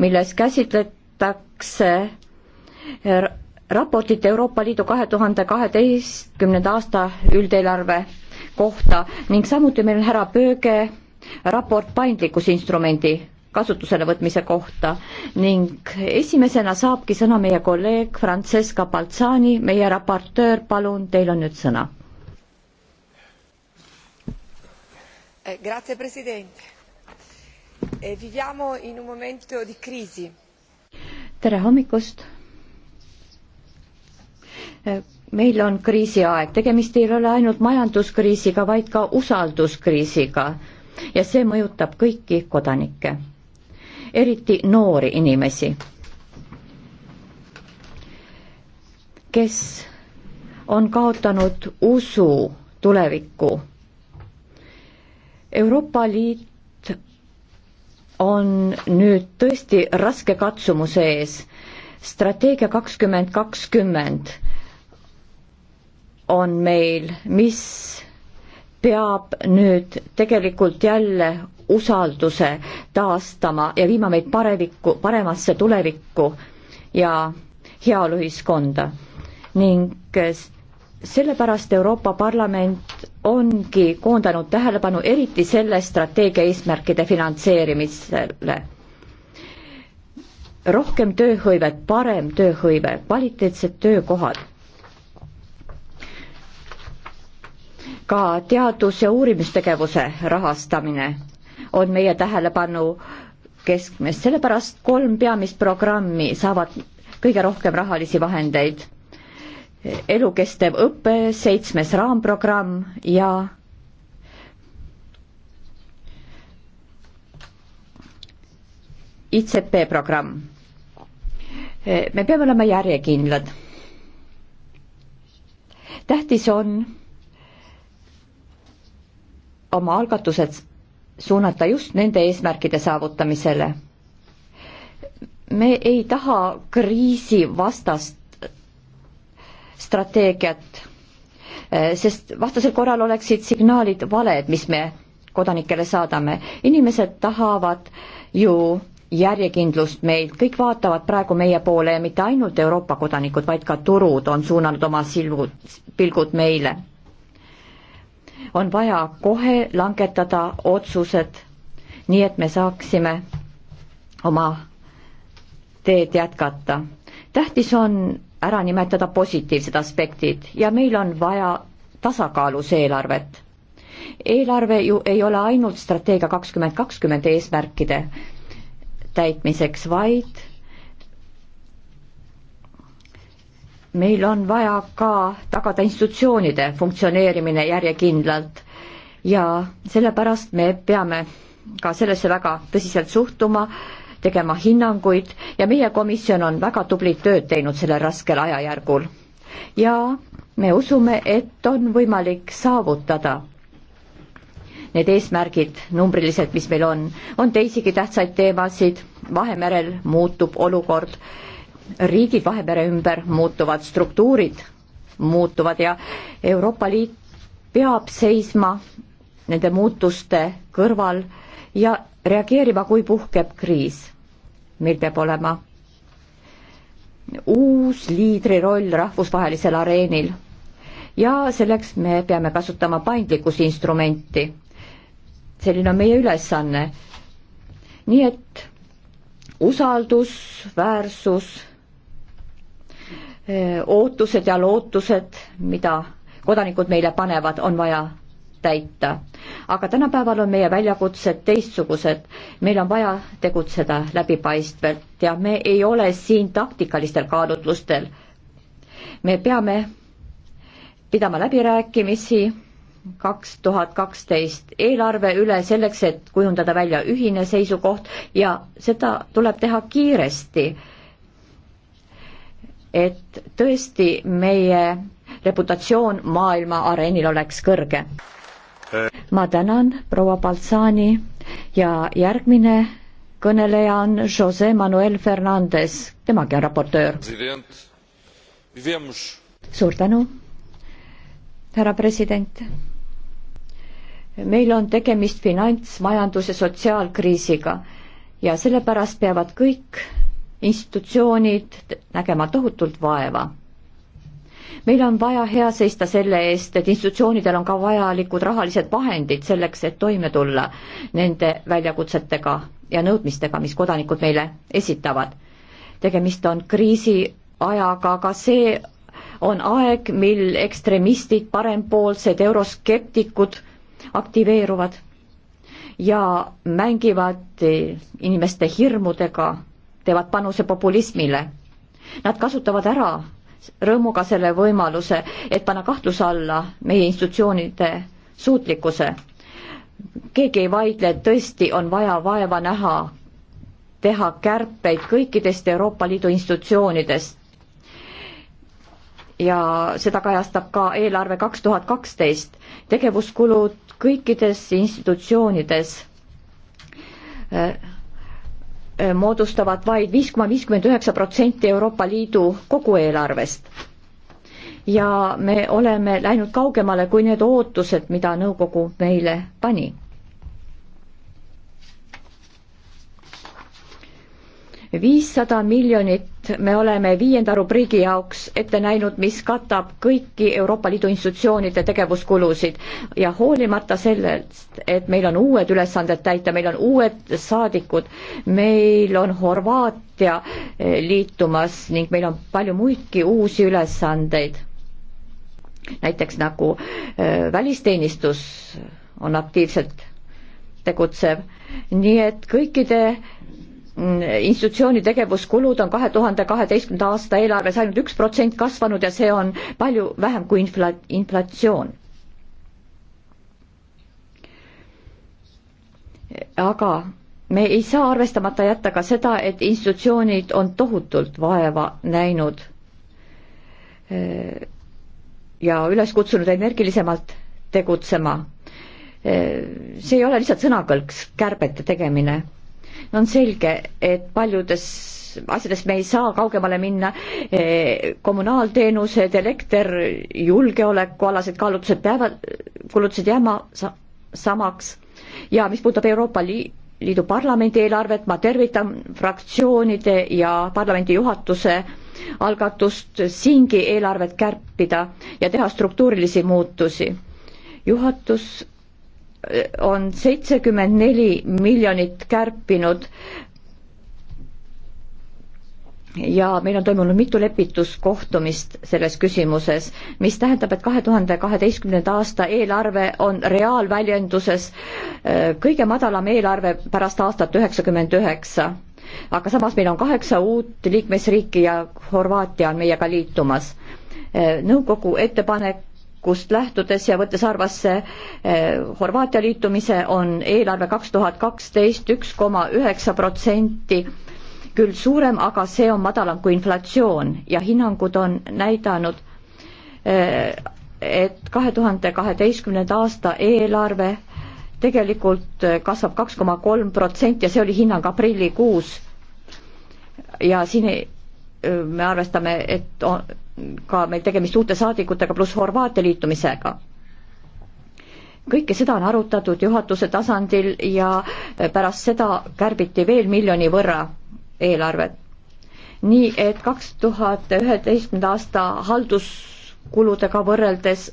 milles käsitletakse raportit Euroopa Liidu kahe tuhande kaheteistkümnenda aasta üldeelarve kohta ning samuti meil on härra Pööge raport paindlikkusinstrumendi kasutusele võtmise kohta ning esimesena saabki sõna meie kolleeg Francesca Balzani, meie raportöör, palun, teil on nüüd sõna. Eh, grazie, president E tere hommikust! E, meil on kriisiaeg, tegemist ei ole ainult majanduskriisiga, vaid ka usalduskriisiga ja see mõjutab kõiki kodanikke, eriti noori inimesi, kes on kaotanud usu tulevikku. Euroopa Liit on nüüd tõesti raske katsumuse ees. strateegia kakskümmend kakskümmend on meil, mis peab nüüd tegelikult jälle usalduse taastama ja viima meid parevikku, paremasse tulevikku ja heaoluühiskonda. ning sellepärast Euroopa Parlament ongi koondanud tähelepanu eriti selle strateegia eesmärkide finantseerimisele. rohkem tööhõivet, parem tööhõive, kvaliteetsed töökohad. ka teadus- ja uurimistegevuse rahastamine on meie tähelepanu keskmes, sellepärast kolm peamist programmi saavad kõige rohkem rahalisi vahendeid elukestev õpe, seitsmes raamprogramm ja ICP programm. me peame olema järjekindlad. tähtis on oma algatused suunata just nende eesmärkide saavutamisele. me ei taha kriisivastast strateegiat, eh, sest vastasel korral oleksid signaalid valed, mis me kodanikele saadame. inimesed tahavad ju järjekindlust meilt, kõik vaatavad praegu meie poole ja mitte ainult Euroopa kodanikud, vaid ka turud on suunanud oma silmud, pilgud meile. on vaja kohe langetada otsused, nii et me saaksime oma teed jätkata. tähtis on ära nimetada positiivsed aspektid ja meil on vaja tasakaalus eelarvet. eelarve ju ei ole ainult strateegia kakskümmend kakskümmend eesmärkide täitmiseks, vaid meil on vaja ka tagada institutsioonide funktsioneerimine järjekindlalt ja sellepärast me peame ka sellesse väga tõsiselt suhtuma tegema hinnanguid ja meie komisjon on väga tublit tööd teinud sellel raskel ajajärgul. ja me usume, et on võimalik saavutada need eesmärgid numbriliselt, mis meil on. on teisigi tähtsaid teemasid, Vahemerel muutub olukord, riigid Vahemere ümber muutuvad, struktuurid muutuvad ja Euroopa Liit peab seisma nende muutuste kõrval ja reageerima, kui puhkeb kriis meil peab olema uus liidriroll rahvusvahelisel areenil ja selleks me peame kasutama paindlikkuse instrumenti. selline on meie ülesanne. nii et usaldusväärsus, eh, ootused ja lootused, mida kodanikud meile panevad, on vaja täita. aga tänapäeval on meie väljakutsed teistsugused. meil on vaja tegutseda läbipaistvalt ja me ei ole siin taktikalistel kaalutlustel. me peame pidama läbirääkimisi kaks tuhat kaksteist eelarve üle selleks, et kujundada välja ühine seisukoht ja seda tuleb teha kiiresti. et tõesti meie reputatsioon maailma areenil oleks kõrge ma tänan, proua Baltsani ja järgmine kõneleja on Jose Manuel Fernandez, temagi on raportöör. suur tänu, härra president. meil on tegemist finants, majandus ja sotsiaalkriisiga ja sellepärast peavad kõik institutsioonid nägema tohutult vaeva meil on vaja hea seista selle eest, et institutsioonidel on ka vajalikud rahalised vahendid selleks, et toime tulla nende väljakutsetega ja nõudmistega, mis kodanikud meile esitavad. tegemist on kriisiajaga, aga see on aeg, mil ekstremistid, parempoolsed euroskeptikud aktiveeruvad ja mängivad inimeste hirmudega, teevad panuse populismile. Nad kasutavad ära rõõmuga selle võimaluse, et panna kahtluse alla meie institutsioonide suutlikkuse. keegi ei vaidle, et tõesti on vaja vaeva näha, teha kärpeid kõikidest Euroopa Liidu institutsioonidest. ja seda kajastab ka eelarve kaks tuhat kaksteist, tegevuskulud kõikides institutsioonides Eh, moodustavad vaid viis koma viiskümmend üheksa protsenti Euroopa Liidu kogu eelarvest. ja me oleme läinud kaugemale kui need ootused, mida nõukogu meile pani viissada miljonit me oleme viienda rubriigi jaoks ette näinud, mis katab kõiki Euroopa Liidu institutsioonide tegevuskulusid ja hoolimata sellest, et meil on uued ülesanded täita, meil on uued saadikud, meil on Horvaatia eh, liitumas ning meil on palju muidki uusi ülesandeid. näiteks nagu eh, välisteenistus on aktiivselt tegutsev, nii et kõikide Mm, institutsiooni tegevuskulud on kahe tuhande kaheteistkümnenda aasta eelarves ainult üks protsent kasvanud ja see on palju vähem kui infla-, inflatsioon. aga me ei saa arvestamata jätta ka seda, et institutsioonid on tohutult vaeva näinud e, ja üles kutsunud energilisemalt tegutsema. E, see ei ole lihtsalt sõnakõlks, kärbete tegemine on selge, et paljudes asjades me ei saa kaugemale minna, e, kommunaalteenused, elekter, julgeolekualased kaalutlused peavad, kulutused jääma sa samaks ja mis puudutab Euroopa Liitu, Liidu Parlamendi eelarvet, ma tervitan fraktsioonide ja parlamendi juhatuse algatust siingi eelarvet kärpida ja teha struktuurilisi muutusi. juhatus on seitsekümmend neli miljonit kärpinud ja meil on toimunud mitu lepituskohtumist selles küsimuses, mis tähendab, et kahe tuhande kaheteistkümnenda aasta eelarve on reaalväljenduses äh, kõige madalam eelarve pärast aastat üheksakümmend üheksa. aga samas meil on kaheksa uut liikmesriiki ja Horvaatia on meiega liitumas. Äh, nõukogu ettepanek tarkust lähtudes ja võttes arvasse eh, Horvaatia liitumise, on eelarve kaks tuhat kaksteist üks koma üheksa protsenti küll suurem, aga see on madalam kui inflatsioon ja hinnangud on näidanud, eh, et kahe tuhande kaheteistkümnenda aasta eelarve tegelikult eh, kasvab kaks koma kolm protsenti ja see oli hinnang aprillikuus. ja siin ei, me arvestame, et on ka meil tegemist uute saadikutega pluss Horvaatia liitumisega. kõike seda on arutatud juhatuse tasandil ja pärast seda kärbiti veel miljoni võrra eelarvet. nii et kaks tuhat üheteistkümnenda aasta halduskuludega võrreldes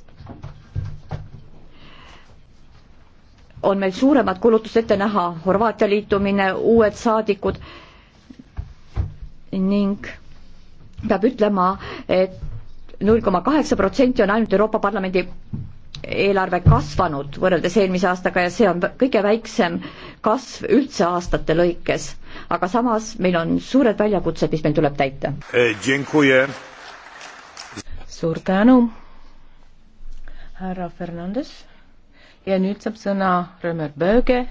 on meil suuremad kulutused ette näha, Horvaatia liitumine, uued saadikud ning peab ütlema et, et null koma kaheksa protsenti on ainult Euroopa Parlamendi eelarve kasvanud võrreldes eelmise aastaga ja see on kõige väiksem kasv üldse aastate lõikes. aga samas meil on suured väljakutsed, mis meil tuleb täita. Eh, suur tänu, härra Fernandes. ja nüüd saab sõna Römer Böge,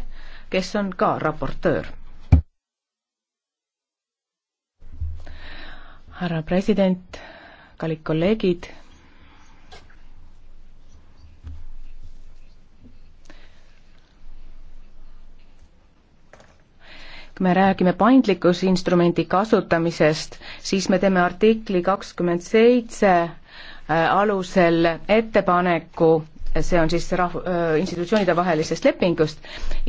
kes on ka raportöör härra president, kallid kolleegid. kui me räägime paindlikkusinstrumendi kasutamisest, siis me teeme artikli kakskümmend seitse äh, alusel ettepaneku see on siis rahv-, äh, institutsioonide vahelisest lepingust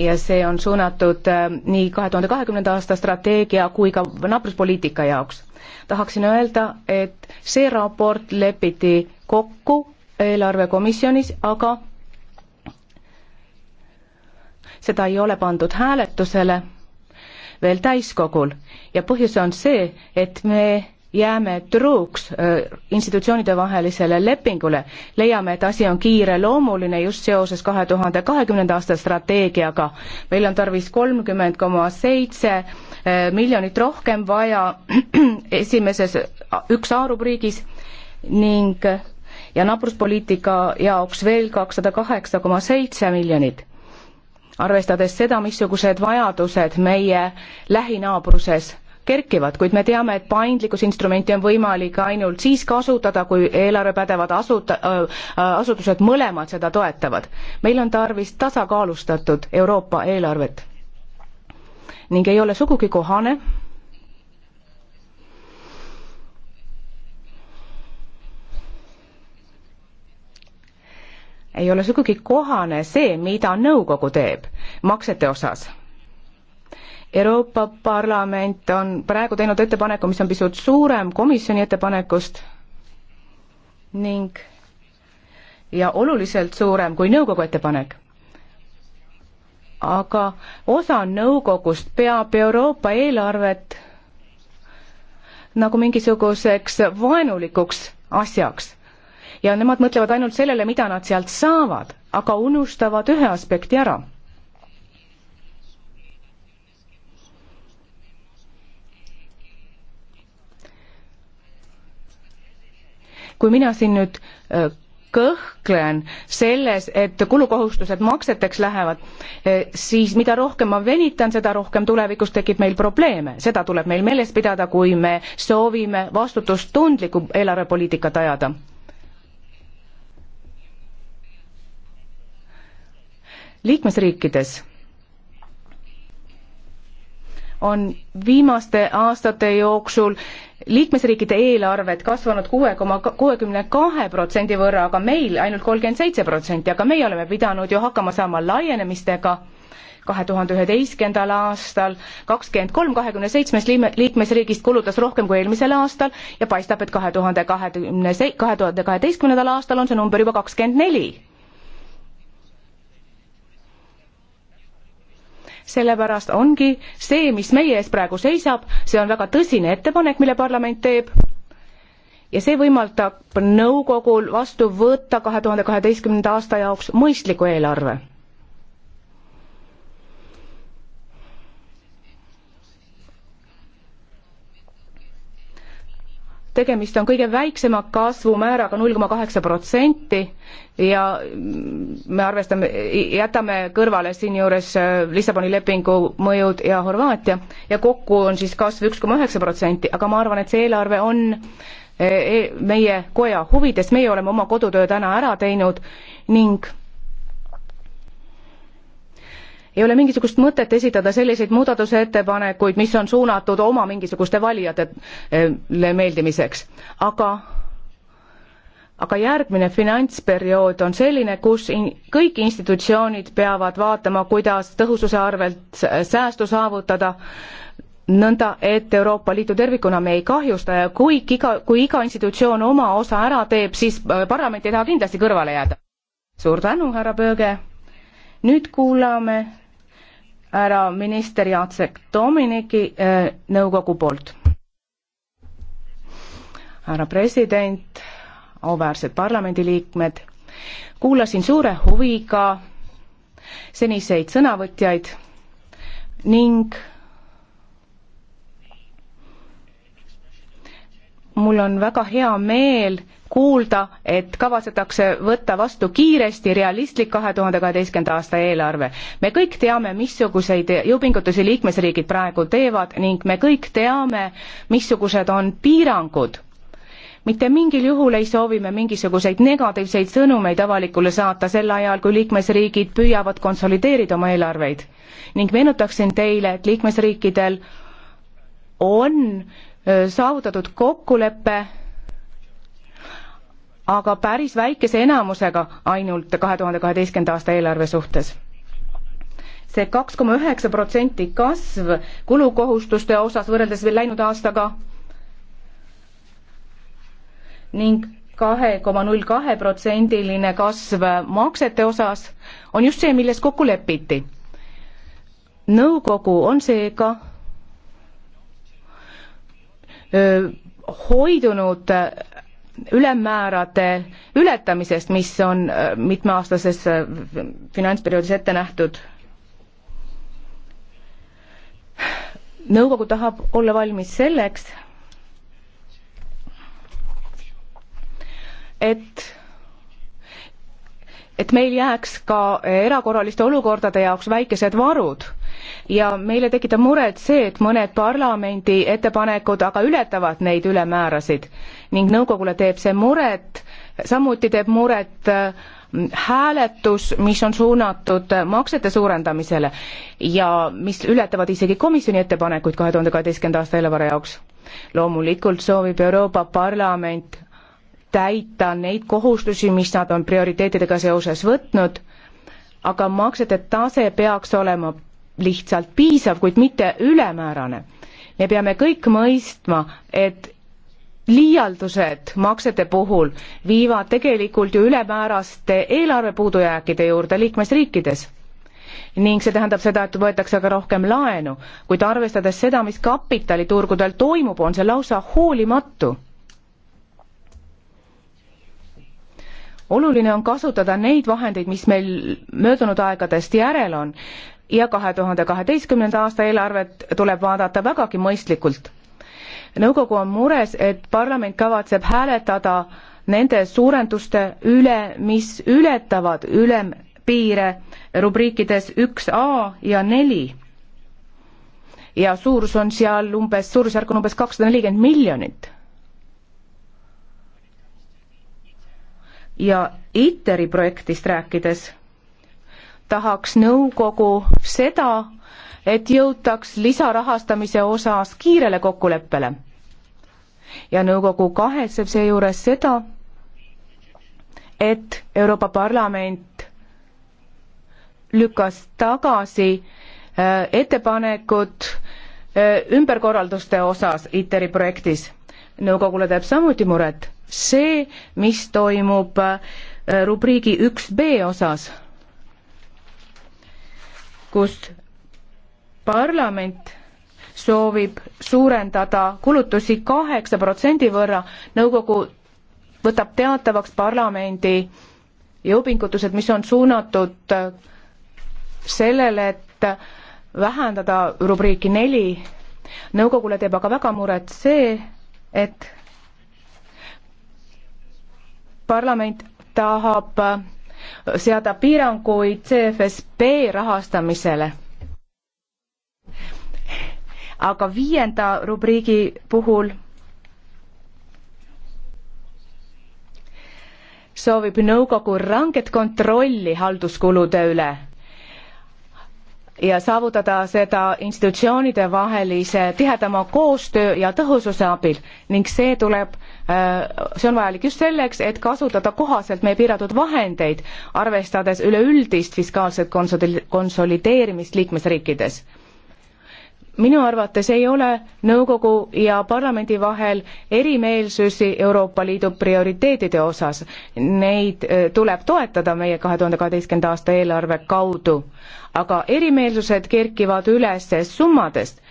ja see on suunatud äh, nii kahe tuhande kahekümnenda aasta strateegia kui ka naabruspoliitika jaoks tahaksin öelda, et see raport lepiti kokku eelarvekomisjonis, aga seda ei ole pandud hääletusele veel täiskogul ja põhjus on see, et me jääme truuks institutsioonide vahelisele lepingule, leiame, et asi on kiireloomuline just seoses kahe tuhande kahekümnenda aasta strateegiaga. meil on tarvis kolmkümmend koma seitse miljonit rohkem vaja esimeses üks A-rubriigis ning ja naabruspoliitika jaoks veel kakssada kaheksa koma seitse miljonit. arvestades seda, missugused vajadused meie lähinaabruses kerkivad, kuid me teame, et paindlikkusinstrumenti on võimalik ainult siis kasutada, kui eelarvepädevad asut-, äh, asutused mõlemad seda toetavad. meil on tarvis tasakaalustatud Euroopa eelarvet ning ei ole sugugi kohane, ei ole sugugi kohane see, mida nõukogu teeb maksete osas Euroopa Parlament on praegu teinud ettepaneku, mis on pisut suurem komisjoni ettepanekust ning ja oluliselt suurem kui nõukogu ettepanek. aga osa nõukogust peab Euroopa eelarvet nagu mingisuguseks vaenulikuks asjaks ja nemad mõtlevad ainult sellele, mida nad sealt saavad, aga unustavad ühe aspekti ära kui mina siin nüüd äh, kõhklen selles, et kulukohustused makseteks lähevad, äh, siis mida rohkem ma venitan, seda rohkem tulevikus tekib meil probleeme. seda tuleb meil meeles pidada, kui me soovime vastutustundlikku eelarvepoliitikat ajada. liikmesriikides on viimaste aastate jooksul liikmesriikide eelarved kasvanud kuue koma kuuekümne kahe protsendi võrra, aga meil ainult kolmkümmend seitse protsenti, aga meie oleme pidanud ju hakkama saama laienemistega kahe tuhande üheteistkümnendal aastal kakskümmend kolm kahekümne seitsmest liikmesriigist kulutas rohkem kui eelmisel aastal ja paistab, et kahe tuhande kahekümne se-, kahe tuhande kaheteistkümnendal aastal on see number juba kakskümmend neli sellepärast ongi see, mis meie ees praegu seisab, see on väga tõsine ettepanek, mille parlament teeb ja see võimaldab nõukogul vastu võtta kahe tuhande kaheteistkümnenda aasta jaoks mõistliku eelarve tegemist on kõige väiksema kasvumääraga, null koma kaheksa protsenti ja me arvestame, jätame kõrvale siinjuures äh, Lissaboni lepingu mõjud ja Horvaatia ja kokku on siis kasv üks koma üheksa protsenti, aga ma arvan, et see eelarve on äh, e-, meie koja huvides, meie oleme oma kodutöö täna ära teinud ning ei ole mingisugust mõtet esitada selliseid muudatusettepanekuid, mis on suunatud oma mingisuguste valijatele meeldimiseks, aga aga järgmine finantsperiood on selline, kus in, kõik institutsioonid peavad vaatama, kuidas tõhususe arvelt säästu saavutada, nõnda et Euroopa Liitu tervikuna me ei kahjusta ja kui iga, kui iga institutsioon oma osa ära teeb, siis äh, parlament ei taha kindlasti kõrvale jääda. suur tänu, härra Pööge. nüüd kuulame härra minister Jacek Dominiki eh, nõukogu poolt. härra president, auväärsed parlamendiliikmed, kuulasin suure huviga seniseid sõnavõtjaid ning mul on väga hea meel kuulda, et kavatsetakse võtta vastu kiiresti realistlik kahe tuhande kaheteistkümnenda aasta eelarve. me kõik teame, missuguseid jõupingutusi liikmesriigid praegu teevad ning me kõik teame, missugused on piirangud mitte mingil juhul ei soovi me mingisuguseid negatiivseid sõnumeid avalikule saata sel ajal, kui liikmesriigid püüavad konsolideerida oma eelarveid. ning meenutaksin teile, et liikmesriikidel on saavutatud kokkulepe aga päris väikese enamusega ainult kahe tuhande kaheteistkümnenda aasta eelarve suhtes see kaks koma üheksa protsenti kasv kulukohustuste osas võrreldes veel läinud aastaga ning kahe koma null kahe protsendiline kasv maksete osas on just see, milles kokku lepiti. nõukogu on seega hoidunud ülemmäärade ületamisest, mis on äh, mitmeaastases äh, finantsperioodis ette nähtud. nõukogu tahab olla valmis selleks, et et meil jääks ka erakorraliste olukordade jaoks väikesed varud ja meile tekitab muret see, et mõned parlamendi ettepanekud aga ületavad neid ülemäärasid ning nõukogule teeb see muret, samuti teeb muret mm, hääletus, mis on suunatud äh, maksete suurendamisele ja mis ületavad isegi komisjoni ettepanekuid kahe tuhande kaheteistkümnenda aasta eelarve jaoks. loomulikult soovib Euroopa Parlament täita neid kohustusi, mis nad on prioriteetidega seoses võtnud, aga maksete tase peaks olema lihtsalt piisav, kuid mitte ülemäärane. me peame kõik mõistma, et liialdused maksete puhul viivad tegelikult ju ülemääraste eelarve puudujääkide juurde liikmesriikides. ning see tähendab seda, et võetakse ka rohkem laenu, kuid arvestades seda, mis kapitaliturgudel toimub, on see lausa hoolimatu. oluline on kasutada neid vahendeid, mis meil möödunud aegadest järel on ja kahe tuhande kaheteistkümnenda aasta eelarvet tuleb vaadata vägagi mõistlikult nõukogu on mures, et parlament kavatseb hääletada nende suurenduste üle, mis ületavad ülempiire rubriikides üks A ja neli. ja suurus on seal umbes, suurusjärk on umbes kakssada nelikümmend miljonit. ja ITER-i projektist rääkides tahaks nõukogu seda, et jõutaks lisarahastamise osas kiirele kokkuleppele. ja nõukogu kahetseb seejuures seda, et Euroopa Parlament lükkas tagasi äh, ettepanekud äh, ümberkorralduste osas ITER-i projektis. nõukogule teeb samuti muret see, mis toimub äh, rubriigi üks B osas, kus parlament soovib suurendada kulutusi kaheksa protsendi võrra, nõukogu võtab teatavaks parlamendi jõupingutused, mis on suunatud sellele, et vähendada rubriiki neli. nõukogule teeb aga väga muret see, et parlament tahab seada piiranguid CFSB rahastamisele aga viienda rubriigi puhul soovib nõukogu ranget kontrolli halduskulude üle ja saavutada seda institutsioonide vahelise tihedama koostöö ja tõhususe abil ning see tuleb, äh, see on vajalik just selleks, et kasutada kohaselt meie piiratud vahendeid, arvestades üleüldist fiskaalset konsolideerimist liikmesriikides minu arvates ei ole nõukogu ja parlamendi vahel erimeelsusi Euroopa Liidu prioriteetide osas. Neid eh, tuleb toetada meie kahe tuhande kaheteistkümnenda aasta eelarve kaudu. aga erimeelsused kerkivad üles summadest,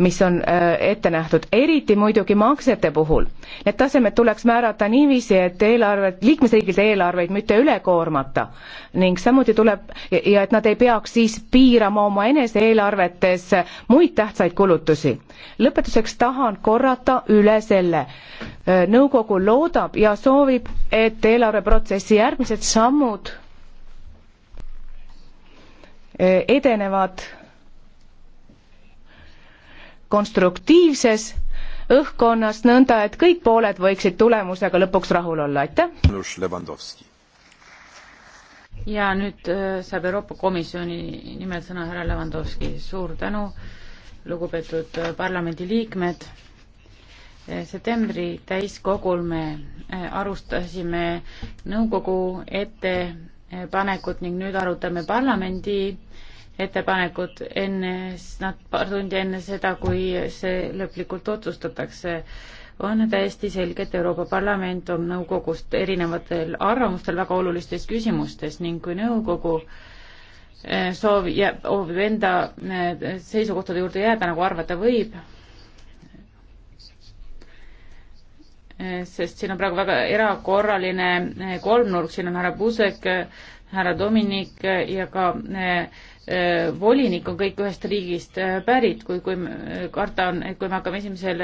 mis on äh, ette nähtud, eriti muidugi maksete puhul. Need tasemed tuleks määrata niiviisi, et eelarvet, liikmesriigide eelarveid mitte üle koormata ning samuti tuleb ja et nad ei peaks siis piirama oma eneseeelarvetes muid tähtsaid kulutusi. lõpetuseks tahan korrata üle selle. Äh, nõukogu loodab ja soovib, et eelarveprotsessi järgmised sammud äh, edenevad konstruktiivses õhkkonnas, nõnda et kõik pooled võiksid tulemusega lõpuks rahul olla, aitäh! ja nüüd äh, saab Euroopa Komisjoni nimel sõna härra Levandovski, suur tänu, lugupeetud äh, parlamendiliikmed, äh, septembri täiskogul me alustasime nõukogu ettepanekut ning nüüd arutame parlamendi ettepanekut enne, nad paar tundi enne seda, kui see lõplikult otsustatakse. on täiesti selge, et Euroopa Parlament on nõukogust erinevatel arvamustel väga olulistes küsimustes ning kui nõukogu eh, soov jääb, soovib enda eh, seisukohtade juurde jääda, nagu arvata võib, eh, sest siin on praegu väga erakorraline kolmnurk, siin on härra Pusek, härra Dominik ja ka äh, Äh, volinik on kõik ühest riigist äh, pärit, kui, kui äh, karta on, et kui me hakkame esimesel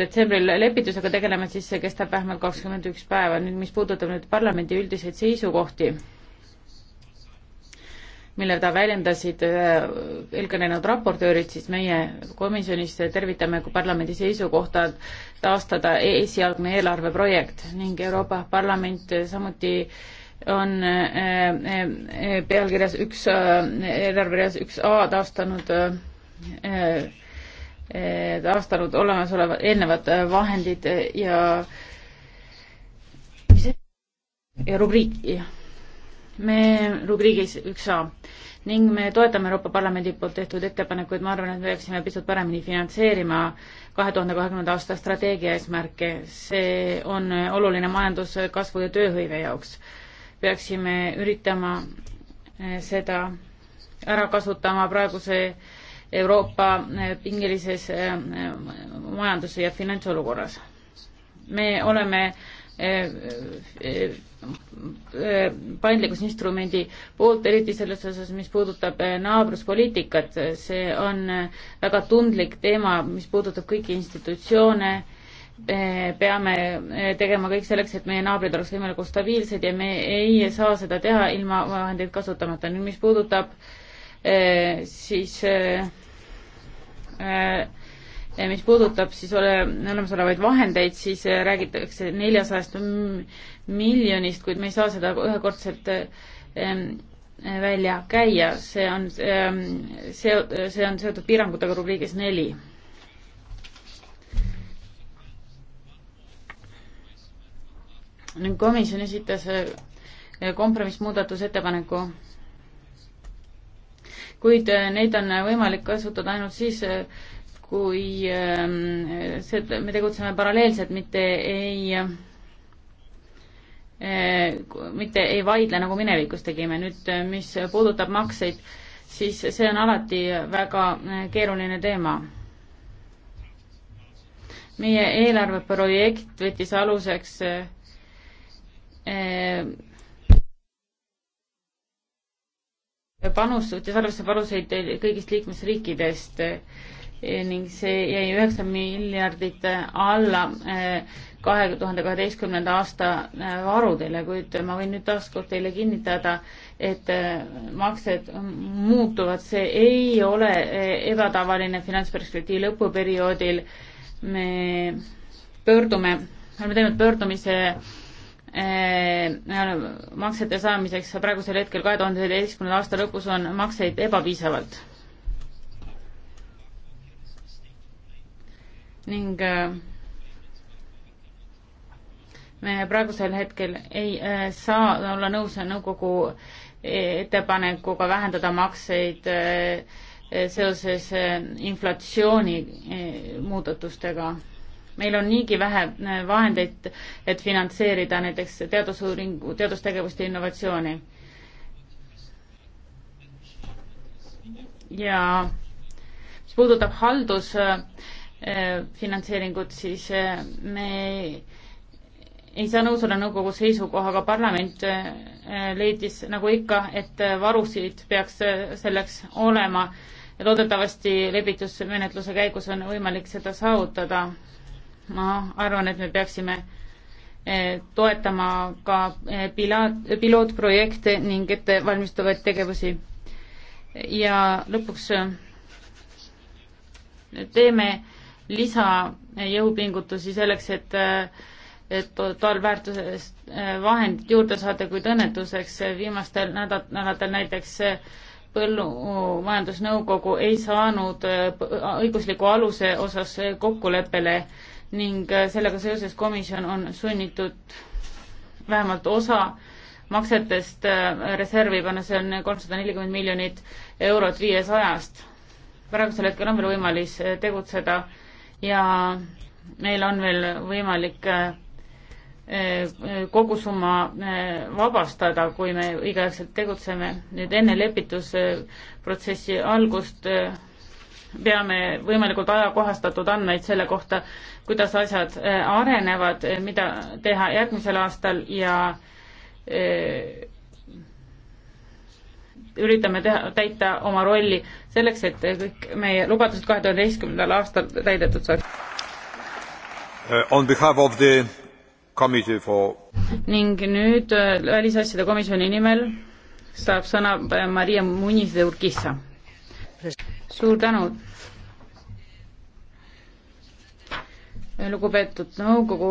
detsembril lepitusega tegelema, siis see kestab vähemalt kakskümmend üks päeva. nüüd, mis puudutab nüüd parlamendi üldiseid seisukohti, mille ta väljendasid eelkõnelenud raportöörid, siis meie komisjonis tervitame kui parlamendi seisukohta taastada esialgne eelarveprojekt ning Euroopa Parlament samuti äh, on eh, eh, pealkirjas üks, eh, eelarvereas üks A taastanud, taastanud olemasolevad eelnevad vahendid ja mis see, ja rubriik, jah. me rubriigis üks A ning me toetame Euroopa Parlamendi poolt tehtud ettepanekuid, ma arvan, et me peaksime pisut paremini finantseerima kahe tuhande kahekümnenda aasta strateegia eesmärke, see on oluline majanduskasvu ja tööhõive jaoks peaksime üritama eh, seda ära kasutama praeguse Euroopa eh, pingelises eh, majandus- ja finantsolukorras. me oleme paindlikkusinstrumendi poolt, eriti selles osas, mis puudutab naabruspoliitikat, see on väga tundlik teema, mis puudutab kõiki institutsioone Eh, peame eh, tegema kõik selleks, et meie naabrid oleks võimalikult stabiilsed ja me ei saa seda teha ilma vahendeid kasutamata. nüüd, mis puudutab eh, siis, mis puudutab siis ole, olemasolevaid vahendeid, siis räägitakse neljasajast miljonist, kuid me ei saa seda ühekordselt välja käia, see on, see, see on seotud piirangutega rubriigis neli ning komisjon esitas eh, kompromissmuudatusettepaneku. kuid eh, neid on võimalik kasutada ainult siis, eh, kui ehm, see, me tegutseme paralleelselt, mitte ei, mitte ei vaidle, nagu minevikus tegime. nüüd, mis puudutab makseid, siis see on alati väga keeruline teema. meie eelarveprojekt võttis aluseks panus, võttis arvesse panuseid kõigist liikmesriikidest ehm, ning see jäi üheksa miljardit alla ehm, kahe tuhande kaheteistkümnenda aasta ehm, varudele, kuid ma võin nüüd taaskord teile kinnitada, et maksed muutuvad, see ei ole ebatavaline finantsperspektiivi lõpuperioodil. me pöördume, oleme teinud pöördumise Äh, maksete saamiseks praegusel hetkel kahe tuhande üheteistkümnenda aasta lõpus on makseid ebapiisavalt. ning äh, me praegusel hetkel ei äh, saa olla nõus nõukogu ettepanekuga vähendada makseid seoses inflatsiooni muudatustega meil on niigi vähe äh, vahendeid, et finantseerida näiteks teadusuuringu, teadustegevust ja innovatsiooni. ja mis puudutab haldusfinantseeringut, äh, siis äh, me ei saa nõus olla nõukogu seisukohaga, parlament leidis nagu ikka, et varusid peaks selleks olema ja loodetavasti lepitusmenetluse käigus on võimalik seda saavutada ma arvan, et me peaksime eh, toetama ka eh, pilaat, pilootprojekte ning ettevalmistavaid tegevusi. ja lõpuks eh, teeme lisajõupingutusi selleks, et et totaalväärtusest vahendid juurde saada, kuid õnnetuseks viimastel nädal, nädalatel näiteks põllumajandusnõukogu ei saanud õigusliku aluse osas kokkuleppele ning äh, sellega seoses komisjon on sunnitud vähemalt osa maksetest äh, reservi panna, see on kolmsada nelikümmend miljonit eurot viiesajast. praegusel hetkel on veel võimalus äh, tegutseda ja meil on veel võimalik kogusumma vabastada, kui me igakülgselt tegutseme. nüüd enne lepitusprotsessi algust peame võimalikult ajakohastatud andmeid selle kohta, kuidas asjad äh, arenevad, äh, mida teha järgmisel aastal ja äh, üritame teha, täita oma rolli selleks, et kõik meie lubadused kahe tuhande üheteistkümnendal aastal täidetud saaks. On behalf of the committee for ning nüüd välisasjade komisjoni nimel saab sõna Maria Muniz de Urquiza. suur tänu lugupeetud nõukogu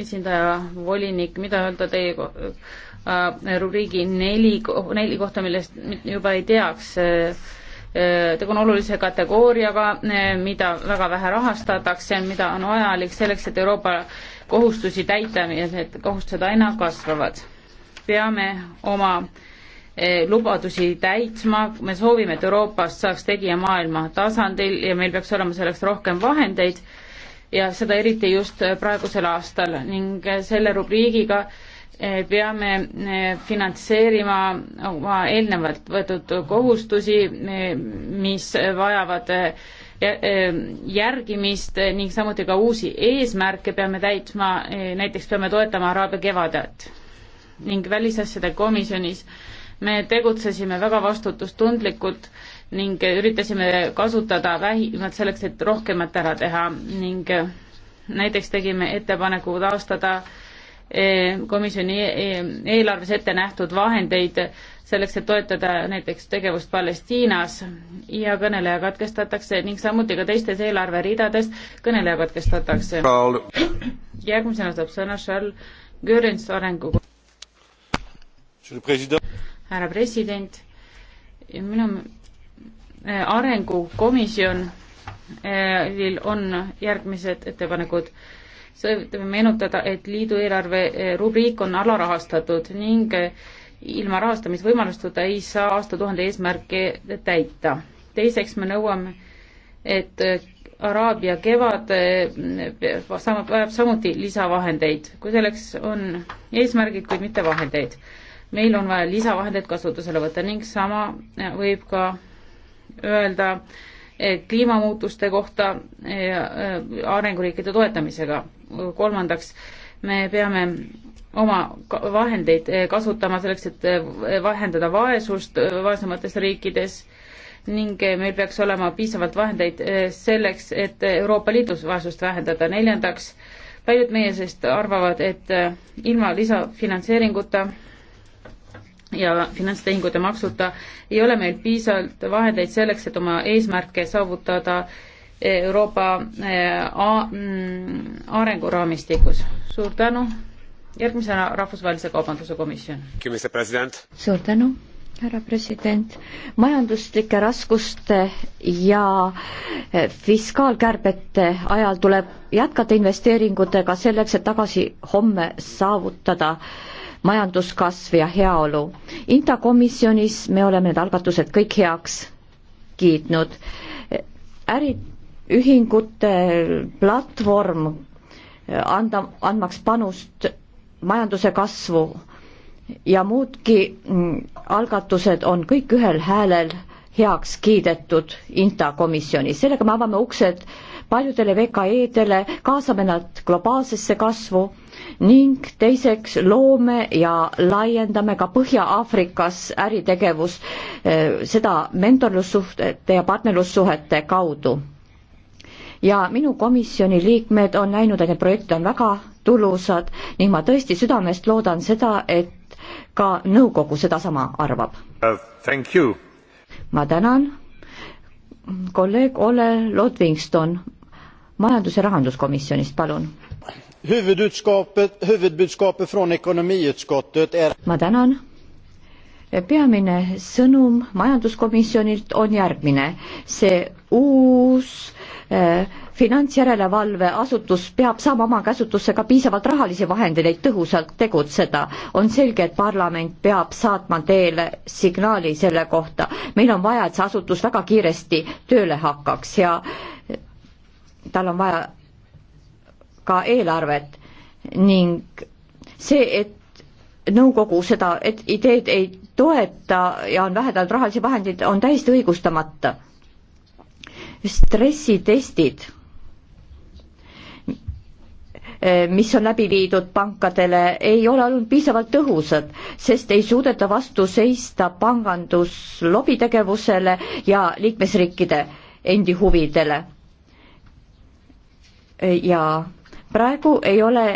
esindaja, volinik, mida öelda teie äh, rubriigi neli, neli kohta, millest juba ei teaks äh, äh, tegu on olulise kategooriaga, mida väga vähe rahastatakse, mida on vajalik selleks, et Euroopa kohustusi täita, nii et need kohustused aina kasvavad. peame oma lubadusi täitma, me soovime, et Euroopast saaks tegija maailma tasandil ja meil peaks olema selleks rohkem vahendeid ja seda eriti just praegusel aastal ning selle rubriigiga eh, peame eh, finantseerima oma eelnevalt võetud kohustusi, eh, mis vajavad järgimist ning samuti ka uusi eesmärke peame täitma, näiteks peame toetama Araabia kevadet. ning välisasjade komisjonis me tegutsesime väga vastutustundlikult äh, ning üritasime kasutada vähimat selleks, et rohkemat ära teha ning eh, näiteks tegime ettepaneku taastada eh, komisjoni eh, eelarves ette nähtud vahendeid selleks, et toetada näiteks tegevust Palestiinas ja kõneleja katkestatakse ning samuti ka teistes eelarveridades kõneleja katkestatakse. järgmisena saab sõna Charles Görens arengu. härra president, minu Eh, arengukomisjonil eh, on järgmised ettepanekud. soovitame meenutada, et liidu eelarve eh, rubriik on alarahastatud ning ilma rahastamisvõimalusteta ei saa aastatuhande eesmärke täita. teiseks me nõuame, et Araabia kevad vajab samuti lisavahendeid, kui selleks on eesmärgid, kuid mitte vahendeid. meil on vaja lisavahendeid kasutusele võtta ning sama võib ka öelda kliimamuutuste kohta arenguriikide toetamisega. kolmandaks, me peame oma vahendeid eh, kasutama selleks, et eh, vahendada vaesust eh, vaesemates riikides ning meil peaks olema piisavalt vahendeid selleks, et Euroopa Liidus vaesust vähendada. neljandaks, paljud meie seest arvavad, et ilma lisafinantseeringuta ja finantstehingute maksuta, ei ole meil piisavalt vahendeid selleks, et oma eesmärke saavutada Euroopa äh, mm, arenguraamistikus. suur tänu, järgmisena Rahvusvahelise Kaubanduse Komisjon. suur tänu, härra president. majanduslike raskuste ja äh, fiskaalkärbete ajal tuleb jätkata investeeringutega selleks, et tagasi homme saavutada äh, majanduskasv ja heaolu. Inta komisjonis me oleme need algatused kõik heaks kiitnud. äriühingute platvorm anda, andmaks panust majanduse kasvu ja muudki mm, algatused on kõik ühel häälel heaks kiidetud INTA komisjonis. sellega me avame uksed paljudele VKE-dele, kaasame nad globaalsesse kasvu ning teiseks loome ja laiendame ka Põhja-Aafrikas äritegevust, eh, seda mentorlussuhtete ja partnerlussuhete kaudu. ja minu komisjoni liikmed on näinud, et need projektid on väga tulusad ning ma tõesti südamest loodan seda, et ka nõukogu sedasama arvab uh,. ma tänan kolleeg Ole Lodvingston majandus- ja rahanduskomisjonist, palun huvudbudskapet från ekonomiutskottet är... ma tänan. peamine sõnum majanduskomisjonilt on järgmine. see uus äh, eh, finantsjärelevalveasutus peab saama oma käsutusse ka piisavalt rahalisi vahendeid, et tõhusalt tegutseda. on selge, et parlament peab saatma teele signaali selle kohta. meil on vaja, et see asutus väga kiiresti tööle hakkaks ja eh, tal on vaja ka eelarvet ning see, et nõukogu seda et ideed ei toeta ja on vähedalt rahalisi vahendeid, on täiesti õigustamata. stressitestid, mis on läbi viidud pankadele, ei ole olnud piisavalt tõhusad, sest ei suudeta vastu seista panganduslobby tegevusele ja liikmesriikide endi huvidele. ja praegu ei ole,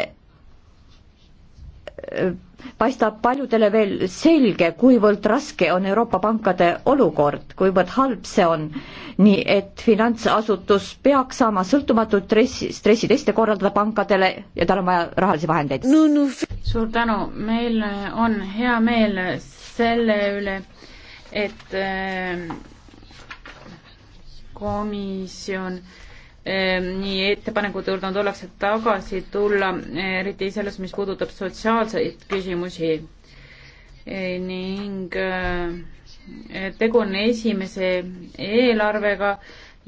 äh, paistab paljudele veel selge, kuivõrd raske on Euroopa pankade olukord, kuivõrd halb see on. nii et finantsasutus peaks saama sõltumatut stressi, stressiteste korraldada pankadele ja tal on vaja rahalisi vahendeid no,. No. suur tänu, meil on hea meel selle üle, et komisjon äh, komisjon Ehm, nii ettepanekute juurde tullakse tagasi tulla, eh, eriti selles, mis puudutab sotsiaalseid küsimusi. Eh, ning eh, tegu on esimese eelarvega,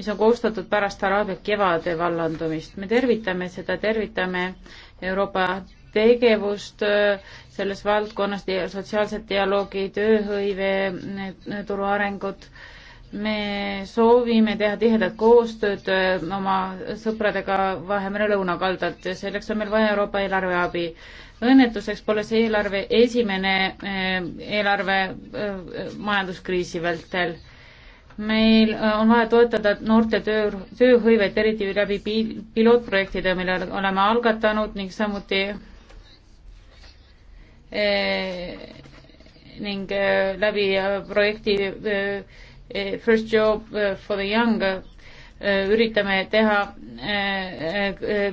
mis on koostatud pärast Araabia kevade vallandumist. me tervitame seda, tervitame Euroopa tegevust selles valdkonnas, sotsiaalset dialoogi, tööhõive, turu arengut äh, me soovime teha tihedat koostööd äh, oma sõpradega Vahemere lõunakaldalt ja selleks on meil vaja Euroopa eelarveabi. õnnetuseks pole see eelarve esimene äh, eelarve äh, majanduskriisi vältel. meil on vaja toetada noorte töö, tööhõivet, eriti läbi pilootprojektide, mille oleme algatanud ning samuti ning läbi projekti Eh, first Job eh, for the Young eh, üritame teha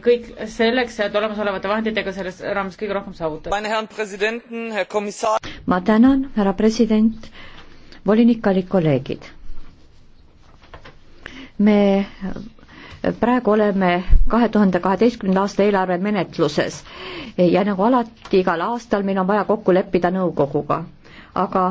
kõik selleks, et olemasolevate vahenditega selles raames kõige rohkem saavutada. ma tänan, härra president, volinik, kallid kolleegid. me praegu oleme kahe tuhande kaheteistkümnenda aasta eelarve menetluses ja nagu alati igal aastal meil on vaja kokku leppida nõukoguga aga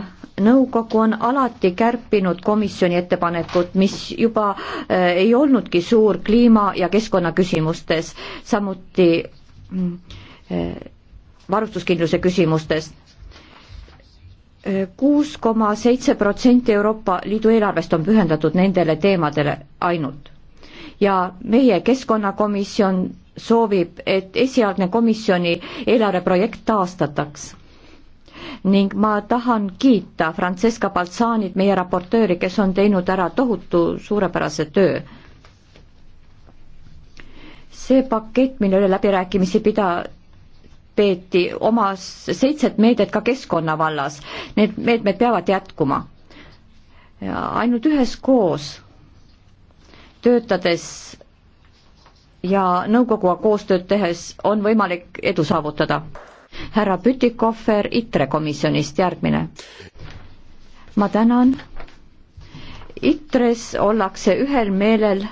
nõukogu on alati kärpinud komisjoni ettepanekut, mis juba äh, ei olnudki suur kliima- ja keskkonnaküsimustes, samuti äh, varustuskindluse küsimustes äh,. kuus koma seitse protsenti Euroopa Liidu eelarvest on pühendatud nendele teemadele ainult. ja meie keskkonnakomisjon soovib, et esialgne komisjoni eelarveprojekt taastataks ning ma tahan kiita Francesca Balzanit, meie raportööri, kes on teinud ära tohutu suurepärase töö. see pakett, mille üle läbirääkimisi pida-, peeti, omas seitset meedet ka keskkonna vallas. Need meetmed peavad jätkuma. ainult üheskoos töötades ja nõukoguga koostööd tehes on võimalik edu saavutada härra Pütikohver ITRE komisjonist, järgmine. ma tänan. ITRE-s ollakse ühel meelel,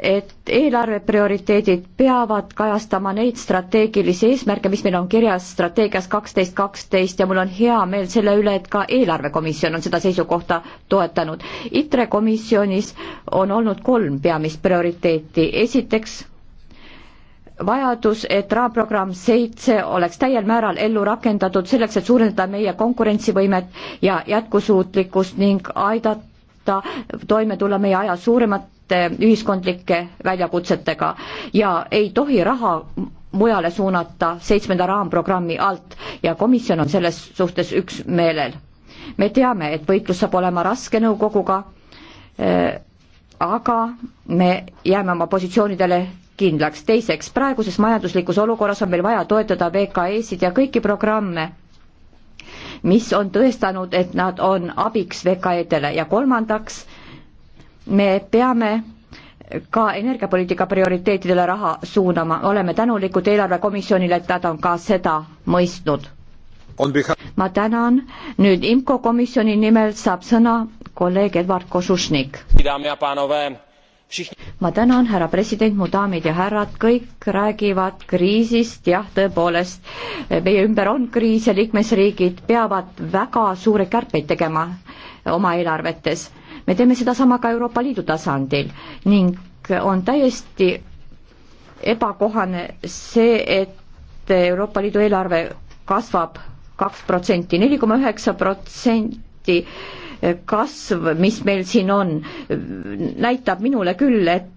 et eelarve prioriteedid peavad kajastama neid strateegilisi eesmärke, mis meil on kirjas strateegias kaksteist kaksteist ja mul on hea meel selle üle, et ka eelarvekomisjon on seda seisukohta toetanud. ITRE komisjonis on olnud kolm peamist prioriteeti, esiteks vajadus, et raamprogramm seitse oleks täiel määral ellu rakendatud selleks, et suurendada meie konkurentsivõimet ja jätkusuutlikkust ning aidata toime tulla meie aja suuremate ühiskondlike väljakutsetega ja ei tohi raha mujale suunata seitsmenda raamprogrammi alt ja komisjon on selles suhtes üksmeelel. me teame, et võitlus saab olema raske nõukoguga, eh, aga me jääme oma positsioonidele kindlaks. teiseks, praeguses majanduslikus olukorras on meil vaja toetada VKE-sid ja kõiki programme, mis on tõestanud, et nad on abiks VKE-dele ja kolmandaks, me peame ka energiapoliitika prioriteetidele raha suunama, oleme tänulikud eelarvekomisjonile, et nad on ka seda mõistnud. ma tänan, nüüd IMCO komisjoni nimel saab sõna kolleeg Edward Košušnik ma tänan, härra president, mu daamid ja härrad, kõik räägivad kriisist, jah, tõepoolest, meie ümber on kriis ja liikmesriigid peavad väga suuri kärpeid tegema oma eelarvetes. me teeme sedasama ka Euroopa Liidu tasandil ning on täiesti ebakohane see, et Euroopa Liidu eelarve kasvab kaks protsenti, neli koma üheksa protsenti kasv, mis meil siin on, näitab minule küll, et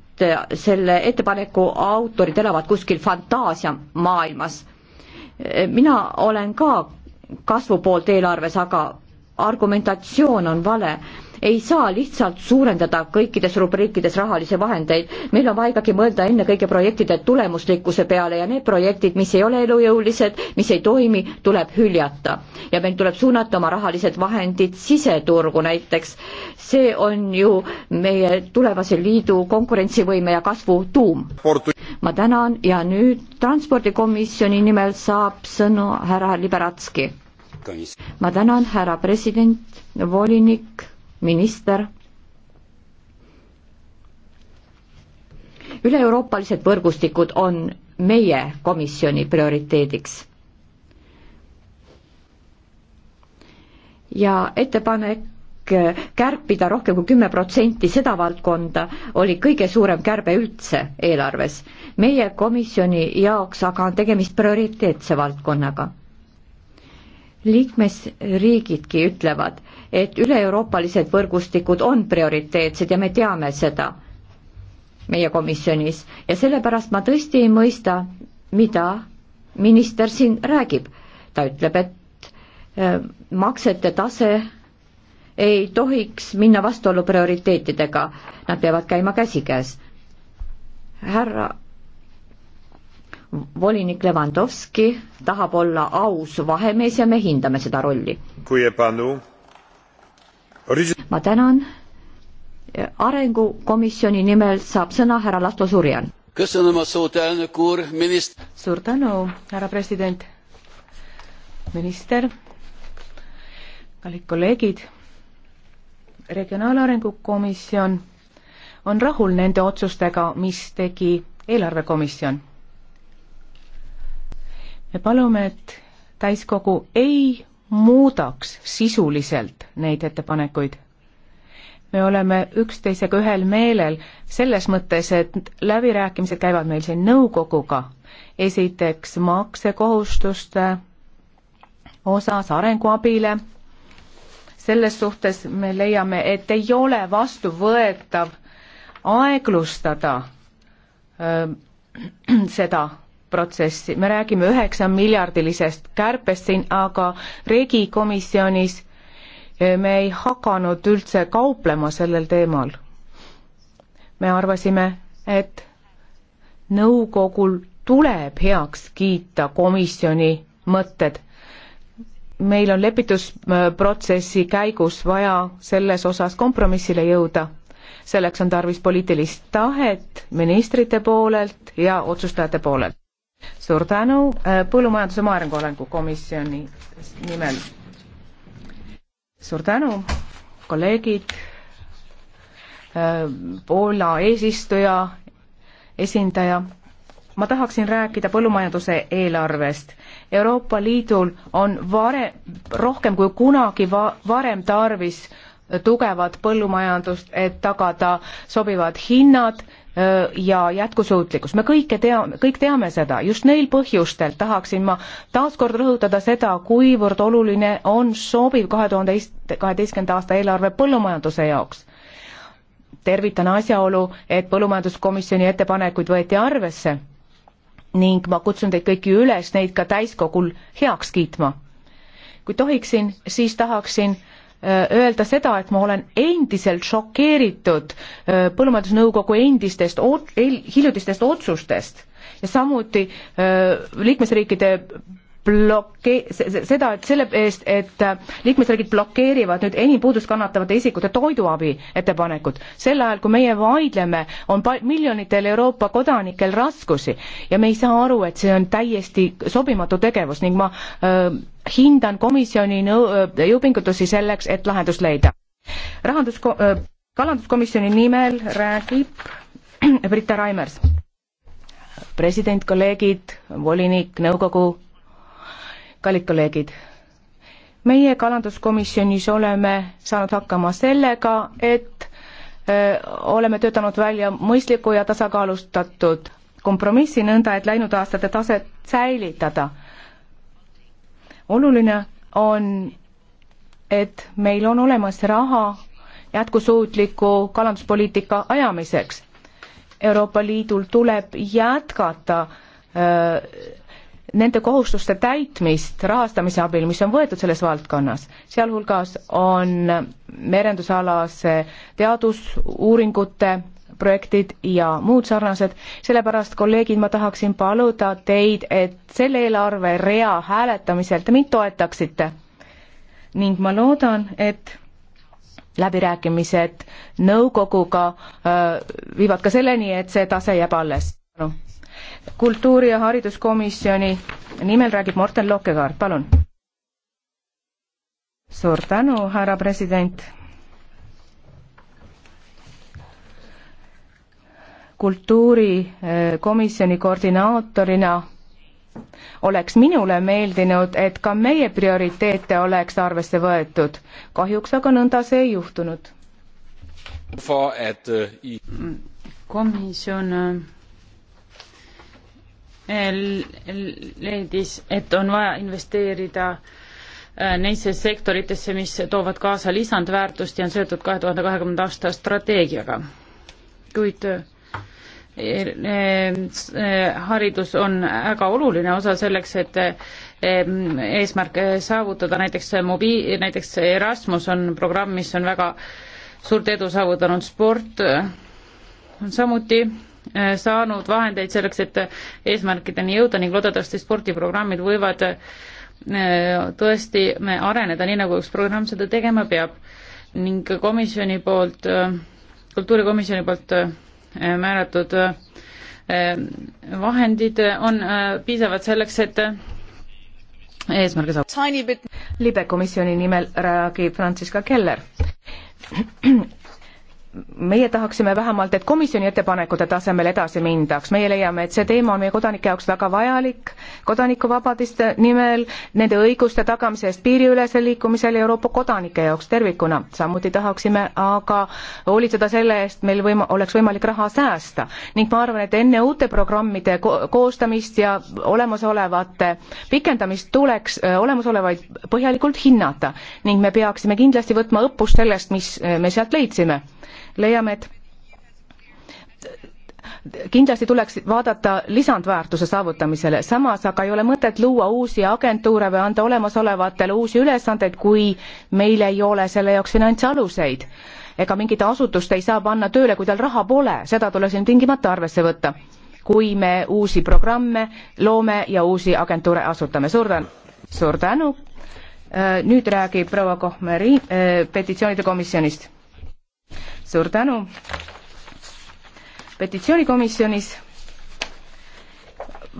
selle ettepaneku autorid elavad kuskil fantaasiamaailmas. mina olen ka kasvu poolt eelarves, aga argumentatsioon on vale ei saa lihtsalt suurendada kõikides rubriikides rahalisi vahendeid, meil on vaja ikkagi mõelda ennekõike projektide tulemuslikkuse peale ja need projektid, mis ei ole elujõulised, mis ei toimi, tuleb hüljata. ja meil tuleb suunata oma rahalised vahendid siseturgu näiteks. see on ju meie tulevase liidu konkurentsivõime ja kasvu tuum. ma tänan ja nüüd transpordikomisjoni nimel saab sõnu härra Liberatski. ma tänan, härra president, volinik minister. üle-euroopalised võrgustikud on meie komisjoni prioriteediks. ja ettepanek eh, kärpida rohkem kui kümme protsenti seda valdkonda oli kõige suurem kärbe üldse eelarves. meie komisjoni jaoks aga on tegemist prioriteetse valdkonnaga liikmesriigidki ütlevad, et üle-euroopalised võrgustikud on prioriteetsed ja me teame seda meie komisjonis ja sellepärast ma tõesti ei mõista, mida minister siin räägib. ta ütleb, et äh, maksete tase ei tohiks minna vastuollu prioriteetidega, nad peavad käima käsikäes. härra volinik Levandovski tahab olla aus vahemees ja me hindame seda rolli. ma tänan. arengukomisjoni nimel saab sõna härra Laslo Surjan. suur tänu, härra president, minister, kallid kolleegid, regionaalarengu komisjon on rahul nende otsustega, mis tegi eelarvekomisjon me palume, et täiskogu ei muudaks sisuliselt neid ettepanekuid. me oleme üksteisega ühel meelel selles mõttes, et läbirääkimised käivad meil siin nõukoguga, esiteks maksekohustuste osas arenguabile, selles suhtes me leiame, et ei ole vastuvõetav aeglustada öö, seda protsessi, me räägime üheksa miljardilisest kärpest siin, aga regikomisjonis eh, me ei hakanud üldse kauplema sellel teemal. me arvasime, et nõukogul tuleb heaks kiita komisjoni mõtted. meil on lepitusprotsessi käigus vaja selles osas kompromissile jõuda. selleks on tarvis poliitilist tahet ministrite poolelt ja otsustajate poolelt suur tänu, äh, Põllumajanduse Maaelu Arengu Komisjoni nimel. suur tänu, kolleegid, äh, Poola eesistuja, esindaja. ma tahaksin rääkida põllumajanduse eelarvest. Euroopa Liidul on varem, rohkem kui kunagi va-, varem tarvis tugevat põllumajandust, et tagada sobivad hinnad ja jätkusuutlikkus, me kõike teame, kõik teame seda, just neil põhjustel tahaksin ma taaskord rõhutada seda, kuivõrd oluline on sobiv kahe tuhande kaheteistkümnenda aasta eelarve põllumajanduse jaoks. tervitan asjaolu, et põllumajanduskomisjoni ettepanekuid võeti arvesse ning ma kutsun teid kõiki üles neid ka täiskogul heaks kiitma. kui tohiksin, siis tahaksin Äh, öelda seda, et ma olen endiselt šokeeritud äh, Põllumajandusnõukogu endistest, hiljutistest otsustest ja samuti äh, liikmesriikide bloke-, seda, et selle eest, et äh, liikmesriigid blokeerivad nüüd enim puudust kannatavate isikute toiduabi ettepanekut. sel ajal, kui meie vaidleme, on pal-, miljonitel Euroopa kodanikel raskusi ja me ei saa aru, et see on täiesti sobimatu tegevus ning ma öö, äh, hindan komisjoni nõu-, äh, jõupingutusi selleks, et lahendust leida. rahandusko-, kalanduskomisjoni nimel räägib Brita Raimers. president, kolleegid, volinik, nõukogu kallid kolleegid, meie kalanduskomisjonis oleme saanud hakkama sellega, et öö, oleme töötanud välja mõistliku ja tasakaalustatud kompromissi nõnda, et läinud aastate taset säilitada. oluline on, et meil on olemas raha jätkusuutliku kalanduspoliitika ajamiseks. Euroopa Liidul tuleb jätkata öö, nende kohustuste täitmist rahastamise abil, mis on võetud selles valdkonnas. sealhulgas on merendusalas teadusuuringute projektid ja muud sarnased, sellepärast kolleegid, ma tahaksin paluda teid, et selle eelarve rea hääletamisel te mind toetaksite. ning ma loodan, et läbirääkimised nõukoguga äh, viivad ka selleni, et see tase jääb alles no kultuuri- ja hariduskomisjoni nimel räägib Morten Lokkegaard, palun. suur tänu, härra president. kultuurikomisjoni eh, koordinaatorina oleks minule meeldinud, et ka meie prioriteete oleks arvesse võetud. kahjuks aga nõnda see ei juhtunud. Eh, komisjon eh, leidis, et on vaja investeerida äh, neisse sektoritesse, mis toovad kaasa lisandväärtust ja on seotud kahe tuhande kahekümnenda aasta strateegiaga. kuid äh, äh, haridus on väga oluline osa selleks, et eesmärke saavutada, näiteks mobiil, näiteks Erasmus on programm, mis on väga suurt edu saavutanud, sport on samuti Äh, saanud vahendeid selleks, et eesmärkideni jõuda ning loodetavasti spordiprogrammid võivad äh, tõesti areneda, nii nagu üks programm seda tegema peab. ning komisjoni poolt, äh, kultuurikomisjoni poolt määratud vahendid on piisavad selleks, et eesmärgi saab. libekomisjoni nimel räägib Franziska Keller meie tahaksime vähemalt, et komisjoni ettepanekute tasemel edasi mindaks, meie leiame, et see teema on meie kodanike jaoks väga vajalik, kodanikuvabaduste nimel, nende õiguste tagamise eest piiriülesel liikumisel Euroopa kodanike jaoks tervikuna. samuti tahaksime aga hoolitseda selle eest, meil võim-, oleks võimalik raha säästa ning ma arvan, et enne uute programmide ko koostamist ja olemasolevate pikendamist tuleks äh, olemasolevaid põhjalikult hinnata ning me peaksime kindlasti võtma õppust sellest, mis äh, me sealt leidsime leiame, et kindlasti tuleks vaadata lisandväärtuse saavutamisele, samas aga ei ole mõtet luua uusi agentuure või anda olemasolevatele uusi ülesandeid, kui meil ei ole selle jaoks finantsaluseid. ega mingit asutust ei saa panna tööle, kui tal raha pole, seda tuleb siin tingimata arvesse võtta. kui me uusi programme loome ja uusi agentuure asutame, suur tänu. suur tänu. Äh, nüüd räägib proua Kohmeri äh, petitsioonide komisjonist suur tänu. petitsioonikomisjonis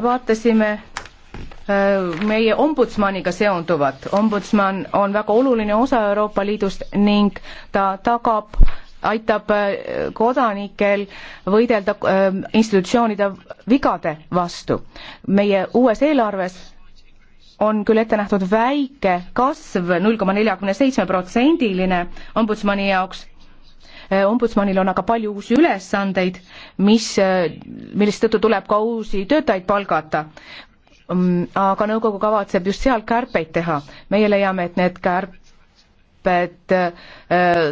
vaatasime äh, meie ombudsmaniga seonduvat. ombudsman on väga oluline osa Euroopa Liidust ning ta tagab, aitab äh, kodanikel võidelda äh, institutsioonide vigade vastu. meie uues eelarves on küll ette nähtud väike kasv, null koma neljakümne seitsme protsendiline ombudsmani jaoks, Eh, ombudsmanil on aga palju uusi ülesandeid, mis, eh, millest tõttu tuleb ka uusi töötajaid palgata. Mm, aga nõukogu kavatseb just seal kärpeid teha. meie leiame, et need kärped, eh,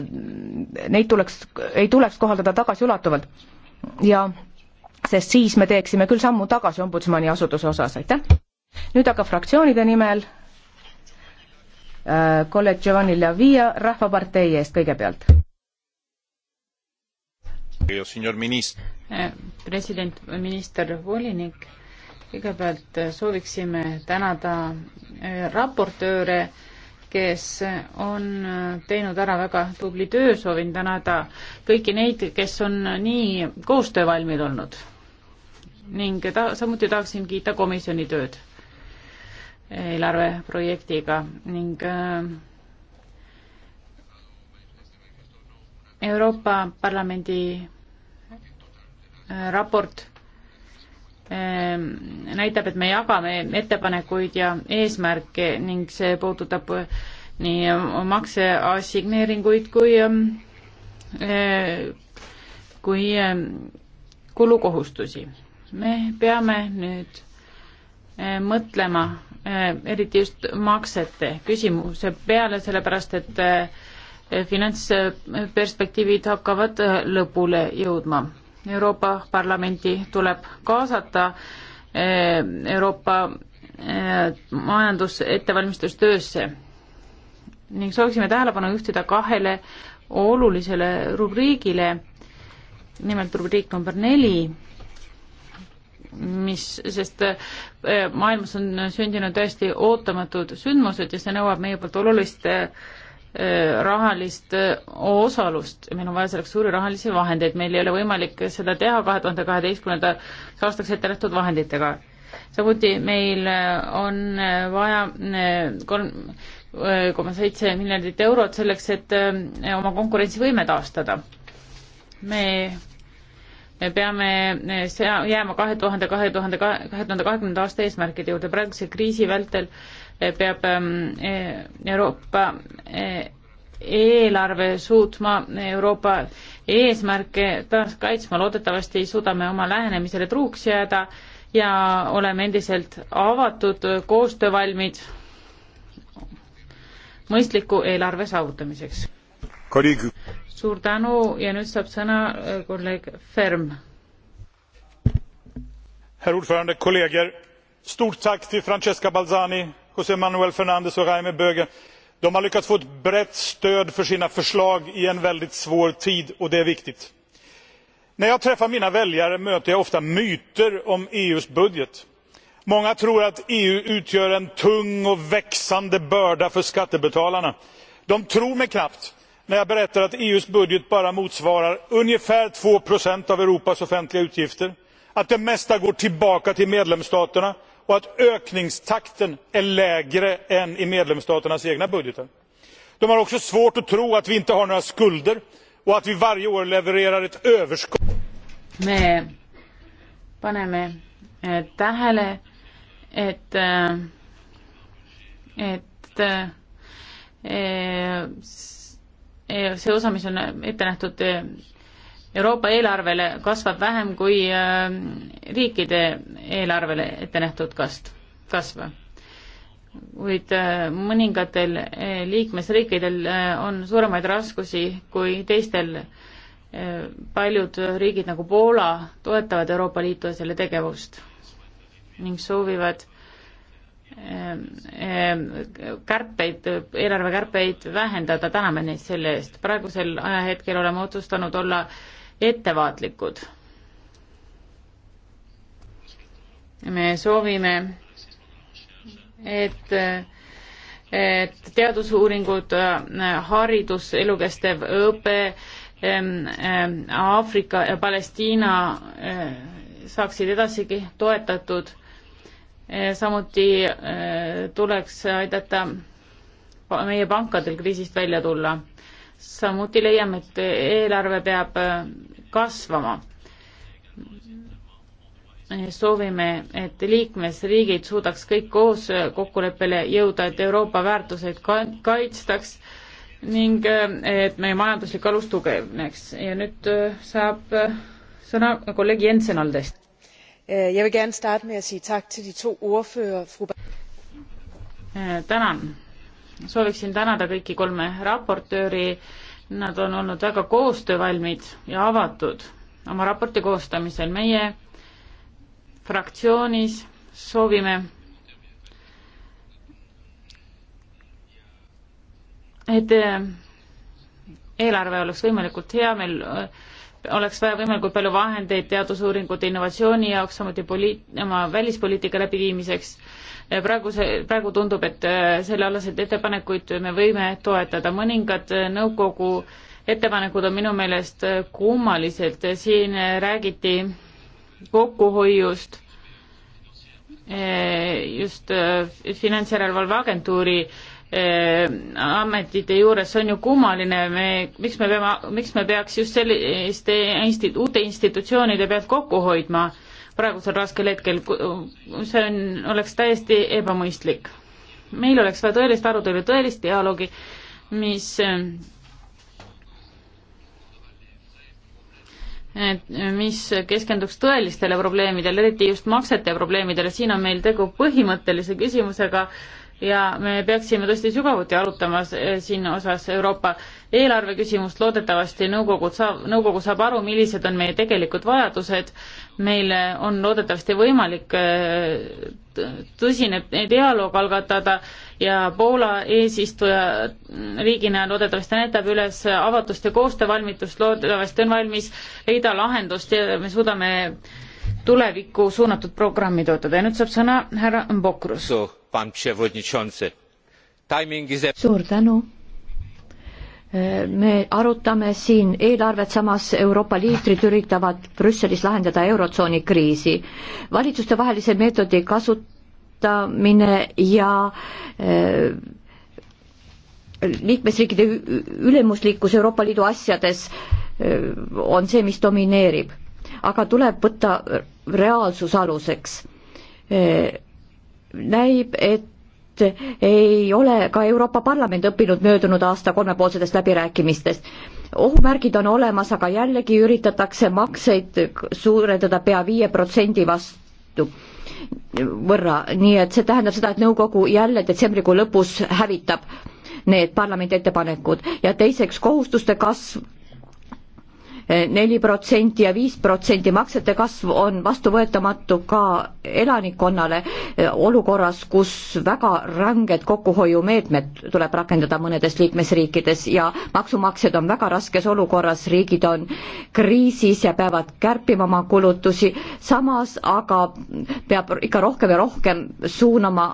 neid tuleks, ei tuleks kohaldada tagasiulatuvalt ja sest siis me teeksime küll sammu tagasi ombudsmani asutuse osas, aitäh. nüüd aga fraktsioonide nimel kolleeg Giovanni Lavia Rahvapartei eest kõigepealt Eh, president, minister, volinik, kõigepealt eh, sooviksime tänada eh, raportööre, kes on teinud ära väga tubli töö, soovin tänada kõiki neid, kes on nii koostöövalmid olnud. ning ta-, samuti tahaksin kiita komisjoni tööd eelarveprojektiga ning äh, Euroopa Parlamendi Äh, raport ähm, näitab, et me jagame ettepanekuid ja eesmärke ning see puudutab äh, nii äh, makse assigneeringuid kui, ähm, kui ähm, kulukohustusi. me peame nüüd mõtlema eriti just maksete küsimuse peale, sellepärast et finantsperspektiivid hakkavad lõpule jõudma Euroopa Parlamenti tuleb kaasata eh, Euroopa eh, majandusettevalmistustöösse ning sooviksime tähelepanu juhtida kahele olulisele rubriigile, nimelt rubriik number neli, mis, sest eh, maailmas on sündinud täiesti ootamatud sündmused ja see nõuab meie poolt olulist Äh, rahalist äh, osalust, meil on vaja selleks suuri rahalisi vahendeid, meil ei ole võimalik seda teha kahe tuhande kaheteistkümnendaks aastaks ette nähtud vahenditega. samuti meil äh, on vaja kolm koma seitse miljardit eurot selleks, et oma konkurentsivõime taastada. me me peame eh, jääma kahe tuhande, kahe tuhande, kahe tuhande kahekümnenda aasta eesmärkide juurde, praeguse kriisi vältel eh, peab ehm, eh, Euroopa eelarve suutma Euroopa eesmärke taas kaitsma, loodetavasti suudame oma lähenemisele truuks jääda ja oleme endiselt avatud, koostöövalmid mõistliku eelarve saavutamiseks suur tänu ja nüüd saab sõna äh, kolleeg Ferm. Herr ordförande, kolleger, stort tack till Francesca Balzani, José Manuel Fernandes och Raime Böge. De har lyckats få ett brett stöd för sina förslag i en väldigt svår tid och det är viktigt. När jag träffar mina väljare möter jag ofta myter om EUs budget. Många tror att EU utgör en tung och växande börda för skattebetalarna. De tror mig knappt när jag berättar att eus budget bara motsvarar ungefär två av europas offentliga utgifter att det mesta går tillbaka till medlemsstaterna och att ökningstakten är lägre än i medlemsstaternas egna budgetar. De har också svårt att tro att vi inte har några skulder och att vi varje år levererar ett överskott. me paneme eh, tähele et eh, et eh, see osa, mis on ette nähtud eh, Euroopa eelarvele, kasvab vähem kui eh, riikide eelarvele ette nähtud kast-, kasv. kuid eh, mõningatel liikmesriikidel on suuremaid raskusi kui teistel. paljud riigid nagu Poola toetavad Euroopa Liitu ja selle tegevust ning soovivad Ehm, ehm, kärpeid, eelarvekärpeid vähendada, täname neid selle eest. praegusel ajahetkel oleme otsustanud olla ettevaatlikud. me soovime, et et teadusuuringud, haridus, elukestev õpe, ehm, Aafrika ja Palestiina saaksid edasigi toetatud Eh, samuti eh, tuleks aidata meie pankadel kriisist välja tulla. samuti leiame, et eelarve peab eh, kasvama. soovime, et liikmesriigid suudaks kõik koos kokkuleppele jõuda, et Euroopa väärtuseid kaitstaks ning et meie majanduslik alus tugevneks ja nüüd saab sõna kolleeg Jensen Aldest Øh, jeg vil gerne starte med at sige tak til de to ordførere fru eh, tänan sooviksin tänada kõiki kolme raportööri nad on olnud väga koostöövalmid ja avatud oma raporti koostamisel meie fraktsioonis soovime et eh, eelarve oleks võimalikult hea meil eh, oleks vaja võimalikult palju vahendeid teadusuuringute innovatsiooni jaoks, samuti poliit-, oma välispoliitika läbiviimiseks. praegu see, praegu tundub, et äh, sellealaseid ettepanekuid me võime toetada, mõningad äh, nõukogu ettepanekud on minu meelest äh, kummalised, siin räägiti kokkuhoiust just Finantsjärelevalve Agentuuri Äh, ametite juures, see on ju kummaline, me, miks me peame, miks me peaks just selliste insti-, uute institutsioonide pealt kokku hoidma praegusel raskel hetkel, see on, oleks täiesti ebamõistlik. meil oleks vaja tõelist arutelu, tõelist dialoogi, mis et mis keskenduks tõelistele probleemidele, eriti just maksete probleemidele, siin on meil tegu põhimõttelise küsimusega äh,, ja me peaksime tõesti sügavuti arutama eh, siin osas Euroopa eelarve küsimust, loodetavasti nõukogud saab, nõukogu saab aru, millised on meie tegelikud vajadused, meil on loodetavasti võimalik eh, tõsine dialoog algatada ja Poola eesistuja riigina loodetavasti näitab üles avatust ja koostöövalmidust, loodetavasti on valmis leida lahendust ja me suudame tulevikku suunatud programmi toetada ja nüüd saab sõna härra Mbokrus so suur tänu. me arutame siin eelarvet, samas Euroopa liidrid üritavad Brüsselis lahendada Eurotsooni kriisi. valitsustevahelise meetodi kasutamine ja äh, liikmesriikide ülemuslikkus Euroopa Liidu asjades on see, mis domineerib. aga tuleb võtta reaalsus aluseks näib, et ei ole ka Euroopa Parlament õppinud möödunud aasta kolmepoolsetest läbirääkimistest. ohumärgid on olemas, aga jällegi üritatakse makseid suurendada pea viie protsendi vastu võrra, nii et see tähendab seda, et nõukogu jälle detsembrikuu lõpus hävitab need parlamendi ettepanekud ja teiseks kohustuste kasv neli protsenti ja viis protsenti maksete kasv on vastuvõetamatu ka elanikkonnale eh, olukorras, kus väga ranged kokkuhoiumeetmed tuleb rakendada mõnedes liikmesriikides ja maksumaksjad on väga raskes olukorras, riigid on kriisis ja peavad kärpima oma kulutusi, samas aga peab ikka rohkem ja rohkem suunama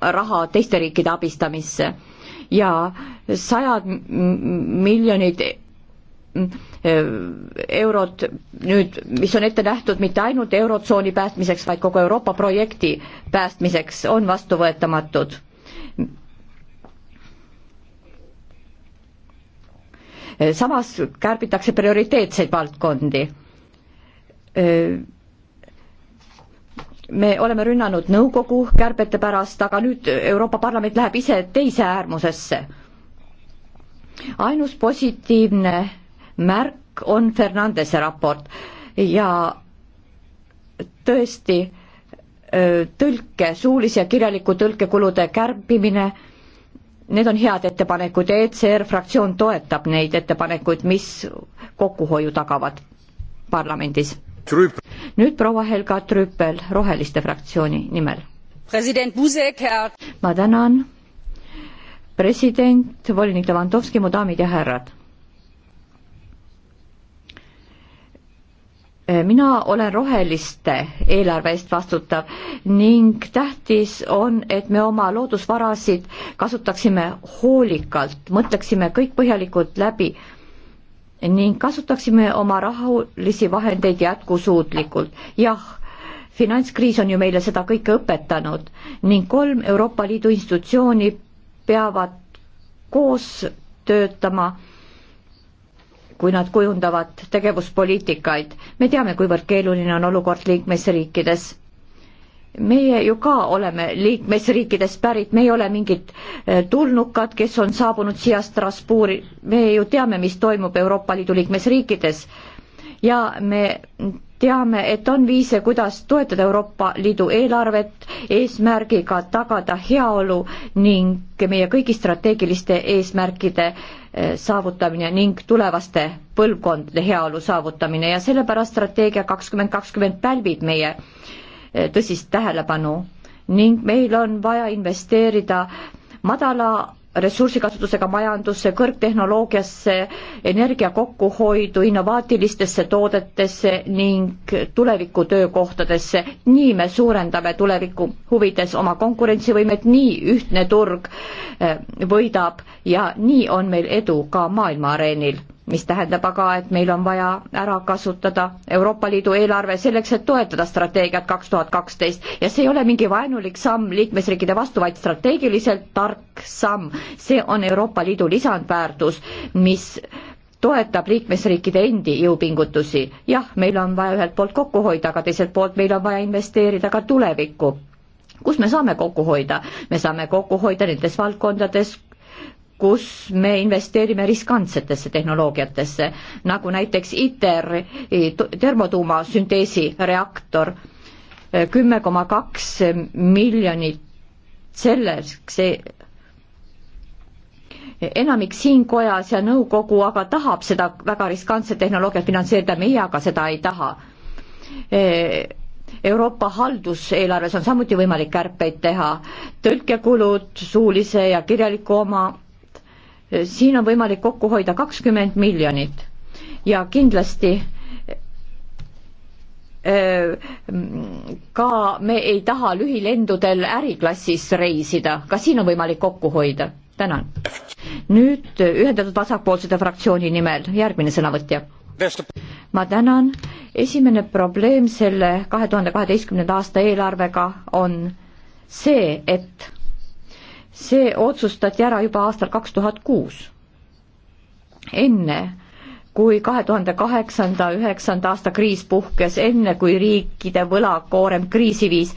raha teiste riikide abistamisse ja sajad miljonid eurot nüüd, mis on ette nähtud mitte ainult Eurotsooni päästmiseks, vaid kogu Euroopa projekti päästmiseks, on vastuvõetamatud. samas kärbitakse prioriteetseid valdkondi me oleme rünnanud nõukogu kärbete pärast, aga nüüd Euroopa Parlament läheb ise teise äärmusesse. ainus positiivne märk on Fernandese raport ja tõesti tõlke, suulise ja kirjaliku tõlkekulude kärbimine, need on head ettepanekud ja ECR fraktsioon toetab neid ettepanekuid, mis kokkuhoiu tagavad parlamendis. nüüd proua Helga Trüppel Roheliste fraktsiooni nimel. ma tänan, president, volinik Levanovski, mu daamid ja härrad Äh, mina olen roheliste eelarve eest vastutav ning tähtis on, et me oma loodusvarasid kasutaksime hoolikalt, mõtleksime kõik põhjalikult läbi ning kasutaksime oma rahalisi vahendeid jätkusuutlikult. jah, finantskriis on ju meile seda kõike õpetanud ning kolm Euroopa Liidu institutsiooni peavad koos töötama kui nad kujundavad tegevuspoliitikaid. me teame, kuivõrd keeruline on olukord liikmesriikides. meie ju ka oleme liikmesriikidest pärit, me ei ole mingid eh, tulnukad, kes on saabunud siia Strasbourgi, me ju teame, mis toimub Euroopa Liidu liikmesriikides ja me teame, et on viise, kuidas toetada Euroopa Liidu eelarvet eesmärgiga tagada heaolu ning meie kõigi strateegiliste eesmärkide eh, saavutamine ning tulevaste põlvkondade heaolu saavutamine ja sellepärast strateegia kakskümmend kakskümmend pälvib meie eh, tõsist tähelepanu ning meil on vaja investeerida madala ressursikasutusega majandusse, kõrgtehnoloogiasse, energia kokkuhoidu, innovaatilistesse toodetesse ning tuleviku töökohtadesse. nii me suurendame tuleviku huvides oma konkurentsivõimet, nii ühtne turg eh, võidab ja nii on meil edu ka maailma areenil mis tähendab aga, et meil on vaja ära kasutada Euroopa Liidu eelarve selleks, et toetada strateegiat kaks tuhat kaksteist ja see ei ole mingi vaenulik samm liikmesriikide vastu, vaid strateegiliselt tark samm. see on Euroopa Liidu lisandväärtus, mis toetab liikmesriikide endi jõupingutusi. jah, meil on vaja ühelt poolt kokku hoida, aga teiselt poolt meil on vaja investeerida ka tulevikku kus me saame kokku hoida? me saame kokku hoida nendes valdkondades, kus me investeerime riskantsetesse tehnoloogiatesse, nagu näiteks ITER, termotuuma sünteesi reaktor, kümme koma kaks miljonit selleks, enamik siin kojas ja nõukogu aga tahab seda väga riskantset tehnoloogiat finantseerida, meie aga seda ei taha. Euroopa halduseelarves on samuti võimalik kärpeid teha, tõlkekulud, suulise ja kirjaliku oma siin on võimalik kokku hoida kakskümmend miljonit ja kindlasti äh, ka me ei taha lühilendudel äriklassis reisida, ka siin on võimalik kokku hoida. tänan. nüüd Ühendatud Vasakpoolsete fraktsiooni nimel järgmine sõnavõtja ma tänan. esimene probleem selle kahe tuhande kaheteistkümnenda aasta eelarvega on see, et see otsustati ära juba aastal kaks tuhat kuus. enne, kui kahe tuhande kaheksanda, üheksanda aasta kriis puhkes, enne kui riikide võlakoorem kriisi viis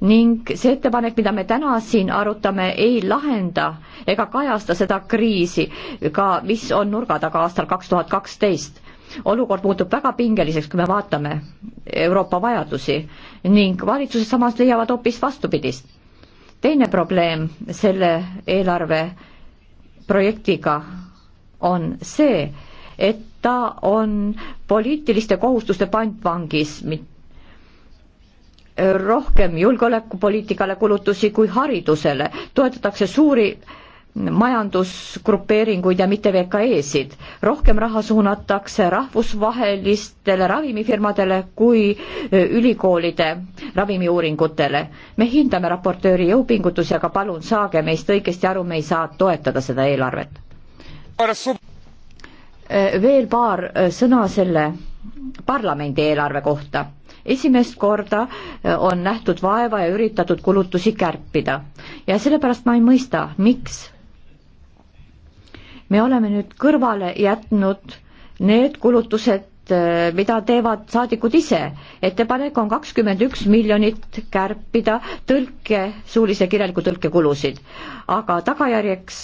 ning see ettepanek, mida me täna siin arutame, ei lahenda ega kajasta seda kriisi ka, mis on nurga taga aastal kaks tuhat kaksteist. olukord muutub väga pingeliseks, kui me vaatame Euroopa vajadusi ning valitsused samas leiavad hoopis vastupidist teine probleem selle eelarve projektiga on see, et ta on poliitiliste kohustuste pantvangis, rohkem julgeolekupoliitikale kulutusi kui haridusele, toetatakse suuri majandusgrupeeringuid ja mitte VKE-sid. rohkem raha suunatakse rahvusvahelistele ravimifirmadele kui ülikoolide ravimiuuringutele. me hindame raportööri jõupingutusi, aga palun saage meist õigesti aru, me ei saa toetada seda eelarvet. veel paar sõna selle parlamendi eelarve kohta esimest korda on nähtud vaeva ja üritatud kulutusi kärpida. ja sellepärast ma ei mõista, miks me oleme nüüd kõrvale jätnud need kulutused, eh, mida teevad saadikud ise. ettepanek on kakskümmend üks miljonit kärpida tõlke, suulise kirjaliku tõlke kulusid. aga tagajärjeks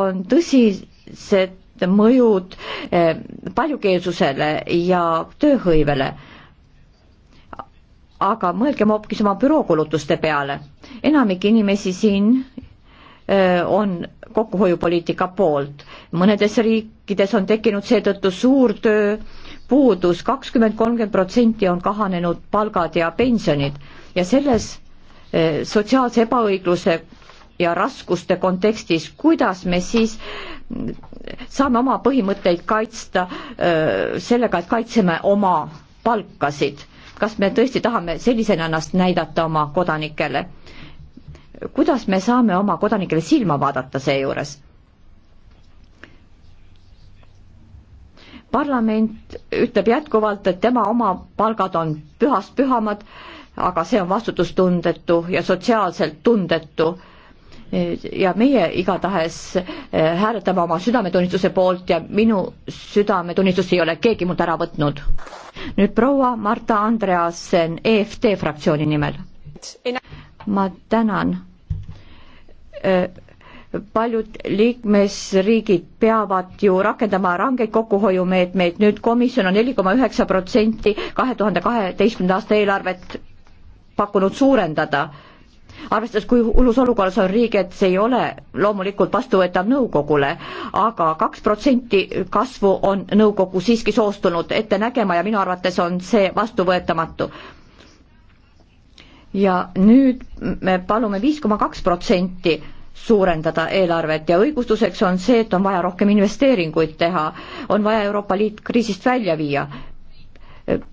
on tõsised mõjud eh, paljukeelsusele ja tööhõivele. aga mõelgem hoopis oma büroo kulutuste peale. enamik inimesi siin on kokkuhoiupoliitika poolt. mõnedes riikides on tekkinud seetõttu suur tööpuudus, kakskümmend, kolmkümmend protsenti on kahanenud palgad ja pensionid ja selles sotsiaalse ebaõigluse ja raskuste kontekstis, kuidas me siis mm, saame oma põhimõtteid kaitsta sellega, et kaitseme oma palkasid. kas me tõesti tahame sellisena ennast näidata oma kodanikele? kuidas me saame oma kodanikele silma vaadata seejuures? parlament ütleb jätkuvalt, et tema oma palgad on pühast pühamad, aga see on vastutustundetu ja sotsiaalselt tundetu ja meie igatahes eh, hääletame oma südametunnistuse poolt ja minu südametunnistust ei ole keegi mult ära võtnud. nüüd proua Marta Andreasen EFT fraktsiooni nimel ma tänan. paljud liikmesriigid peavad ju rakendama rangeid kokkuhoiumeetmeid, nüüd komisjon on neli koma üheksa protsenti kahe tuhande kaheteistkümnenda aasta eelarvet pakkunud suurendada arvestades, kui hullus olukorras on riik, et see ei ole loomulikult vastuvõetav nõukogule aga, aga kaks protsenti kasvu on nõukogu siiski soostunud ette nägema ja minu arvates on see vastuvõetamatu ja nüüd me palume viis koma kaks protsenti suurendada eelarvet ja õigustuseks on see, et on vaja rohkem investeeringuid teha, on vaja Euroopa Liit kriisist välja viia.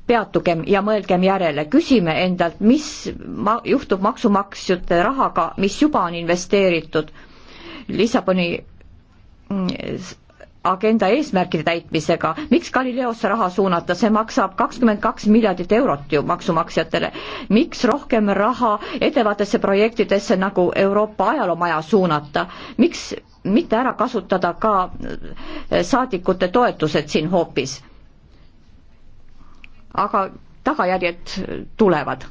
peatugem ja mõelgem järele, küsime endalt, mis ma-, juhtub maksumaksjate rahaga, mis juba on investeeritud Lissaboni mm, agenda eesmärkide täitmisega, miks Galileosse raha suunata, see maksab kakskümmend kaks miljardit eurot ju maksumaksjatele. miks rohkem raha edevatesse projektidesse nagu Euroopa ajaloomaja suunata, miks mitte ära kasutada ka äh, saadikute toetused siin hoopis? aga tagajärjed tulevad.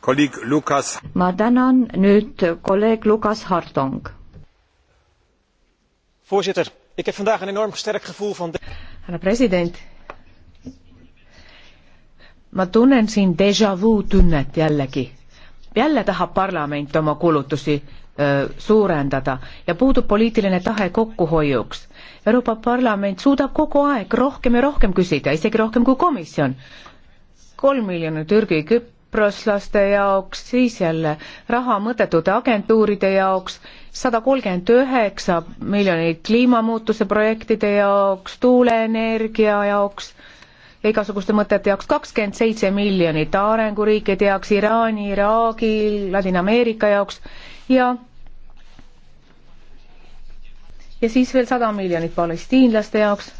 kolleeg Lukas. ma tänan nüüd kolleeg Lukas Hartong. voorzitter Ik heb vandaag een enorm sterk gevoel van... härra president, ma tunnen siin déjà vu tunnet jällegi. jälle tahab parlament oma kulutusi öö, suurendada ja puudub poliitiline tahe kokkuhoiuks. Euroopa Parlament suudab kogu aeg rohkem ja rohkem küsida, isegi rohkem kui komisjon. kolm miljonit Türgi küproslaste jaoks, siis jälle raha mõttetute agentuuride jaoks sada kolmkümmend üheksa miljonit kliimamuutuse projektide jaoks, tuuleenergia jaoks ja igasuguste mõtete jaoks kakskümmend seitse miljonit arenguriikide jaoks, Iraani, Iraagi, Ladina-Ameerika jaoks ja ja siis veel sada miljonit palestiinlaste jaoks.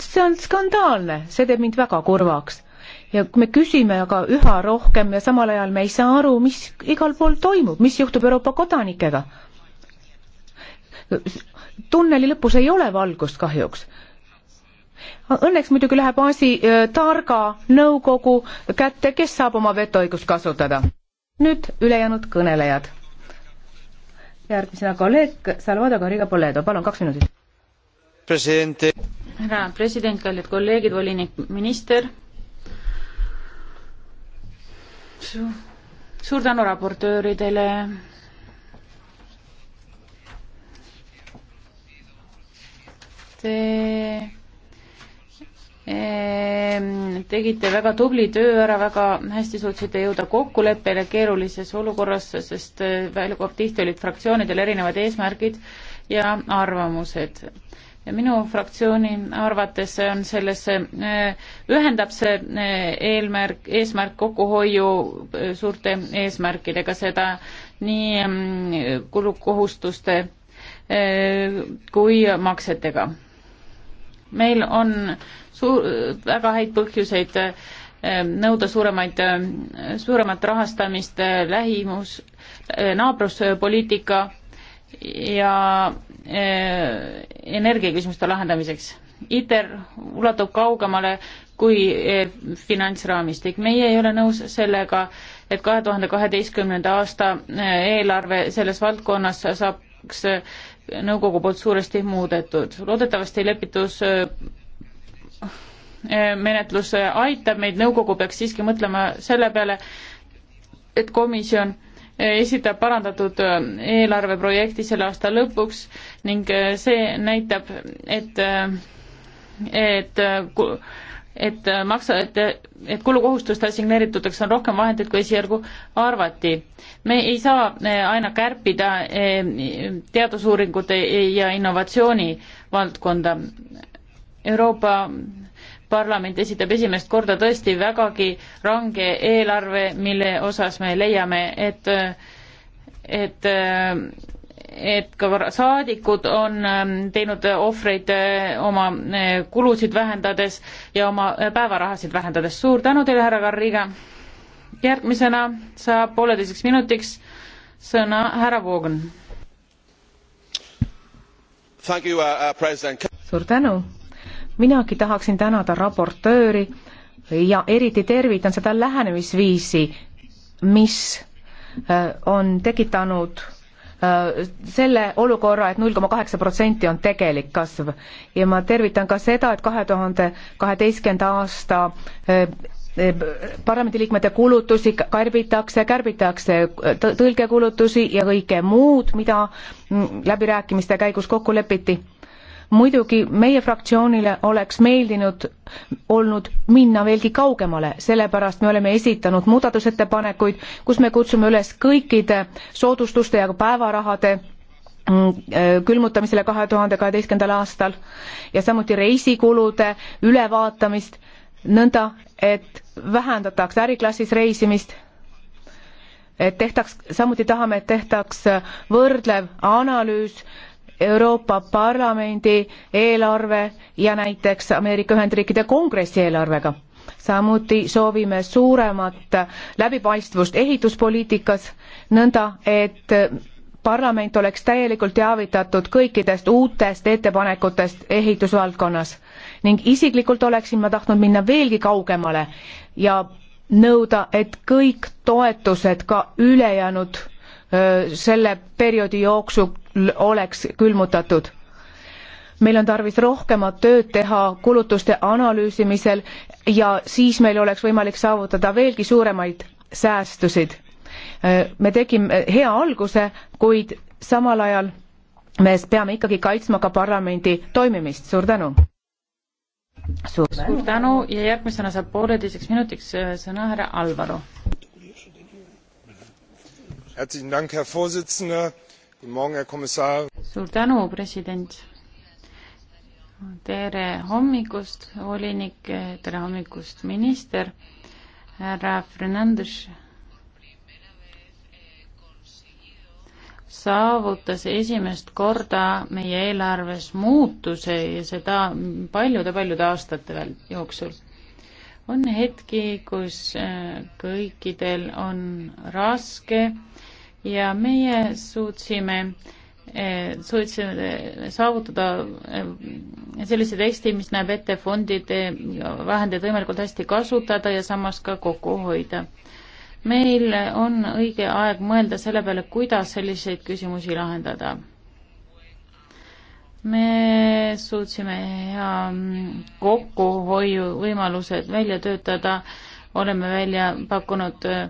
see on skandaalne, see teeb mind väga kurvaks ja kui me küsime aga üha rohkem ja samal ajal me ei saa aru, mis igal pool toimub, mis juhtub Euroopa kodanikega. tunneli lõpus ei ole valgust kahjuks. Õnneks muidugi läheb asi äh, targa nõukogu kätte, kes saab oma vetoõigust kasutada. nüüd ülejäänud kõnelejad. järgmisena kolleeg Salvador Garriga Poledo, palun kaks minutit. president. härra president, kallid kolleegid, volinik, minister suur tänu raportööridele. Te ehm, tegite väga tubli töö ära, väga hästi suutsite jõuda kokkuleppele keerulises olukorras, sest eh, väljakoob tihti olid fraktsioonidel erinevad eesmärgid ja arvamused ja minu fraktsiooni arvates on selles, eh, ühendab see eh, eelmärk, eesmärk kokkuhoiu eh, suurte eesmärkidega, seda nii mm, kulukohustuste kui maksetega. meil on suur, väga häid põhjuseid nõuda suuremaid, suuremat rahastamist lähimus, naabruspoliitika ja Äh, energiaküsimuste lahendamiseks. ITER ulatub kaugemale kui äh, finantsraamistik. meie ei ole nõus sellega, et kahe tuhande kaheteistkümnenda aasta äh, eelarve selles valdkonnas saaks nõukogu poolt suuresti muudetud. loodetavasti lepitus menetlus aitab meid, nõukogu peaks siiski mõtlema selle peale, et komisjon esitab parandatud äh, eelarveprojekti selle aasta lõpuks ning äh, see näitab, et, äh, et et maksa, et, et kulukohustuste assigneerituteks on rohkem vahendeid, kui esialgu arvati. me ei saa aina kärpida teadusuuringute ja innovatsiooni valdkonda. Euroopa parlament esitab esimest korda tõesti vägagi range eelarve, mille osas me leiame, et, et, et ka saadikud on ähm, teinud ohvreid äh, oma äh, kulusid vähendades ja oma äh, päevarahasid vähendades. suur tänu teile, härra Garriga. järgmisena saab pooleteiseks minutiks sõna härra Voogen. Uh, uh, suur tänu minagi tahaksin tänada raportööri ja eriti tervitan seda lähenemisviisi, mis äh, on tekitanud äh, selle olukorra et, et null koma kaheksa protsenti on tegelik kasv ja ma tervitan ka seda, et kahe tuhande kaheteistkümnenda aasta äh, parlamendiliikmete kulutusi kärbitakse, kärbitakse tõlgekulutusi ja kõike muud, mida mm, läbirääkimiste käigus kokku lepiti muidugi meie fraktsioonile oleks meeldinud olnud minna veelgi kaugemale, sellepärast me oleme esitanud muudatusettepanekuid, kus me kutsume üles kõikide soodustuste ja päevarahade mm, äh, külmutamisele kahe tuhande kaheteistkümnendal aastal ja samuti reisikulude ülevaatamist nõnda, et vähendatakse äriklassis reisimist, et tehtaks, samuti tahame, et tehtaks võrdlev analüüs Euroopa Parlamendi eelarve ja näiteks Ameerika Ühendriikide Kongressi eelarvega. samuti soovime suuremat läbipaistvust ehituspoliitikas, nõnda et parlament oleks täielikult teavitatud kõikidest uutest ettepanekutest ehitusvaldkonnas ning isiklikult oleksin ma tahtnud minna veelgi kaugemale ja nõuda, et kõik toetused ka ülejäänud selle perioodi jooksul oleks külmutatud. meil on tarvis rohkemat tööd teha kulutuste analüüsimisel ja siis meil oleks võimalik saavutada veelgi suuremaid säästusid. me tegime hea alguse, kuid samal ajal me peame ikkagi kaitsma ka parlamendi toimimist, suur tänu! suur tänu, suur tänu ja järgmisena saab pooleteiseks minutiks äh, sõna härra Alvaro suur tänu, president. tere hommikust, volinik, tere hommikust, minister, härra Fernandes. saavutas esimest korda meie eelarves muutuse ja seda paljude-paljude aastate veel jooksul on hetki, kus äh, kõikidel on raske ja meie suutsime eh, suutsime saavutada eh, sellise teksti, mis näeb ette fondide vahendeid võimalikult hästi kasutada ja samas ka kokku hoida. meil on õige aeg mõelda selle peale, kuidas selliseid küsimusi lahendada. me suutsime hea mm, kokkuhoiu võimalused välja töötada, oleme välja pakkunud eh,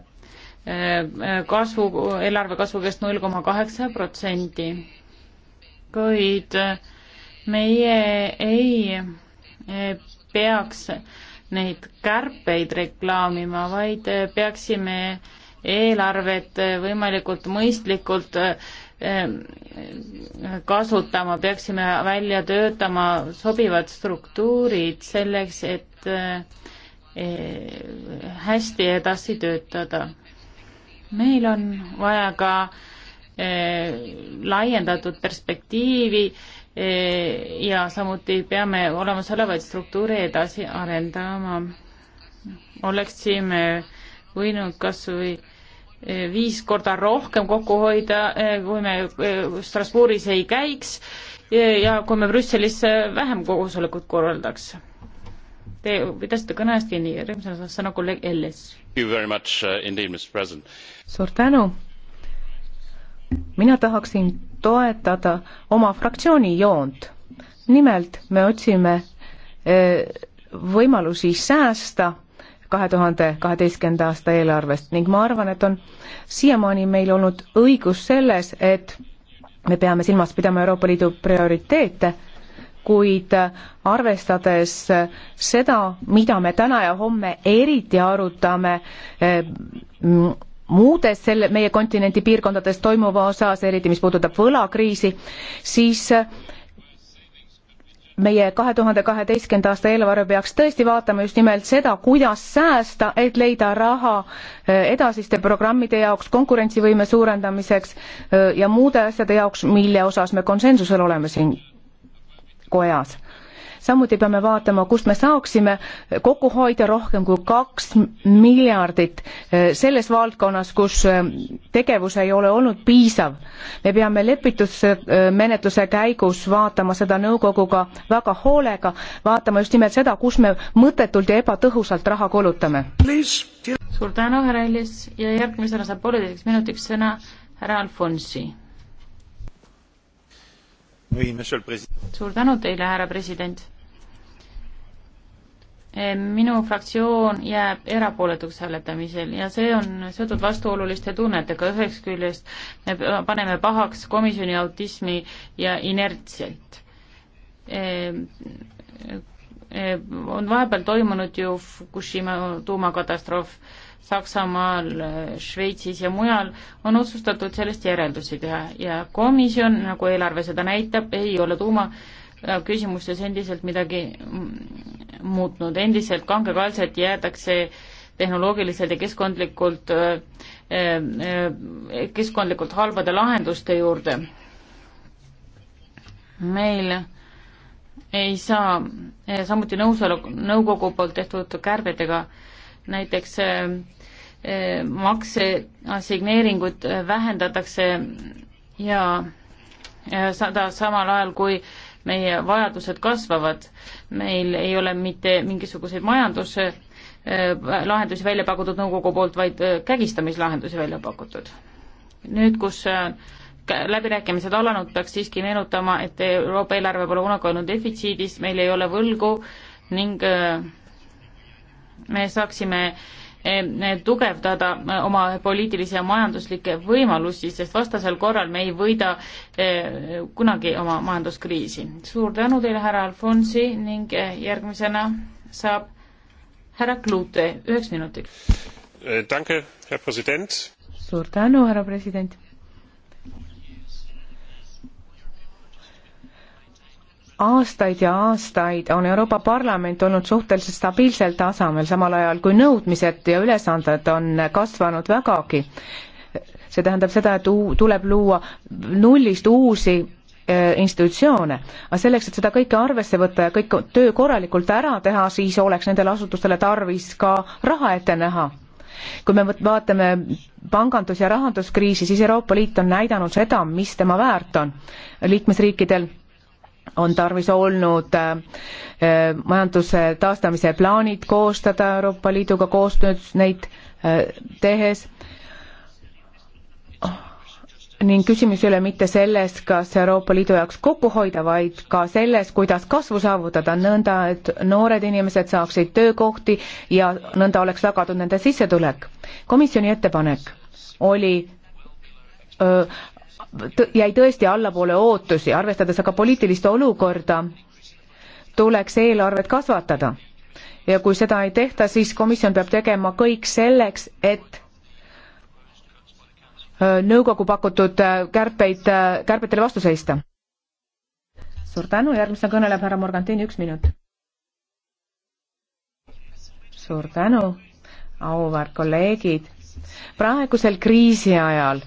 kasvu, eelarve kasvu käest null koma kaheksa protsenti. kuid meie ei eh, peaks neid kärpeid reklaamima, vaid eh, peaksime eelarvet eh, võimalikult mõistlikult kasutama, peaksime välja töötama sobivad struktuurid selleks, et hästi edasi töötada meil on vaja ka eh, laiendatud perspektiivi eh, ja samuti peame olemasolevaid struktuure edasi arendama. oleksime võinud kas või eh, viis korda rohkem kokku hoida, kui me Strasbourgis ei käiks ja kui me Brüsselis vähem koosolekut korraldaks. Te pidasite kõne eest kinni, järgmisena saab sõna kolleeg Ellis Uh, suur tänu. mina tahaksin toetada oma fraktsiooni joont. nimelt me otsime e, võimalusi säästa kahe tuhande kaheteistkümnenda aasta eelarvest ning ma arvan, et on siiamaani meil olnud õigus selles, et me peame silmas pidama Euroopa Liidu prioriteete kuid arvestades seda, mida me täna ja homme eriti arutame eh, muudes selle, meie kontinendi piirkondades toimuva osas, eriti mis puudutab võlakriisi, siis eh, meie kahe tuhande kaheteistkümnenda aasta eelarve peaks tõesti vaatama just nimelt seda, kuidas säästa, et leida raha eh, edasiste programmide jaoks, konkurentsivõime suurendamiseks ja muude asjade jaoks, mille osas me konsensusel oleme siin kojas. samuti peame vaatama, kust me saaksime kokku hoida rohkem kui kaks miljardit eh, selles valdkonnas, kus eh, tegevus ei ole olnud piisav. me peame lepitusmenetluse käigus vaatama seda nõukoguga väga hoolega, vaatama just nimelt seda, kus me mõttetult ja ebatõhusalt raha kulutame. suur tänu, härra Ellis ja järgmisena saab pooleteiseks minutiks sõna härra Alfonsi suur tänu teile, härra president. Eh, minu fraktsioon jääb erapooletuks hääletamisel ja see on seotud vastuoluliste tunnetega, ühest küljest me paneme pahaks komisjoni autismi ja inertsilt eh, eh, on vahepeal toimunud ju Fukushima tuumakatastroof Saksamaal, Šveitsis ja mujal on otsustatud sellest järeldusi teha ja komisjon, nagu eelarve seda näitab, ei ole tuumaküsimustes äh, endiselt midagi mm, muutnud, endiselt kangekaelselt jäädakse tehnoloogiliselt ja keskkondlikult, äh, äh, keskkondlikult halbade lahenduste juurde. meil ei saa samuti nõus olla nõukogu poolt tehtud kärbetega äh, näiteks äh, äh, makse assigneeringut äh, vähendatakse ja seda samal ajal, kui meie vajadused kasvavad. meil ei ole mitte mingisuguseid majanduse lahendusi välja pakutud nõukogu poolt, vaid kägistamislahendusi välja pakutud. nüüd, kus läbirääkimised alanud, peaks siiski meenutama, et Euroopa eelarve pole kunagi olnud defitsiidis, meil ei ole võlgu ning äh, me saaksime eh, eh, tugevdada eh, oma poliitilisi ja majanduslikke võimalusi, sest vastasel korral me ei võida kunagi oma majanduskriisi. suur tänu teile, härra Alfonsi ning järgmisena saab härra Klute üheks minutiks. suur tänu, härra president aastaid ja aastaid on Euroopa Parlament olnud suhteliselt stabiilsel tasemel, samal ajal kui nõudmised ja ülesanded on kasvanud vägagi. see tähendab seda, et uu-, tuleb luua nullist uusi äh, institutsioone, aga selleks, et seda kõike arvesse võtta ja kõik töö korralikult ära teha, siis oleks nendele asutustele tarvis ka raha ette näha. kui me vaatame pangandus- ja rahanduskriisi, siis Euroopa Liit on näidanud seda, mis tema väärt on liikmesriikidel on tarvis olnud äh, äh, majanduse taastamise plaanid koostada Euroopa Liiduga koostööd neid äh, tehes ning küsimus ei ole mitte selles, kas Euroopa Liidu jaoks kokku hoida, vaid ka selles, kuidas kasvu saavutada nõnda, et noored inimesed saaksid töökohti ja nõnda oleks tagatud nende sissetulek. komisjoni ettepanek oli öö, jäi tõesti allapoole ootusi, arvestades aga poliitilist olukorda, tuleks eelarvet kasvatada. ja kui seda ei tehta, siis komisjon peab tegema kõik selleks, et äh, nõukogu pakutud äh, kärpeid, äh, kärbetele vastu seista. suur tänu, järgmisena kõneleb härra Morgantini, üks minut. suur tänu, auväärt kolleegid. praegusel kriisi ajal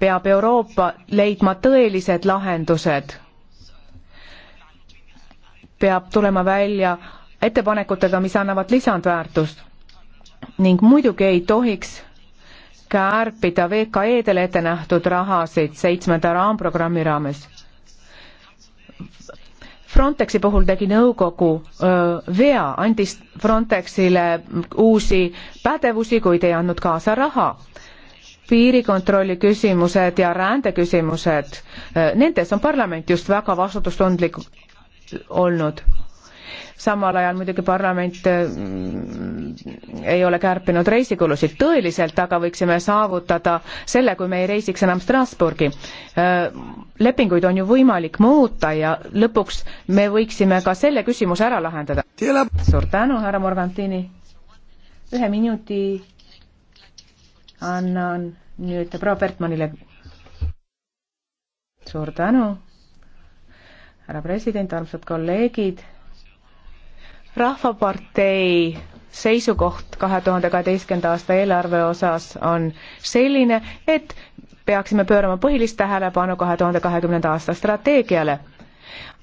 peab Euroopa leidma tõelised lahendused. peab tulema välja ettepanekutega, mis annavad lisandväärtust ning muidugi ei tohiks kärpida VKE-dele ette nähtud rahasid seitsmenda raamprogrammi raames. Frontexi puhul tegi nõukogu öö, vea, andis Frontexile uusi pädevusi, kuid ei andnud kaasa raha piirikontrolli küsimused ja rändeküsimused, eh, nendes on parlament just väga vastutustundlik olnud. samal ajal muidugi parlament eh, ei ole kärpinud reisikulusid tõeliselt, aga võiksime saavutada selle, kui me ei reisiks enam Strasburgi. Eh, lepinguid on ju võimalik muuta ja lõpuks me võiksime ka selle küsimuse ära lahendada. suur tänu, härra Morgantini. ühe minuti annan nüüd proua Bertmanile. suur tänu, härra president, armsad kolleegid. rahvapartei seisukoht kahe tuhande kaheteistkümnenda aasta eelarve osas on selline, et peaksime pöörama põhilist tähelepanu kahe tuhande kahekümnenda aasta strateegiale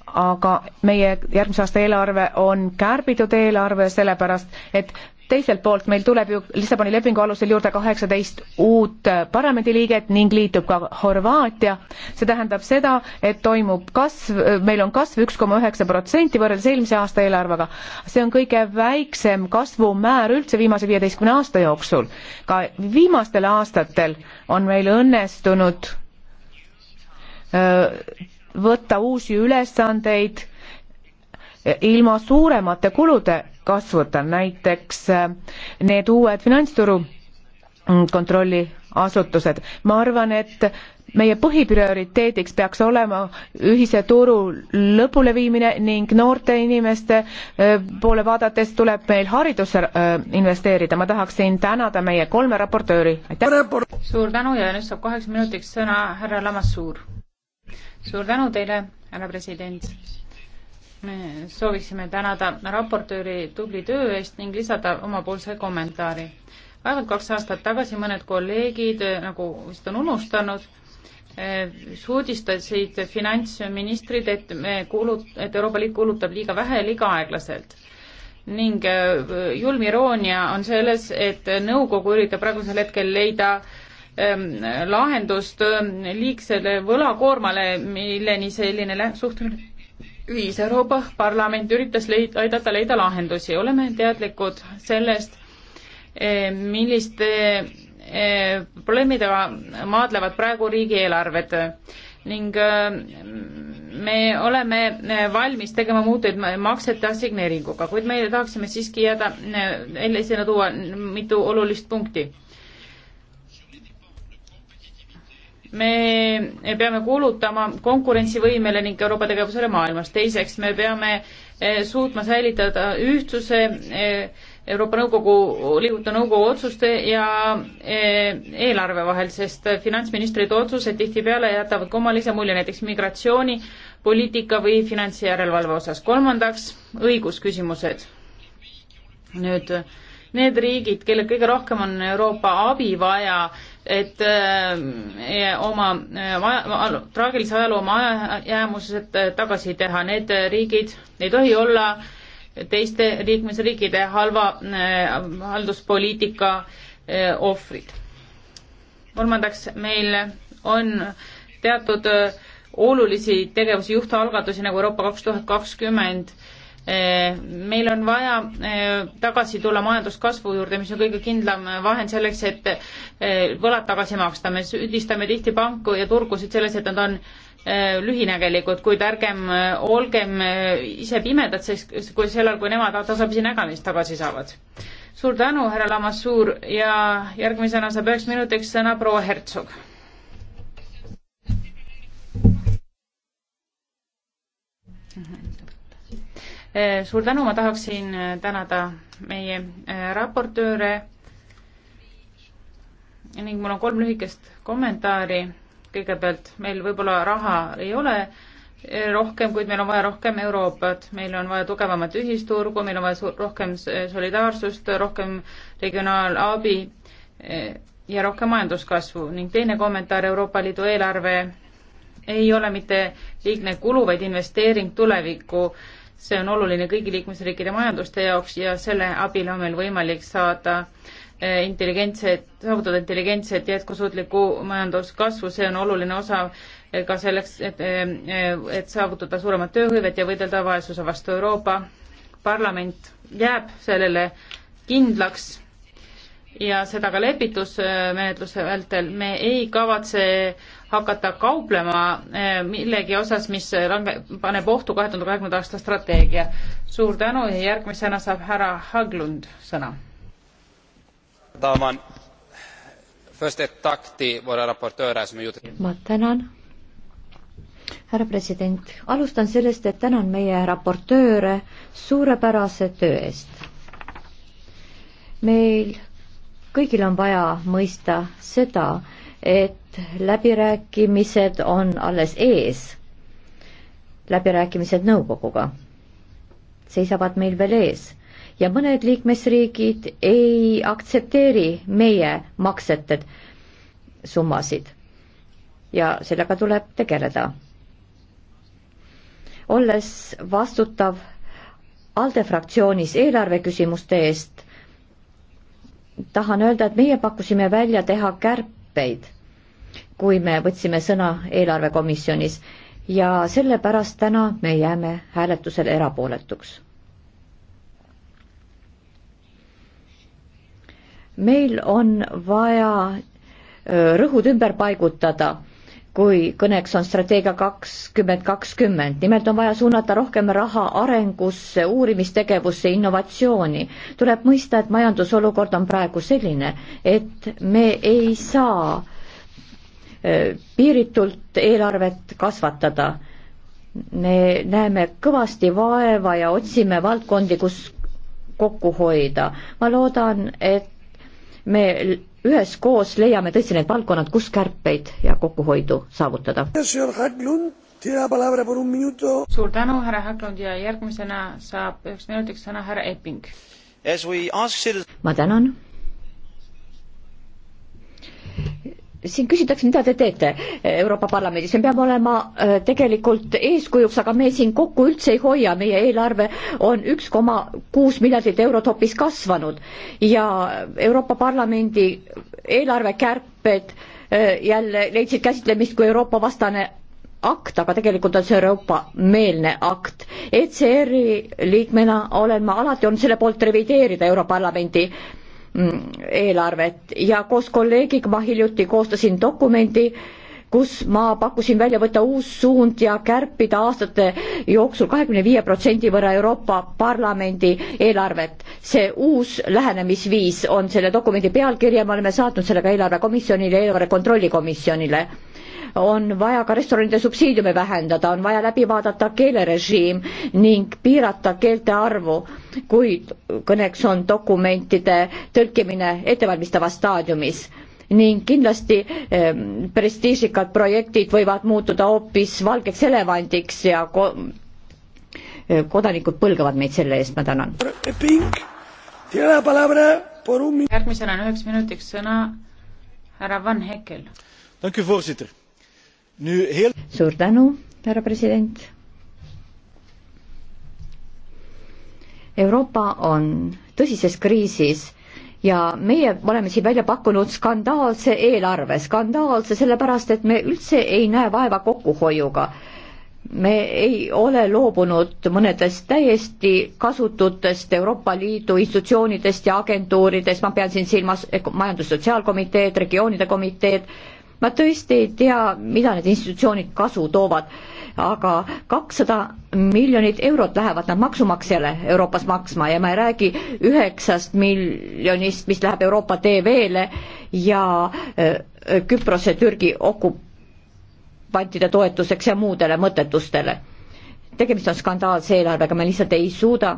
aga meie järgmise aasta eelarve on kärbitud eelarve, sellepärast et teiselt poolt meil tuleb ju Lissaboni lepingu alusel juurde kaheksateist uut äh, parlamendiliiget ning liitub ka Horvaatia. see tähendab seda, et toimub kasv, äh, meil on kasv üks koma üheksa protsenti võrreldes eelmise aasta eelarvega. see on kõige väiksem kasvumäär üldse viimase viieteistkümne aasta jooksul. ka viimastel aastatel on meil õnnestunud öö, äh, võtta uusi ülesandeid ilma suuremate kulude kasvada, näiteks äh, need uued finantsturu kontrolliasutused. ma arvan, et meie põhiprioriteediks peaks olema ühise turu lõpuleviimine ning noorte inimeste äh, poole vaadates tuleb meil haridusse äh, investeerida. ma tahaksin tänada meie kolme raportööri, aitäh! suur tänu ja nüüd saab kaheks minutiks sõna härra Lamassuur. suur tänu teile, härra president! me sooviksime tänada raportööri tubli töö eest ning lisada omapoolse kommentaari. vaevalt kaks aastat tagasi mõned kolleegid, nagu vist on unustanud, eh, suudistasid finantsministrid, et me kuulut-, et Euroopa Liit kuulutab liiga vähe ja liiga aeglaselt. ning eh, julm iroonia on selles, et nõukogu üritab praegusel hetkel leida ehm, lahendust eh, liigsele võlakoormale, milleni selline suhtumine ühis-Euroopa Parlament üritas leid-, aidata leida lahendusi, oleme teadlikud sellest, eh, milliste eh, probleemidega maadlevad praegu riigieelarved ning eh, me oleme valmis tegema muutuid maksete assigneeringuga, kuid meie tahaksime siiski jääda, esile tuua mitu olulist punkti me peame kuulutama konkurentsivõimele ning Euroopa tegevusele maailmas. teiseks, me peame eh, suutma säilitada ühtsuse eh, Euroopa Nõukogu, liiguta nõukogu otsuste ja eh, eelarve vahel, sest finantsministrite otsused tihtipeale jätavad kummalise mulje näiteks migratsiooni, poliitika või finantsjärelevalve osas. kolmandaks, õigusküsimused. nüüd need riigid, kellel kõige rohkem on Euroopa abi vaja, et eh, oma eh, traagilise ajaloo majajäämused eh, tagasi teha, need riigid ei tohi olla teiste liikmesriikide halva halduspoliitika ohvrid. kolmandaks, meil on teatud olulisi tegevusi, juhtalgatusi nagu Euroopa kaks tuhat kakskümmend Eh, meil on vaja eh, tagasi tulla majanduskasvu juurde, mis on kõige kindlam vahend selleks, et eh, võlad tagasi maksta. me süüdistame tihti panku ja turgusid selles, et nad on lühinägelikud, kuid ärgem olgem ise pimedad, sest kui sellal, kui nemad tasapisi nägemist tagasi saavad. suur tänu, härra Lamassuur ja järgmisena saab üheks minutiks sõna proua Hertsog mm. -hmm Eh, suur tänu, ma tahaksin eh, tänada meie eh, raportööre ning mul on kolm lühikest kommentaari. kõigepealt, meil võib-olla raha ei ole rohkem, kuid meil on vaja rohkem Euroopat, meil on vaja tugevamat ühisturgu, meil on vaja rohkem solidaarsust, rohkem regionaalabi ja rohkem majanduskasvu ning teine kommentaar, Euroopa Liidu eelarve ei ole mitte liigne kulu, vaid investeering tulevikku see on oluline kõigi liikmesriikide majanduste jaoks ja selle abil on meil võimalik saada eh, intelligentset, saavutada intelligentset jätkusuutlikku majanduskasvu, see on oluline osa eh, ka selleks, et, eh, et saavutada suuremat tööhõivet ja võidelda vaesuse vastu. Euroopa Parlament jääb sellele kindlaks ja seda ka lepitusmenetluse vältel. me ei kavatse hakata kauplema eh, millegi osas, mis lange, paneb ohtu kahe tuhande kahekümnenda aasta strateegia. suur tänu ja järgmisena saab härra Haglund sõna. ma tänan, härra president. alustan sellest, et tänan meie raportööre suurepärase töö eest. meil kõigil on vaja mõista seda, et et läbirääkimised on alles ees. läbirääkimised nõukoguga seisavad meil veel ees ja mõned liikmesriigid ei aktsepteeri meie maksete summasid. ja sellega tuleb tegeleda. olles vastutav ALDE fraktsioonis eelarve küsimuste eest, tahan öelda, et meie pakkusime välja teha kärpeid kui me võtsime sõna eelarvekomisjonis ja sellepärast täna me jääme hääletusel erapooletuks. meil on vaja rõhud ümber paigutada, kui kõneks on strateegia kakskümmend kakskümmend, nimelt on vaja suunata rohkem raha arengusse, uurimistegevusse, innovatsiooni. tuleb mõista, et majandusolukord on praegu selline, et me ei saa äh, Äh, piiritult eelarvet kasvatada. me näeme kõvasti vaeva ja otsime valdkondi, kus kokku hoida. ma loodan, et me üheskoos leiame tõesti need valdkonnad, kus kärpeid ja kokkuhoidu saavutada. suur tänu, härra Haglund ja järgmisena saab üheks minutiks sõna härra Epping. ma tänan siin küsitakse, mida te teete eh, Euroopa Parlamendis, me peame olema eh, tegelikult eeskujuks, aga me siin kokku üldse ei hoia, meie eelarve on üks koma kuus miljardit eurot hoopis kasvanud ja Euroopa Parlamendi eelarvekärped eh, jälle leidsid käsitlemist kui Euroopa vastane akt, aga tegelikult on see Euroopa-meelne akt. ECR-i liikmena olen ma alati olnud selle poolt revideerida Europarlamendi Mm, eelarvet ja koos kolleegiga ma hiljuti koostasin dokumendi, kus ma pakkusin välja võtta uus suund ja kärpida aastate jooksul kahekümne viie protsendi võrra Euroopa Parlamendi eelarvet. see uus lähenemisviis on selle dokumendi pealkiri ja me oleme saatnud selle ka eelarvekomisjonile, eelarve kontrollikomisjonile on vaja ka restoranide subsiidiume vähendada, on vaja läbi vaadata keelerežiim ning piirata keelte arvu, kui kõneks on dokumentide tõlkimine ettevalmistavas staadiumis ning kindlasti eh, prestiižikad projektid võivad muutuda hoopis valgeks elevandiks ja ko ehm, kodanikud põlgavad meid selle eest, ma tänan. järgmisena on üheks minutiks sõna härra Van Hekel suur tänu, härra president. Euroopa on tõsises kriisis ja meie oleme siin välja pakkunud skandaalse eelarve, skandaalse sellepärast, et me üldse ei näe vaeva kokkuhoiuga. me ei ole loobunud mõnedest täiesti kasututest Euroopa Liidu institutsioonidest ja agentuuridest, ma pean siin silmas Majandus-Sotsiaalkomiteed, regioonide komiteed, komiteed, ma tõesti ei tea, mida need institutsioonid kasu toovad, aga kakssada miljonit eurot lähevad nad maksumaksjale Euroopas maksma ja ma ei räägi üheksast miljonist, mis läheb Euroopa TV-le ja äh, Küprose Türgi okupantide toetuseks ja muudele mõttetustele. tegemist on skandaalse eelarvega, me lihtsalt ei suuda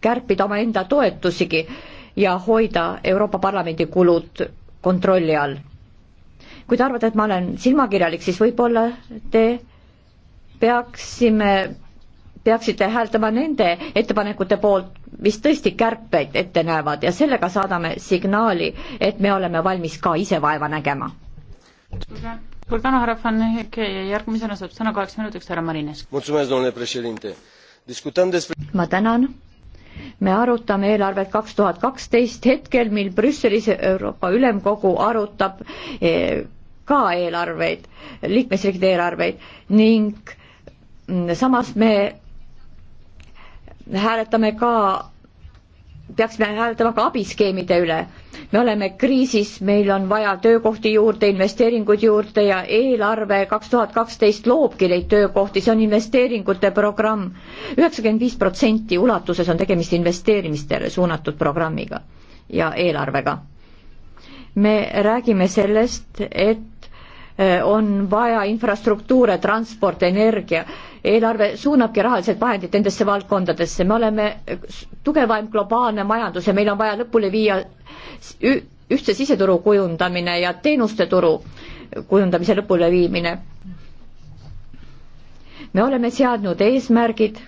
kärpida omaenda toetusigi ja hoida Euroopa Parlamendi kulud kontrolli all kui te arvate, et ma olen silmakirjalik, siis võib-olla te peaksime, peaksite hääldama nende ettepanekute poolt, mis tõesti kärpeid ette näevad ja sellega saadame signaali, et me oleme valmis ka ise vaeva nägema. suur tänu, härra Fannik, järgmisena saab sõna kaheks minutiks härra Marines. ma tänan me arutame eelarvet kaks tuhat kaksteist hetkel, mil Brüsselis Euroopa Ülemkogu arutab eh, ka eelarveid, liikmesriikide eelarveid ning mm, samas me hääletame ka peaksime hääletama ka abiskeemide üle. me oleme kriisis, meil on vaja töökohti juurde, investeeringuid juurde ja eelarve kaks tuhat kaksteist loobki neid töökohti, see on investeeringute programm. üheksakümmend viis protsenti ulatuses on tegemist investeerimistele suunatud programmiga ja eelarvega. me räägime sellest, et Eh, on vaja infrastruktuure, transport, energia. eelarve suunabki rahalised vahendid nendesse valdkondadesse, me oleme tugevaim globaalne majandus ja meil on vaja lõpule viia ühtse siseturu kujundamine ja teenuste turu kujundamise lõpuleviimine. me oleme seadnud eesmärgid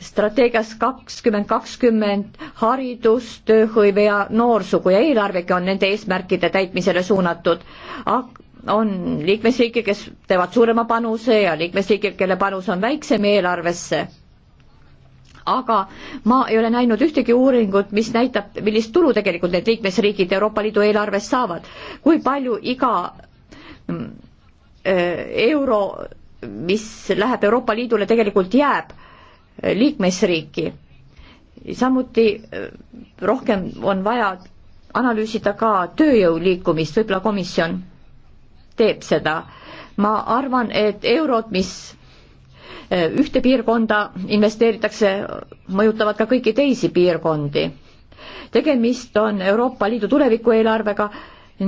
strateegias kakskümmend kakskümmend haridus, tööhõive ja noorsugu ja eelarvegi on nende eesmärkide täitmisele suunatud. aga on liikmesriike, kes teevad suurema panuse ja liikmesriike, kelle panus on väiksem eelarvesse. aga ma ei ole näinud ühtegi uuringut, mis näitab, millist tulu tegelikult need liikmesriigid Euroopa Liidu eelarvest saavad. kui palju iga mm, eh, euro, mis läheb Euroopa Liidule, tegelikult jääb eh, liikmesriiki. samuti eh, rohkem on vaja analüüsida ka tööjõu liikumist, võib-olla komisjon teeb seda. ma arvan, et eurod, mis äh, ühte piirkonda investeeritakse, mõjutavad ka kõiki teisi piirkondi. tegemist on Euroopa Liidu tulevikueelarvega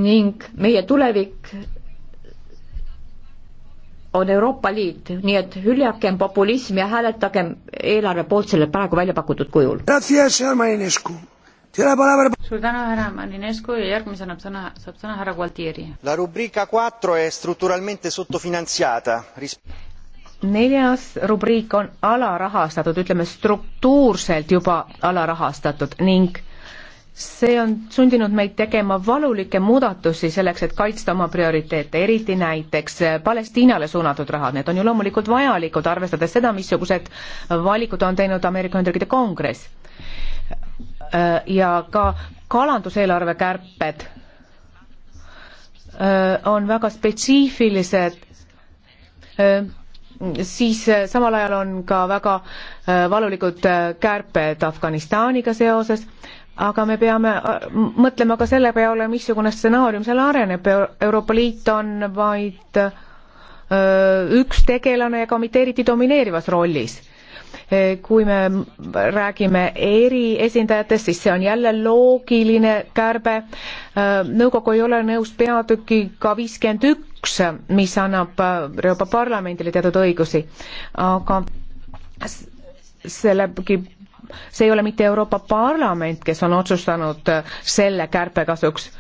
ning meie tulevik on Euroopa Liit, nii et hüljakem populism ja hääletagem eelarve poolt selle praegu välja pakutud kujul suur tänu, härra Marinescu ja järgmisena sõna, saab sõna härra Gualtieri. La rubrica quattro è strutturalmente sottofinanziata ris- neljas rubriik on alarahastatud, ütleme struktuurselt juba alarahastatud ning see on sundinud meid tegema valulikke muudatusi selleks, et kaitsta oma prioriteete, eriti näiteks Palestiinale suunatud rahad, need on ju loomulikult vajalikud, arvestades seda, missugused valikud on teinud Ameerika Ühendriikide Kongress Äh, ja ka kalanduseelarve kärped äh, on väga spetsiifilised, äh, siis samal ajal on ka väga valulikud kärped Afganistaniga seoses, aga me peame mõtlema ka selle peale, missugune stsenaarium seal areneb, Euroopa Liit on vaid üks tegelane ja ka mitte eriti domineerivas rollis Eh, kui me räägime eriesindajatest, siis see on jälle loogiline kärbe. Eh, nõukogu ei ole nõus peatükiga viiskümmend üks, mis annab eh, Euroopa Parlamendile teatud õigusi, aga sellegi see ei ole mitte Euroopa Parlament, kes on otsustanud selle kärpe kasuks,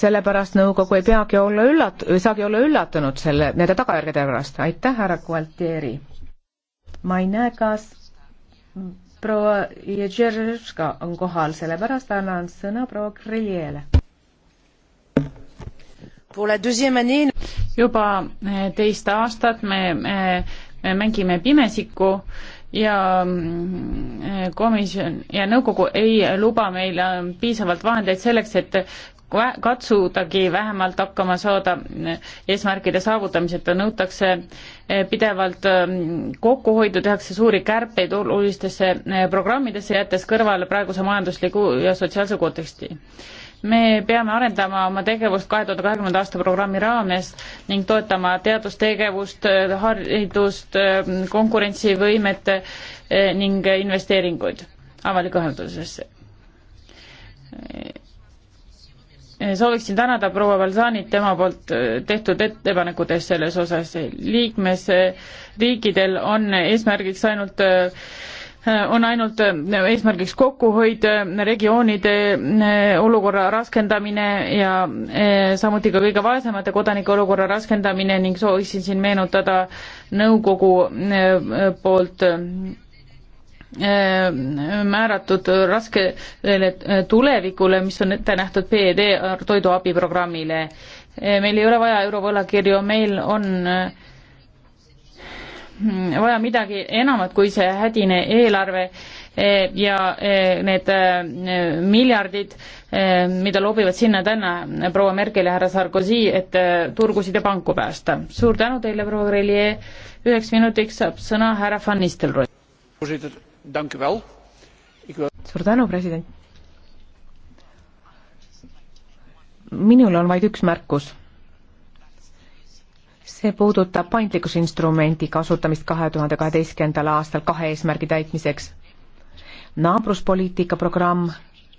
sellepärast nõukogu ei peagi olla üllat-, ei saagi olla üllatunud selle, nende tagajärgede pärast. aitäh, härra Gualtieri! ma ei näe, kas proua Jedžerška on kohal, sellepärast annan sõna proua Grillele. juba eh, teist aastat me, me, eh, me mängime pimesikku ja mm, eh, komisjon ja nõukogu ei luba meile piisavalt vahendeid selleks, et katsudagi vähemalt hakkama saada eesmärkide saavutamiseta, nõutakse eh, pidevalt eh, kokkuhoidu, tehakse suuri kärpeid olulistesse eh, programmidesse, jättes kõrvale praeguse majandusliku ja sotsiaalse konteksti me peame arendama oma tegevust kahe tuhande kahekümnenda aasta programmi raames ning toetama teadustegevust, haridust, konkurentsivõimet ning investeeringuid avalikku haldusesse Eh, sooviksin tänada proua Valsanit tema poolt eh, tehtud ettepanekutes selles osas. liikmesriikidel on eesmärgiks ainult eh, on ainult eesmärgiks kokkuhoid, regioonide olukorra raskendamine ja samuti ka kõige vaesemate kodanike olukorra raskendamine ning sooviksin siin meenutada nõukogu poolt Äh, määratud raskele äh, tulevikule, mis on ette nähtud PED toiduabiprogrammile. Äh, meil ei ole vaja eurovõlakirju, meil on vaja midagi enamat kui see hädine eelarve ja need miljardid, mida loobivad sinna-tänna proua Merkel ja härra Sarkozy, et turgusid ja panku päästa. suur tänu teile, proua Grelier, üheks minutiks saab sõna härra Van Nistelrooy voorzitter suur tänu, president. minul on vaid üks märkus. see puudutab paindlikkusinstrumendi kasutamist kahe tuhande kaheteistkümnendal aastal kahe eesmärgi täitmiseks. naabruspoliitika programm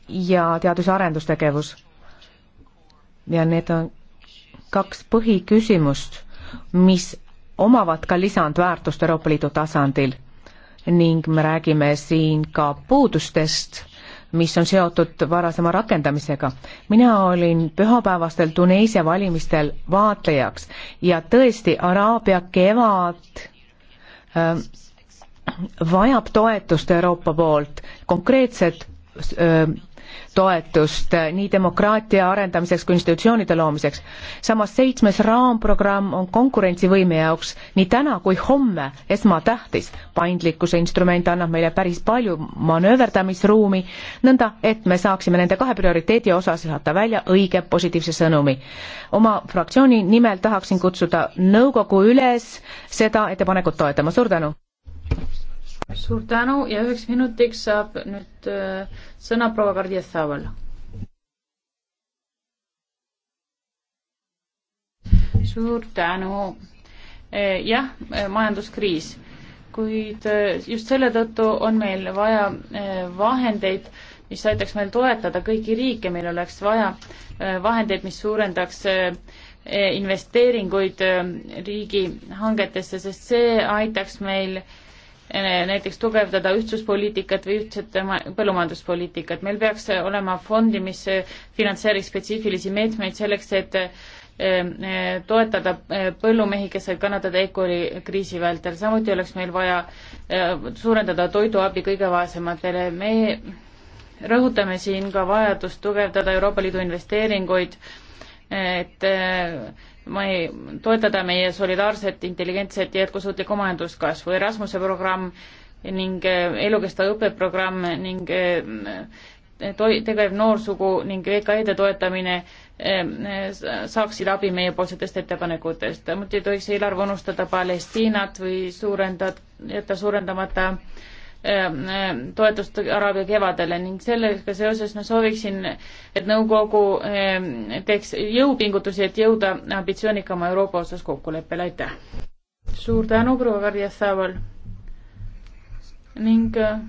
ja teadus- ja arendustegevus. ja need on kaks põhiküsimust, mis omavad ka lisandväärtust Euroopa Liidu tasandil ning me räägime siin ka puudustest, mis on seotud varasema rakendamisega. mina olin pühapäevastel Tuneesia valimistel vaatlejaks ja tõesti, Araabia kevad äh, vajab toetust Euroopa poolt, konkreetset äh, toetust eh, nii demokraatia arendamiseks kui institutsioonide loomiseks. samas seitsmes raamprogramm on konkurentsivõime jaoks nii täna kui homme esmatähtis. paindlikkuse instrument annab meile päris palju manööverdamisruumi, nõnda et me saaksime nende kahe prioriteedi osas saata välja õige positiivse sõnumi. oma fraktsiooni nimel tahaksin kutsuda nõukogu üles seda ettepanekut toetama, suur tänu! suur tänu ja üheks minutiks saab nüüd äh, sõna proua Kardias Saval. suur tänu. Äh, jah, äh, majanduskriis, kuid just selle tõttu on meil vaja vahendeid mis aitaks meil toetada kõiki riike, meil oleks vaja vahendeid, mis suurendaks investeeringuid riigihangetesse, sest see aitaks meil äh, näiteks tugevdada ühtsuspoliitikat või ühtset põllumajanduspoliitikat. meil peaks olema fondi, mis finantseeriks spetsiifilisi meetmeid selleks, et ähm, äh, toetada äh, põllumehi, kes said kannatada ECOLi kriisi vältel. samuti oleks meil vaja äh, suurendada toiduabi kõige vaesematele. me rõhutame siin ka vajadust tugevdada Euroopa Liidu investeeringuid, et ma ei, toetada meie solidaarset, intelligentset ja jätkusuutlikku majanduskasvu. Erasmuse programm ning eh, elukestva õppeprogramm ning eh, toi-, tegev noorsugu ning VKE-de toetamine eh, saaksid abi meiepoolsetest ettepanekutest. samuti ei tohiks eelarve unustada Palestiinat või suurendada, jätta suurendamata äh, Ähm, ähm, toetust Araabia kevadele ning sellega seoses ma sooviksin, et nõukogu ähm, teeks jõupingutusi, et jõuda ambitsioonikama Euroopa osas kokkuleppele, aitäh! suur tänu, proua Karjasaval ning äh,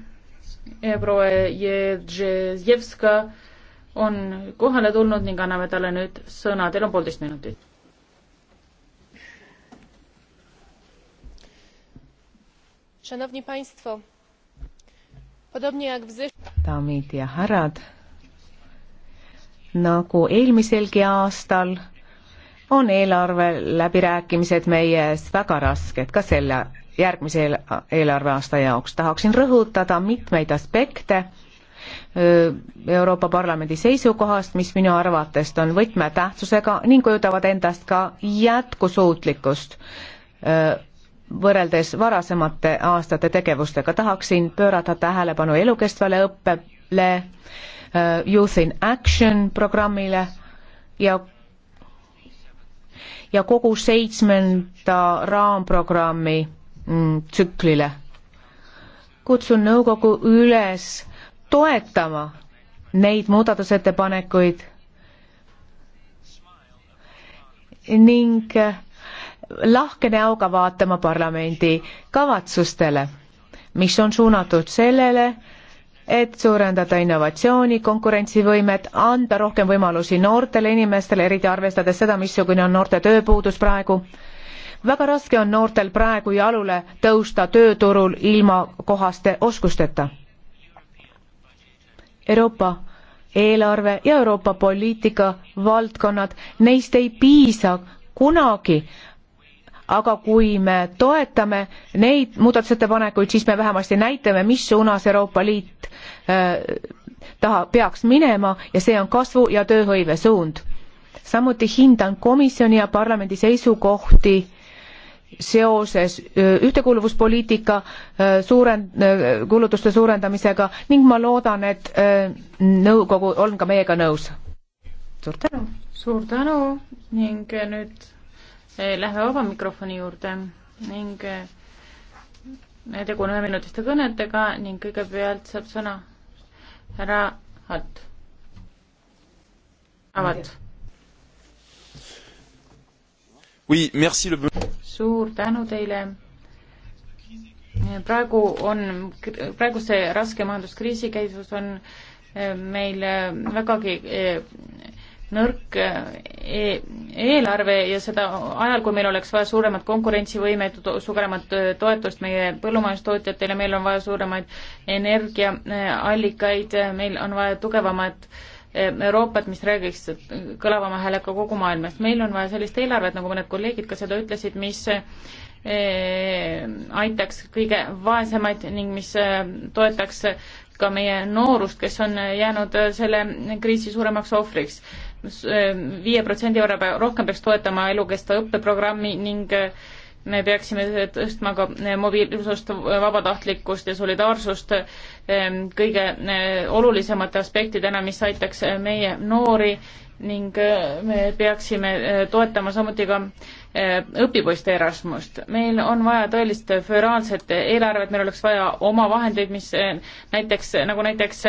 proua Jedževska on kohale tulnud ning anname talle nüüd sõna, teil on poolteist minutit. Szanowni Państwo, daamid ja härrad, nagu eelmiselgi aastal, on eelarve läbirääkimised meie väga rasked ka selle järgmise eel eelarveaasta jaoks. tahaksin rõhutada mitmeid aspekte Euroopa Parlamendi seisukohast, mis minu arvates on võtmetähtsusega ning kujutavad endast ka jätkusuutlikkust võrreldes varasemate aastate tegevustega tahaksin pöörata tähelepanu elukestvale õppele, äh, Youth in Action programmile ja ja kogu seitsmenda raamprogrammi mm, tsüklile. kutsun nõukogu üles toetama neid muudatusettepanekuid ning äh, lahke näoga vaatama parlamendi kavatsustele, mis on suunatud sellele, et suurendada innovatsiooni, konkurentsivõimet, anda rohkem võimalusi noortele inimestele, eriti arvestades seda, missugune on noorte tööpuudus praegu. väga raske on noortel praegu jalule tõusta tööturul ilma kohaste oskusteta. Euroopa eelarve ja Euroopa poliitika valdkonnad, neist ei piisa kunagi aga kui me toetame neid muudatusettepanekuid, siis me vähemasti näitame, mis suunas Euroopa Liit äh, taha peaks minema ja see on kasvu ja tööhõive suund. samuti hindan komisjoni ja parlamendi seisukohti seoses äh, ühtekuuluvuspoliitika äh, suurend-, äh, kulutuste suurendamisega ning ma loodan, et nõukogu on ka meiega nõus. suur tänu! suur tänu ning nüüd Eh, lähme vaba mikrofoni juurde ning tegu eh, on üheminutiste kõnedega ning kõigepealt saab sõna härra Hatt. avat. Oui, merci le... suur tänu teile. praegu on, praeguse raske majanduskriisi käisus on eh, meil vägagi nõrk e, eelarve ja seda ajal, kui meil oleks vaja suuremat konkurentsivõimet, suuremat e, toetust meie põllumajandustootjatele, meil on vaja suuremaid energiaallikaid, e, meil on vaja tugevamat Euroopat, mis räägiks kõlavama häälega kogu maailmas. meil on vaja sellist eelarvet, nagu mõned kolleegid ka seda ütlesid, mis aitaks kõige vaesemaid ning mis toetaks ka meie noorust, kes on jäänud selle kriisi suuremaks ohvriks viie protsendi võrra rohkem peaks toetama elukestva õppeprogrammi ning äh, me peaksime tõstma ka äh, mobiilsust, vabatahtlikkust ja solidaarsust ähm, kõige äh, olulisemate aspektidena, mis aitaks meie noori ning me peaksime toetama samuti ka õpipoiste Erasmust. meil on vaja tõelist föderaalset eelarvet, meil oleks vaja oma vahendeid, mis näiteks, nagu näiteks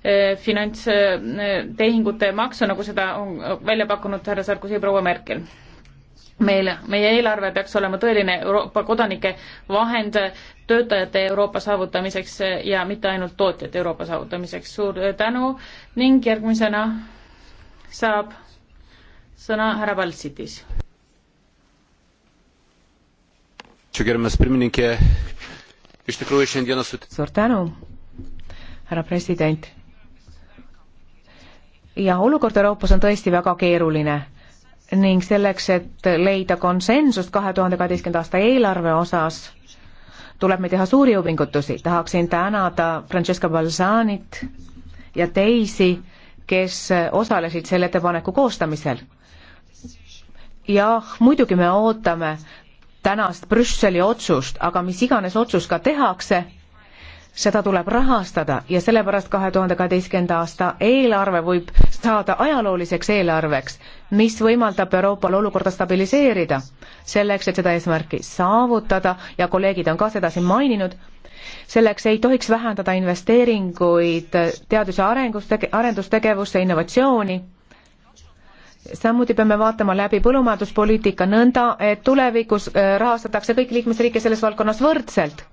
Eh, finantstehingute eh, maksu, nagu seda on välja pakkunud härra Sarkozy ja proua Merkel meil, meie eelarve peaks olema tõeline Euroopa kodanike vahend töötajate Euroopa saavutamiseks ja mitte ainult tootjate Euroopa saavutamiseks. suur tänu ning järgmisena saab sõna härra Valtsitis. suur tänu, härra president ja olukord Euroopas on tõesti väga keeruline ning selleks, et leida konsensust kahe tuhande kaheteistkümnenda aasta eelarve osas, tuleb meil teha suuri jõupingutusi. tahaksin tänada Francesca Balzanit ja teisi, kes osalesid selle ettepaneku koostamisel. jah, muidugi me ootame tänast Brüsseli otsust, aga mis iganes otsus ka tehakse seda tuleb rahastada ja sellepärast kahe tuhande kaheteistkümnenda aasta eelarve võib saada ajalooliseks eelarveks, mis võimaldab Euroopal olukorda stabiliseerida. selleks, et seda eesmärki saavutada ja kolleegid on ka seda siin maininud, selleks ei tohiks vähendada investeeringuid teadus- ja arengustege-, arendustegevusse, innovatsiooni, samuti peame vaatama läbi põllumajanduspoliitika nõnda, et tulevikus äh, rahastatakse kõiki liikmesriike selles valdkonnas võrdselt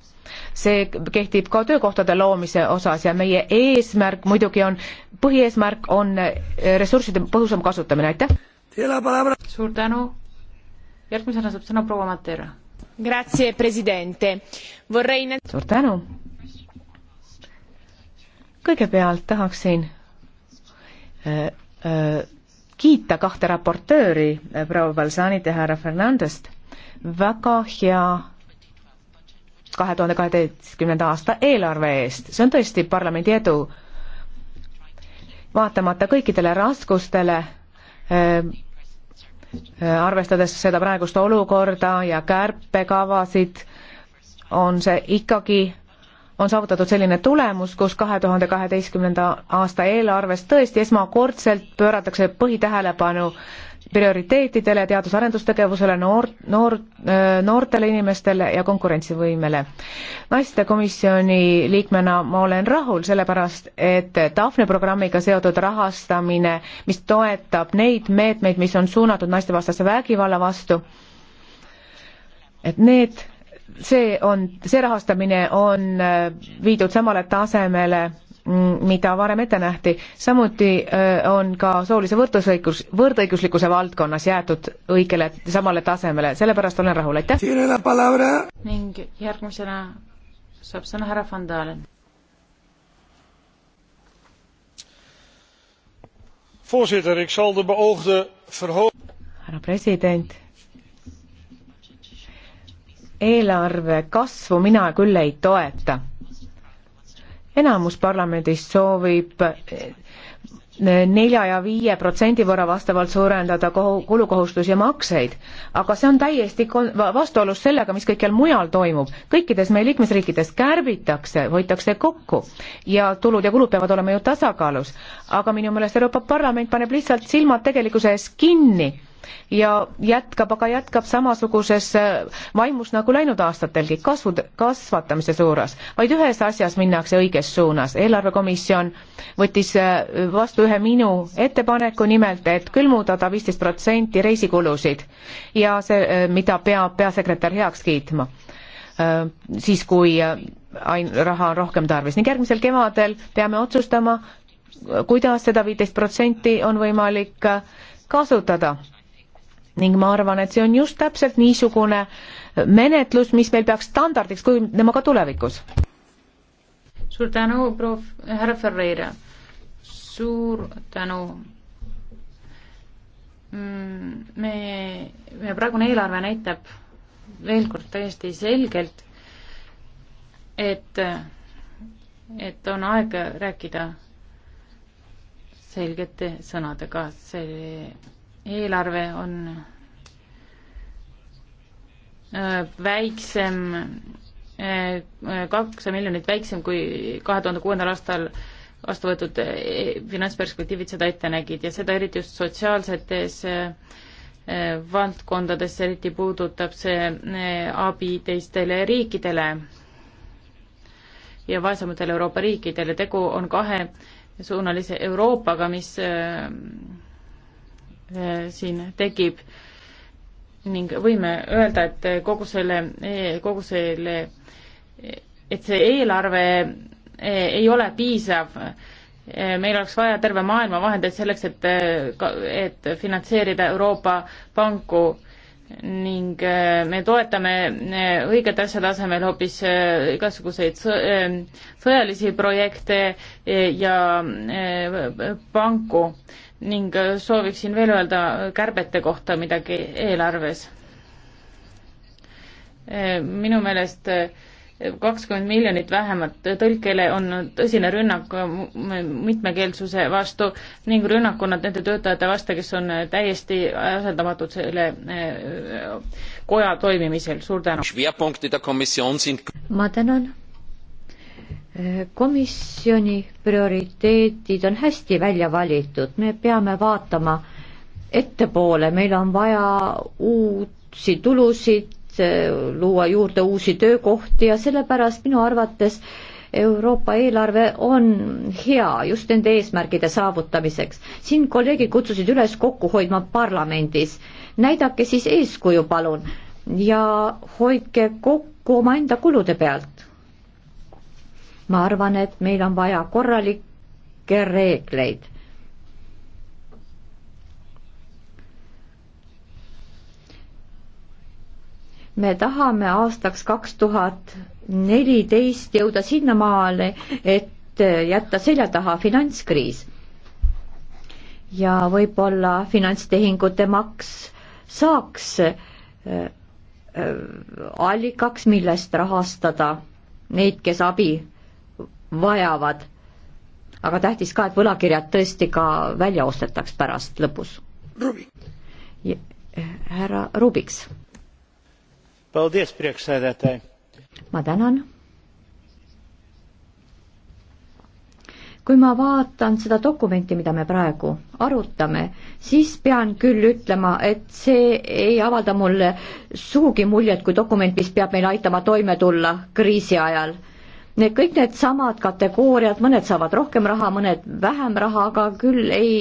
see kehtib ka töökohtade loomise osas ja meie eesmärk muidugi on, põhieesmärk on eh, ressursside põhjusam kasutamine, aitäh! suur tänu, järgmisena saab sõna proua Matera. Grazie, presidente. Vorrei... suur tänu! kõigepealt tahaksin äh, äh, kiita kahte raportööri, proua Balsanit ja härra Fernandest, väga hea kahe tuhande kaheteistkümnenda aasta eelarve eest, see on tõesti parlamendi edu. vaatamata kõikidele raskustele äh,, arvestades seda praegust olukorda ja kärpekavasid, on see ikkagi, on saavutatud selline tulemus, kus kahe tuhande kaheteistkümnenda aasta eelarves tõesti esmakordselt pööratakse põhitähelepanu äh, prioriteetidele, teadus-arendustegevusele, noor, noor, äh, noortele inimestele ja konkurentsivõimele. naistekomisjoni liikmena ma olen rahul, sellepärast et Daphne programmiga seotud rahastamine, mis toetab neid meetmeid, mis on suunatud naistevastase vägivalla vastu, et need, see on, see rahastamine on äh, viidud samale tasemele mida varem ette nähti. samuti on ka soolise võrdõiguslikkus, võrdõiguslikkuse valdkonnas jäetud õigele, samale tasemele, sellepärast olen rahul, aitäh! ning järgmisena saab sõna härra Van Dalen. voorzitter ik zal de beoogde verhoging. härra president eelarve kasvu mina küll ei toeta enamus parlamendist soovib nelja ja viie protsendi võrra vastavalt suurendada kulukohustusi ja makseid, aga see on täiesti vastuolus sellega, mis kõikjal mujal toimub. kõikides meie liikmesriikides kärbitakse, hoitakse kokku ja tulud ja kulud peavad olema ju tasakaalus, aga minu meelest Euroopa Parlament paneb lihtsalt silmad tegelikkuse ees kinni ja jätkab, aga jätkab samasuguses äh, vaimus nagu läinud aastatelgi, kasvu, kasvatamise suunas. vaid ühes asjas minnakse õiges suunas. eelarvekomisjon võttis äh, vastu ühe minu ettepaneku, nimelt et külmutada viisteist protsenti reisikulusid ja see, äh, mida peab peasekretär heaks kiitma siis, kui ain-, raha on rohkem tarvis ning järgmisel kevadel peame otsustama, kuidas seda viiteist protsenti on võimalik kasutada ning ma arvan, et see on just täpselt niisugune menetlus, mis meil peaks standardiks kujunema ka tulevikus. suur tänu, proov, härra Ferreira. suur tänu. Mm, me, meie praegune eelarve näitab veel kord täiesti selgelt, et, et on aeg rääkida selgete sõnadega, see eelarve on äh, väiksem, äh, kakssada miljonit väiksem kui kahe tuhande kuuendal aastal vastu võetud äh, finantsperspektiivid seda ette nägid ja seda eriti just sotsiaalsetes valdkondades, eriti puudutab see abi teistele riikidele ja vaesematele Euroopa riikidele. tegu on kahesuunalise Euroopaga, mis Äh, siin tekib ning võime öelda, et kogu selle, kogu selle, et see eelarve äh, ei ole piisav. Äh, meil oleks vaja terve maailma vahendeid selleks, et, et finantseerida Euroopa panku ning me toetame õigete asjade asemel hoopis igasuguseid sõjalisi projekte ja panku ning äh, sooviksin veel öelda äh, kärbete kohta midagi eelarves. Äh, minu meelest kakskümmend miljonit vähemalt tõlkele on tõsine rünnak mitmekeelsuse vastu ning rünnak on nad nende töötajate vastu, kes on täiesti asendamatud selle koja toimimisel. suur tänu! ma tänan komisjoni prioriteedid on hästi välja valitud, me peame vaatama ettepoole, meil on vaja uusi tulusid, luua juurde uusi töökohti ja sellepärast minu arvates Euroopa eelarve on hea just nende eesmärgide saavutamiseks. siin kolleegid kutsusid üles kokku hoidma parlamendis. näidake siis eeskuju, palun, ja hoidke kokku omaenda kulude pealt ma arvan, et meil on vaja korralikke reegleid. me tahame aastaks kaks tuhat neliteist jõuda sinnamaale, et jätta selja taha finantskriis ja võib-olla finantstehingute maks saaks äh, äh, allikaks, millest rahastada neid, kes abi vajavad. aga tähtis ka, et võlakirjad tõesti ka välja ostetaks pärast lõpus. Eh, härra Rubiks. ma tänan. kui ma vaatan seda dokumenti, mida me praegu arutame, siis pean küll ütlema, et see ei avalda mulle sugugi muljet kui dokument, mis peab meil aitama toime tulla kriisi ajal need kõik needsamad kategooriad, mõned saavad rohkem raha, mõned vähem raha, aga küll ei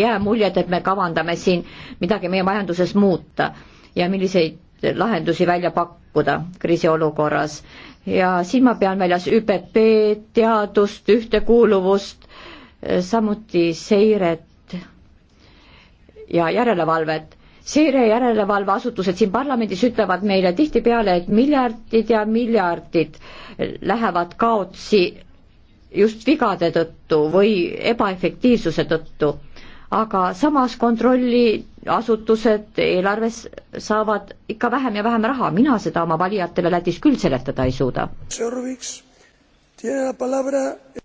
jää muljet, et me kavandame siin midagi meie majanduses muuta ja milliseid lahendusi välja pakkuda kriisiolukorras. ja siin ma pean väljas ÜPP-d, teadust, ühtekuuluvust, samuti seiret ja järelevalvet seirejärelevalveasutused siin parlamendis ütlevad meile tihtipeale, et miljardid ja miljardid lähevad kaotsi just vigade tõttu või ebaefektiivsuse tõttu. aga samas kontrolliasutused eelarves saavad ikka vähem ja vähem raha, mina seda oma valijatele Lätis küll seletada ei suuda.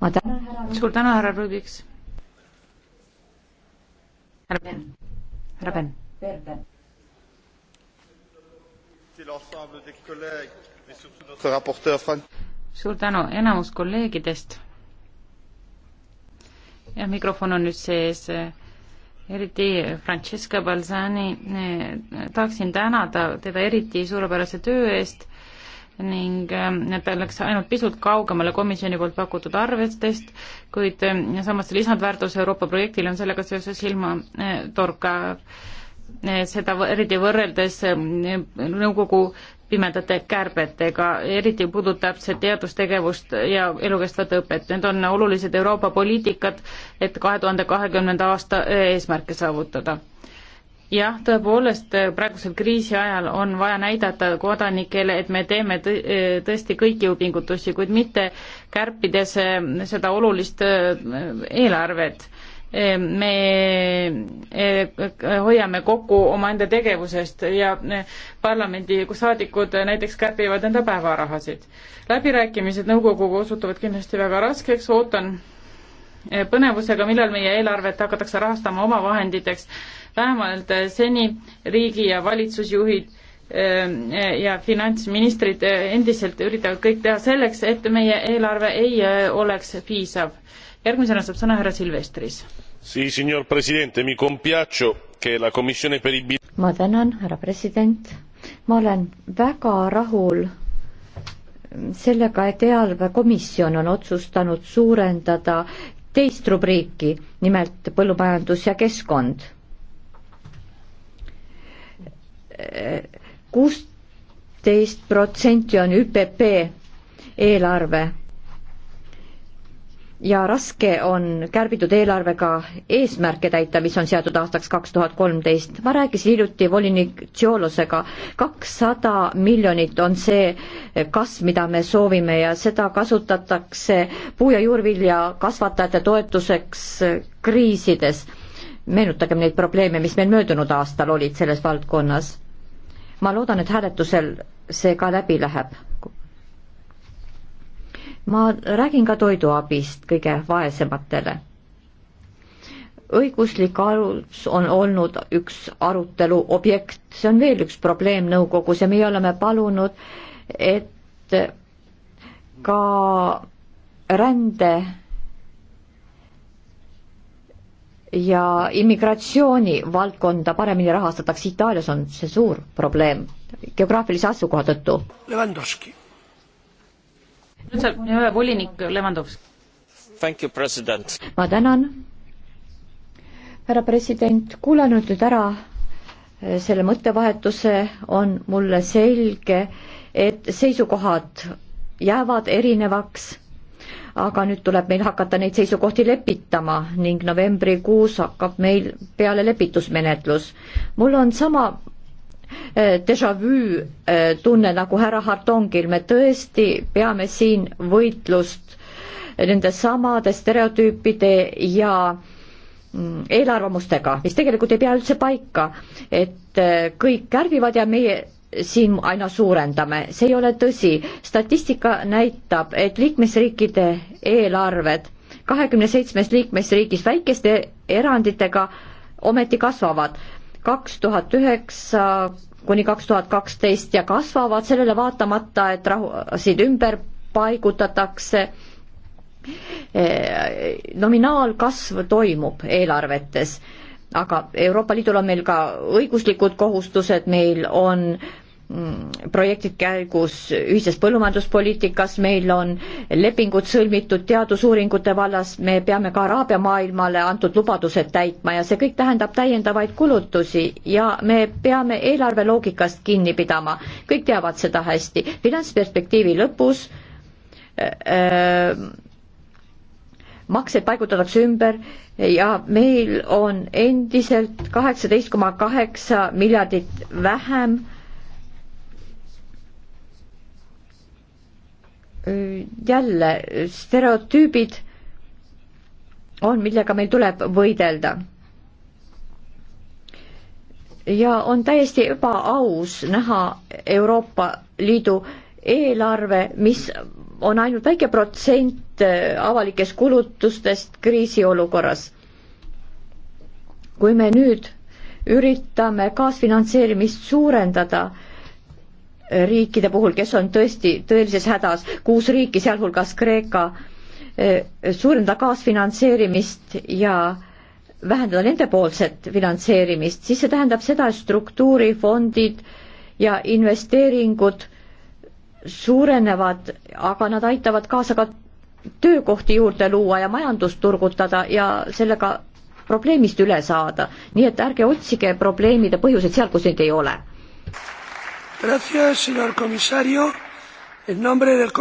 ma tänan, härra. suur tänu, härra Rubiks. härra Ben, härra Ben Perben. suur tänu, enamus kolleegidest. jah, mikrofon on nüüd sees eh, eriti Francesca Balzani eh, tahaksin tänada teda eriti suurepärase töö eest ning eh, ta läks ainult pisut kaugemale komisjoni poolt pakutud arvestest, kuid samas lisandväärtus Euroopa projektile on sellega seoses silma torkav seda eriti võrreldes eh, nõukogu pimedate kärbetega, eriti puudutab see teadustegevust ja elukestvat õpet. Need on olulised Euroopa poliitikad, et kahe tuhande kahekümnenda aasta eh, eesmärke saavutada. jah, tõepoolest, eh, praegusel kriisi ajal on vaja näidata kodanikele, et me teeme tõesti kõiki jõupingutusi, kuid mitte kärpides seda olulist eelarvet me e, e, hoiame kokku omaenda tegevusest ja e, parlamendi saadikud näiteks kärbivad enda päevarahasid. läbirääkimised nõukoguga osutuvad kindlasti väga raskeks, ootan põnevusega, millal meie eelarvet hakatakse rahastama omavahenditeks, vähemalt seni riigi- ja valitsusjuhid ja finantsministrid endiselt üritavad kõik teha selleks, et meie eelarve ei oleks piisav järgmisena saab sõna härra Silvestris. ma tänan, härra president. ma olen väga rahul sellega, et eelarvekomisjon on otsustanud suurendada teist rubriiki, nimelt põllumajandus ja keskkond. kuusteist protsenti on ÜPP eelarve ja raske on kärbitud eelarvega eesmärke täita, mis on seatud aastaks kaks tuhat kolmteist. ma rääkisin hiljuti volinik Tšiolosega, kakssada miljonit on see kasv, mida me soovime ja seda kasutatakse puu- ja juurvilja kasvatajate toetuseks kriisides. meenutagem neid probleeme, mis meil möödunud aastal olid selles valdkonnas. ma loodan, et hääletusel see ka läbi läheb ma räägin ka toiduabist kõige vaesematele. õiguslik alus on olnud üks arutelu objekt, see on veel üks probleem nõukogus ja meie oleme palunud, et ka rände ja immigratsiooni valdkonda paremini rahastatakse, Itaalias on see suur probleem geograafilise asukoha tõttu. Levandovski nüüd saab volinik Levandovski. ma tänan, härra president, kuulan nüüd ära eh, selle mõttevahetuse, on mulle selge, et seisukohad jäävad erinevaks aga nüüd tuleb meil hakata neid seisukohti lepitama ning novembrikuus hakkab meil peale lepitusmenetlus. mul on sama Eh, déjà vu eh, tunne nagu härra Hartongil, me tõesti peame siin võitlust nende samade stereotüüpide ja mm, eelarvamustega, mis tegelikult ei pea üldse paika, et eh, kõik kärbivad ja meie siin aina suurendame, see ei ole tõsi. statistika näitab, et liikmesriikide eelarved kahekümne seitsmes liikmesriigis väikeste eranditega ometi kasvavad kaks tuhat üheksa kuni kaks tuhat kaksteist ja kasvavad sellele vaatamata, et rahusid ümber paigutatakse. Eh, nominaalkasv toimub eelarvetes, aga Euroopa Liidul on meil ka õiguslikud kohustused, meil on Mm, projektid käigus ühises põllumajanduspoliitikas, meil on lepingud sõlmitud teadusuuringute vallas, me peame ka Araabia maailmale antud lubadused täitma ja see kõik tähendab täiendavaid kulutusi ja me peame eelarve loogikast kinni pidama. kõik teavad seda hästi. finantsperspektiivi lõpus öö, äh, äh, maksed paigutatakse ümber ja meil on endiselt kaheksateist koma kaheksa miljardit vähem jälle stereotüübid on, millega meil tuleb võidelda. ja on täiesti ebaaus näha Euroopa Liidu eelarve, mis on ainult väike protsent avalikest kulutustest kriisiolukorras. kui me nüüd üritame kaasfinantseerimist suurendada, riikide puhul, kes on tõesti tõelises hädas, kuus riiki, sealhulgas Kreeka, eh, suurendada kaasfinantseerimist ja vähendada nendepoolset finantseerimist, siis see tähendab seda, et struktuurifondid ja investeeringud suurenevad, aga nad aitavad kaasa ka töökohti juurde luua ja majandust turgutada ja sellega probleemist üle saada. nii et ärge otsige probleemide põhjuseid seal, kus neid ei ole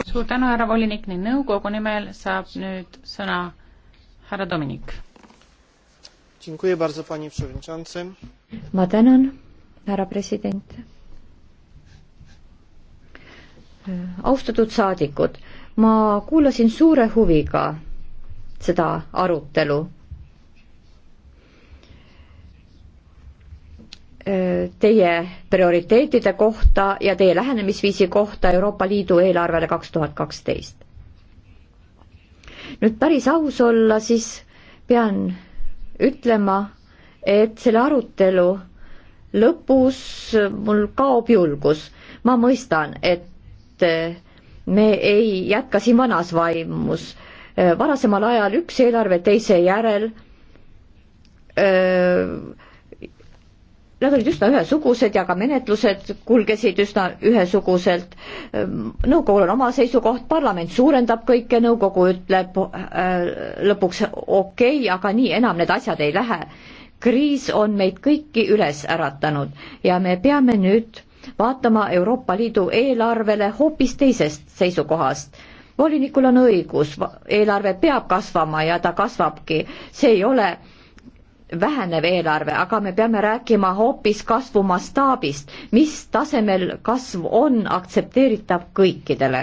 suur tänu, härra volinik ning nõukogu nimel saab nüüd sõna härra Dominik. ma tänan, härra president. austatud saadikud, ma kuulasin suure huviga seda arutelu Äh, teie prioriteetide kohta ja teie lähenemisviisi kohta Euroopa Liidu eelarvele kaks tuhat kaksteist. nüüd päris aus olla, siis pean ütlema, et selle arutelu lõpus mul kaob julgus. ma mõistan, et äh, me ei jätka siin vanas vaimus. Äh, varasemal ajal üks eelarve teise järel öö, Nad olid üsna ühesugused ja ka menetlused kulgesid üsna ühesuguselt. Ehm, nõukogul on oma seisukoht, parlament suurendab kõike, nõukogu ütleb äh, lõpuks okei okay,, aga nii enam need asjad ei lähe. kriis on meid kõiki üles äratanud ja me peame nüüd vaatama Euroopa Liidu eelarvele hoopis teisest seisukohast volinikul on õigus, eelarve peab kasvama ja ta kasvabki, see ei ole vähenev eelarve, aga me peame rääkima hoopis kasvu mastaabist, mis tasemel kasv on aktsepteeritav kõikidele.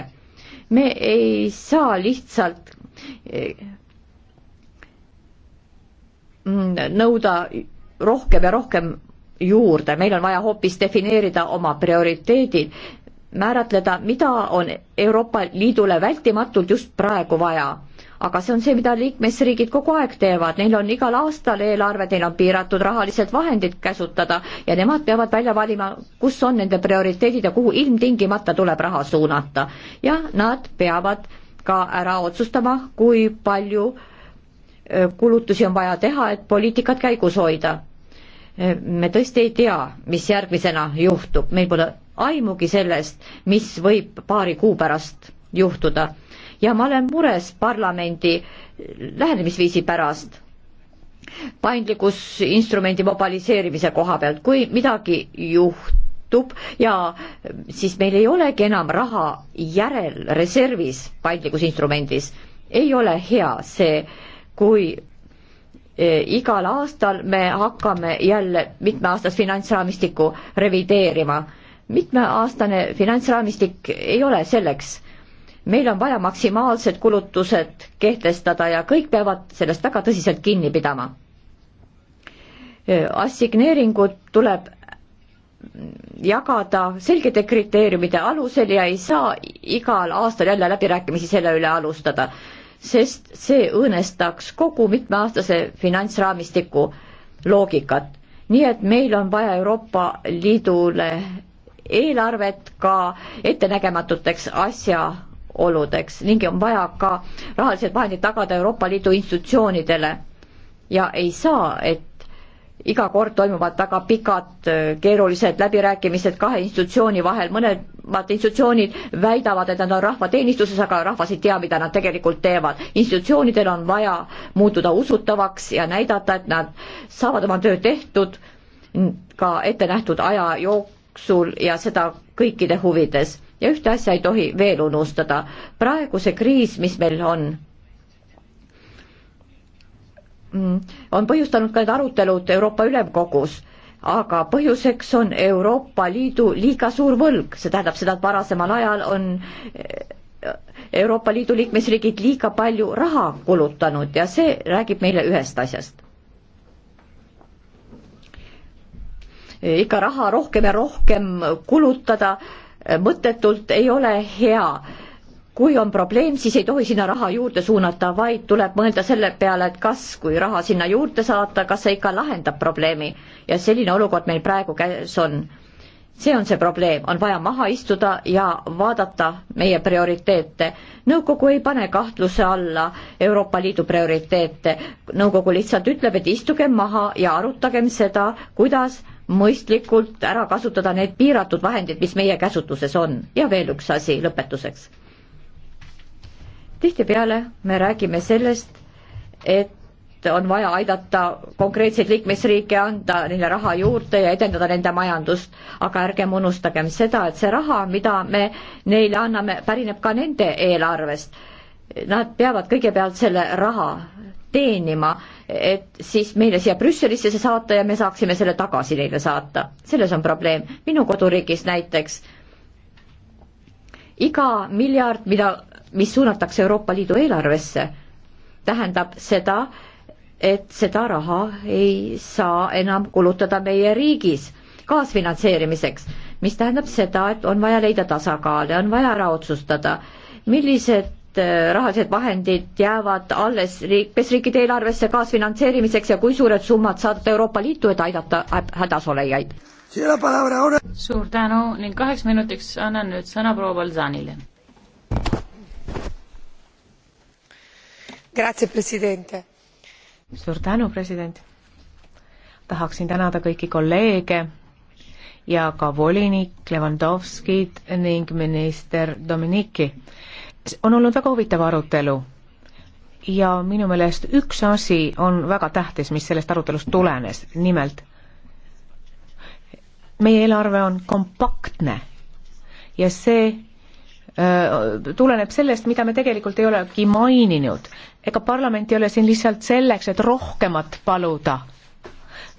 me ei saa lihtsalt mm, nõuda rohkem ja rohkem juurde, meil on vaja hoopis defineerida oma prioriteedid, määratleda, mida on Euroopa Liidule vältimatult just praegu vaja aga see on see, mida liikmesriigid kogu aeg teevad, neil on igal aastal eelarved, neil on piiratud rahalised vahendid käsutada ja nemad peavad välja valima, kus on nende prioriteedid ja kuhu ilmtingimata tuleb raha suunata. ja nad peavad ka ära otsustama, kui palju kulutusi on vaja teha, et poliitikat käigus hoida. me tõesti ei tea, mis järgmisena juhtub, meil pole aimugi sellest, mis võib paari kuu pärast juhtuda ja ma olen mures parlamendi lähenemisviisi pärast paindlikkusinstrumendi mobiliseerimise koha pealt, kui midagi juhtub ja siis meil ei olegi enam raha järel reservis paindlikkusinstrumendis, ei ole hea see, kui e, igal aastal me hakkame jälle mitmeaastast finantsraamistikku revideerima. mitmeaastane finantsraamistik ei ole selleks meil on vaja maksimaalsed kulutused kehtestada ja kõik peavad sellest väga tõsiselt kinni pidama. assigneeringud tuleb jagada selgete kriteeriumide alusel ja ei saa igal aastal jälle läbirääkimisi selle üle alustada, sest see õõnestaks kogu mitmeaastase finantsraamistiku loogikat. nii et meil on vaja Euroopa Liidule eelarvet ka ettenägematuteks asja oludeks ning on vaja ka rahalised vahendid tagada Euroopa Liidu institutsioonidele. ja ei saa, et iga kord toimuvad väga pikad äh, keerulised läbirääkimised kahe institutsiooni vahel, mõlemad institutsioonid väidavad, et nad on rahvateenistuses, aga rahvas ei tea, mida nad tegelikult teevad. institutsioonidel on vaja muutuda usutavaks ja näidata, et nad saavad oma töö tehtud ka ettenähtud aja jooksul ja seda kõikide huvides ja ühte asja ei tohi veel unustada. praegu see kriis, mis meil on, mm, on põhjustanud ka need arutelud Euroopa Ülemkogus, aga põhjuseks on Euroopa Liidu liiga suur võlg, see tähendab seda, et varasemal ajal on eh, Euroopa Liidu liikmesriigid liiga palju raha kulutanud ja see räägib meile ühest asjast eh, ikka raha rohkem ja rohkem kulutada Äh, mõttetult ei ole hea. kui on probleem, siis ei tohi sinna raha juurde suunata, vaid tuleb mõelda selle peale, et kas, kui raha sinna juurde saata, kas see ikka lahendab probleemi ja selline olukord meil praegu käes on see on see probleem, on vaja maha istuda ja vaadata meie prioriteete. nõukogu ei pane kahtluse alla Euroopa Liidu prioriteete, nõukogu lihtsalt ütleb, et istugem maha ja arutagem seda, kuidas mõistlikult ära kasutada need piiratud vahendid, mis meie käsutuses on. ja veel üks asi lõpetuseks. tihtipeale me räägime sellest, et on vaja aidata konkreetseid liikmesriike, anda neile raha juurde ja edendada nende majandust. aga ärgem unustagem seda, et see raha, mida me neile anname, pärineb ka nende eelarvest. Nad peavad kõigepealt selle raha teenima, et siis meile siia Brüsselisse see saata ja me saaksime selle tagasi neile saata. selles on probleem. minu koduriigis näiteks iga miljard, mida, mis suunatakse Euroopa Liidu eelarvesse, tähendab seda, et seda raha ei saa enam kulutada meie riigis kaasfinantseerimiseks, mis tähendab seda, et on vaja leida tasakaal ja on vaja ära otsustada, millised Äh, rahalised vahendid jäävad alles liikmesriikide eelarvesse kaasfinantseerimiseks ja kui suured summad saadab Euroopa Liitu, et aidata hädas olejaid? suur tänu ning kaheks minutiks annan nüüd sõna proua Balzanile. suur tänu, president. tahaksin tänada kõiki kolleege ja ka volinik Levandovskit ning minister Dominiki on olnud väga huvitav arutelu ja minu meelest üks asi on väga tähtis, mis sellest arutelust tulenes, nimelt meie eelarve on kompaktne ja see öö, tuleneb sellest, mida me tegelikult ei olegi maininud. ega parlament ei ole siin lihtsalt selleks, et rohkemat paluda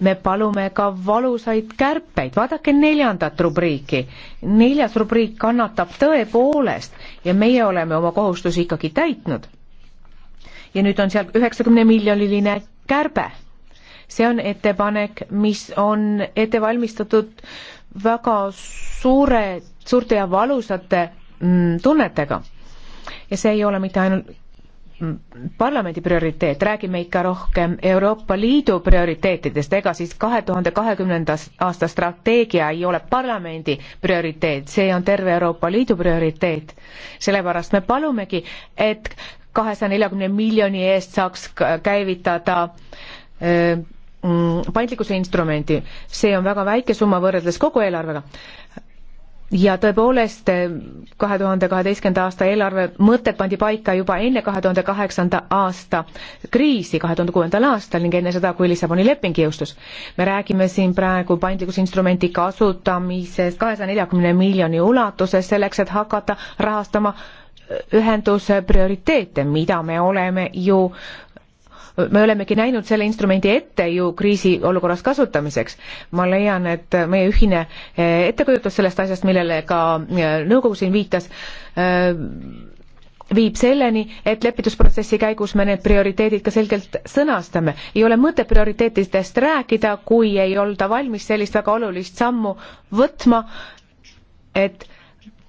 me palume ka valusaid kärpeid, vaadake neljandat rubriiki. neljas rubriik kannatab tõepoolest ja meie oleme oma kohustusi ikkagi täitnud. ja nüüd on seal üheksakümne miljoniline kärbe. see on ettepanek, mis on ette valmistatud väga suure, suurte ja valusate mm, tunnetega ja see ei ole mitte ainult parlamendi prioriteet, räägime ikka rohkem Euroopa Liidu prioriteetidest, ega siis kahe tuhande kahekümnendas aasta strateegia ei ole parlamendi prioriteet, see on terve Euroopa Liidu prioriteet. sellepärast me palumegi, et kahesaja neljakümne miljoni eest saaks käivitada äh, mm, paindlikkuse instrumendi, see on väga väike summa võrreldes kogu eelarvega ja tõepoolest, kahe tuhande kaheteistkümnenda aasta eelarve mõtted pandi paika juba enne kahe tuhande kaheksanda aasta kriisi, kahe tuhande kuuendal aastal ning enne seda, kui Lissaboni leping jõustus. me räägime siin praegu paindlikkusinstrumenti kasutamisest kahesaja neljakümne miljoni ulatuses selleks, et hakata rahastama ühenduse prioriteete, mida me oleme ju me olemegi näinud selle instrumendi ette ju kriisiolukorras kasutamiseks. ma leian, et meie ühine eh, ettekujutus sellest asjast, millele ka eh, nõukogu siin viitas, eh, viib selleni, et lepitusprotsessi käigus me need prioriteedid ka selgelt sõnastame. ei ole mõtet prioriteetidest rääkida, kui ei olda valmis sellist väga olulist sammu võtma, et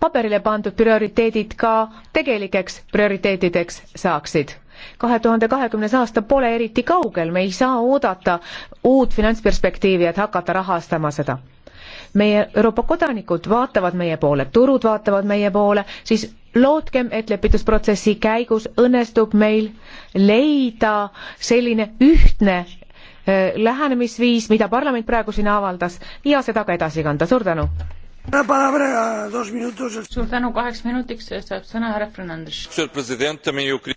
paberile pandud prioriteedid ka tegelikeks prioriteetideks saaksid kahe tuhande kahekümnes aasta pole eriti kaugel, me ei saa oodata uut finantsperspektiivi, et hakata rahastama seda. meie Euroopa kodanikud vaatavad meie poole, turud vaatavad meie poole, siis lootkem, et lepitusprotsessi käigus õnnestub meil leida selline ühtne äh, lähenemisviis, mida parlament praegu siin avaldas ja seda ka edasi kanda, suur tänu! suur tänu, kaheks minutiks saab sõna härra Fernandes.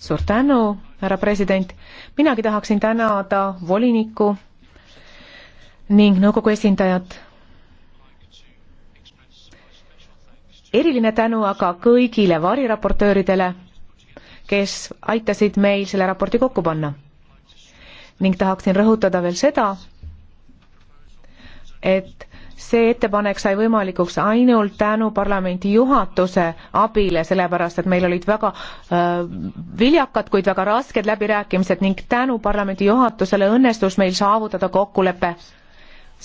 suur tänu, härra president. minagi tahaksin tänada volinikku ning nõukogu esindajat. eriline tänu aga kõigile variraportööridele, kes aitasid meil selle raporti kokku panna. ning tahaksin rõhutada veel seda, et see ettepanek sai võimalikuks ainult tänu parlamendi juhatuse abile, sellepärast et meil olid väga äh, viljakad, kuid väga rasked läbirääkimised ning tänu parlamendi juhatusele õnnestus meil saavutada kokkulepe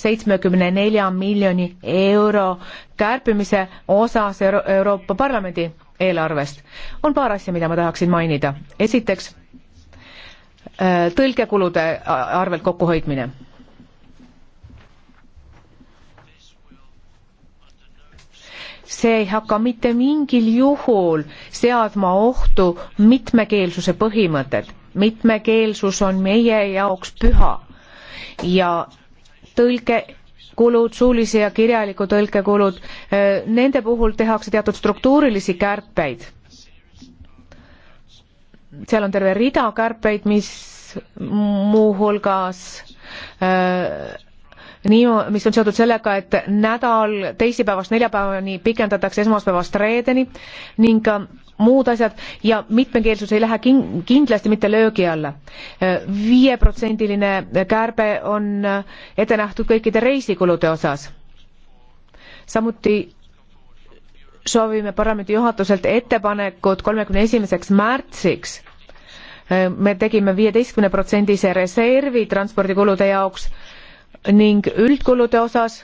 seitsmekümne nelja miljoni euro kärpimise osas Euro Euroopa Parlamendi eelarvest. on paar asja, mida ma tahaksin mainida. esiteks, äh, tõlkekulude arvelt kokkuhoidmine see ei hakka mitte mingil juhul seadma ohtu mitmekeelsuse põhimõtet. mitmekeelsus on meie jaoks püha ja tõlge kulud, suulise ja kirjaliku tõlke kulud, eh, nende puhul tehakse teatud struktuurilisi kärpeid. seal on terve rida kärpeid, mis muuhulgas äh, nii, mis on seotud sellega, et nädal teisipäevast neljapäevani pikendatakse esmaspäevast reedeni ning muud asjad ja mitmekeelsus ei lähe kin-, kindlasti mitte löögi alla. viieprotsendiline kärbe on ette nähtud kõikide reisikulude osas. samuti soovime parlamendi juhatuselt ettepanekut kolmekümne esimeseks märtsiks me tegime viieteistkümne protsendise reservi transpordikulude jaoks ning üldkulude osas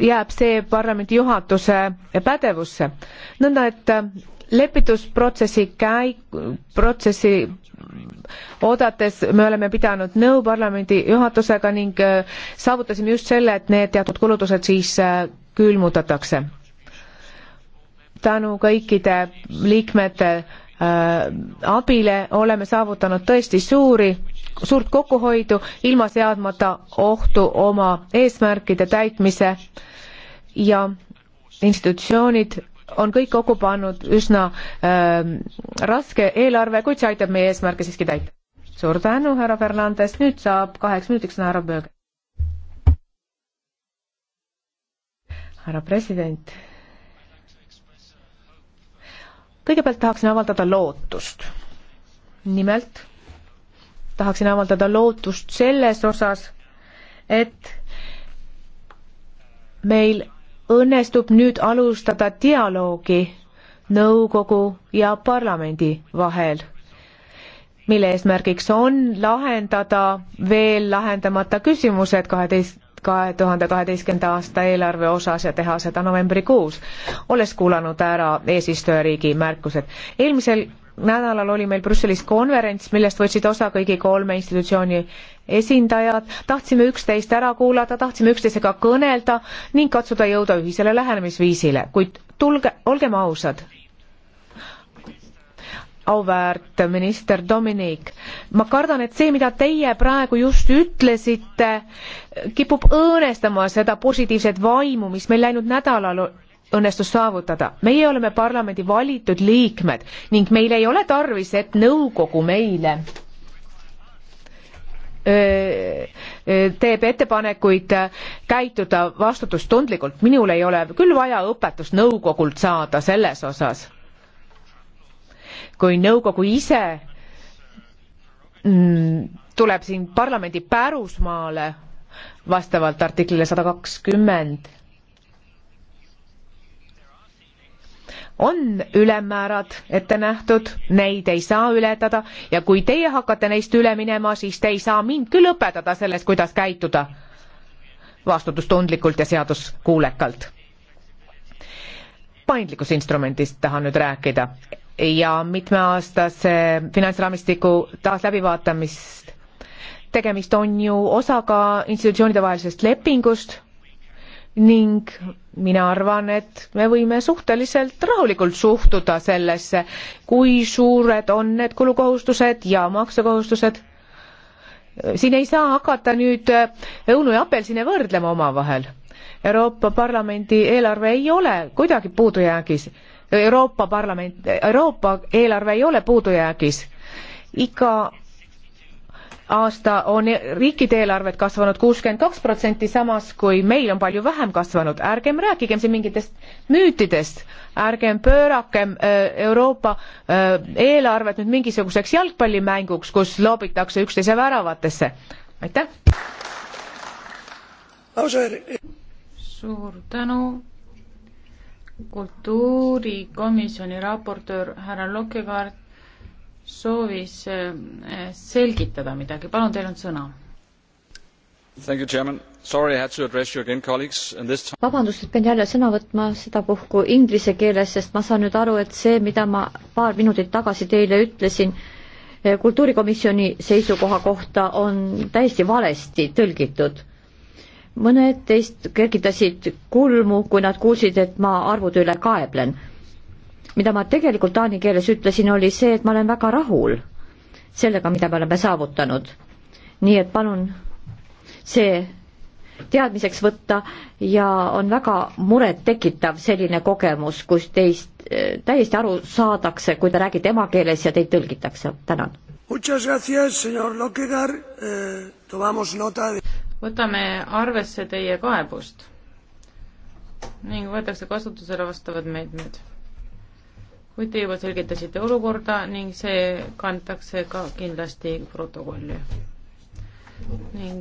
jääb see parlamendi juhatuse pädevusse. nõnda, et äh, lepitusprotsessi käi-, protsessi oodates me oleme pidanud nõu parlamendi juhatusega ning äh, saavutasime just selle, et need teatud kulutused siis äh, külmutatakse. tänu kõikide liikmete abile oleme saavutanud tõesti suuri suurt kokkuhoidu ilma seadmata ohtu oma eesmärkide täitmise ja institutsioonid on kõik kokku pannud üsna äh, raske eelarve, kuid see aitab meie eesmärke siiski täita. suur tänu, härra Fernandes, nüüd saab kaheks minutiks sõna härra Böög. härra president. kõigepealt tahaksin avaldada lootust. nimelt tahaksin avaldada lootust selles osas, et meil õnnestub nüüd alustada dialoogi nõukogu ja parlamendi vahel, mille eesmärgiks on lahendada veel lahendamata küsimused kaheteist, kahe tuhande kaheteistkümnenda aasta eelarve osas ja teha seda novembrikuus, olles kuulanud ära eesistujariigi märkused. eelmisel nädalal oli meil Brüsselis konverents, millest võtsid osa kõigi kolme institutsiooni esindajad, tahtsime üksteist ära kuulata, tahtsime üksteisega kõnelda ning katsuda jõuda ühisele lähenemisviisile, kuid tulge, olgem ausad, auväärt minister Dominik, ma kardan, et see, mida teie praegu just ütlesite, kipub õõnestama seda positiivset vaimu, mis meil läinud nädalal õnnestus saavutada. meie oleme parlamendi valitud liikmed ning meil ei ole tarvis, et nõukogu meile teeb ettepanekuid käituda vastutustundlikult. minul ei ole küll vaja õpetust nõukogult saada selles osas. kui nõukogu ise mm, tuleb siin parlamendi pärusmaale vastavalt artiklile sada kakskümmend on ülemmäärad ette nähtud, neid ei saa ületada ja kui teie hakkate neist üle minema, siis te ei saa mind küll õpetada sellest, kuidas käituda vastutustundlikult ja seaduskuulekalt. paindlikkusinstrumendist tahan nüüd rääkida ja mitmeaastase finantsraamistiku taas läbivaatamist. tegemist on ju osaga institutsioonide vahelisest lepingust ning mina arvan, et me võime suhteliselt rahulikult suhtuda sellesse, kui suured on need kulukohustused ja maksekohustused. siin ei saa hakata nüüd äh, õunu ja apelsine võrdlema omavahel. Euroopa Parlamendi eelarve ei ole kuidagi puudujäägis. Euroopa Parlament, Euroopa eelarve ei ole puudujäägis. iga aasta on riikide eelarved kasvanud kuuskümmend kaks protsenti, samas kui meil on palju vähem kasvanud. ärgem rääkigem siin mingitest müütidest, ärgem pöörakem äh, Euroopa äh, eelarvet nüüd mingisuguseks jalgpallimänguks, kus loobitakse üksteise väravatesse. aitäh! suur tänu! kultuurikomisjoni raportöör härra Lokekaart soovis eh, selgitada midagi, palun, teil on sõna. vabandust, et pean jälle sõna võtma sedapuhku inglise keeles, sest ma saan nüüd aru, et see, mida ma paar minutit tagasi teile ütlesin, eh, kultuurikomisjoni seisukoha kohta on täiesti valesti tõlgitud. mõned teist kergitasid kulmu, kui nad kuulsid, et ma arvude üle kaeblen mida ma tegelikult taani keeles ütlesin, oli see, et ma olen väga rahul sellega, mida me oleme saavutanud. nii et palun see teadmiseks võtta ja on väga murettekitav selline kogemus, kus teist täiesti aru saadakse, kui te räägite emakeeles ja teid tõlgitakse. tänan. Eh, võtame arvesse teie kaebust ning võetakse kasutusele vastavad meetmed kuid te juba selgitasite olukorda ning see kantakse ka kindlasti protokolli. ning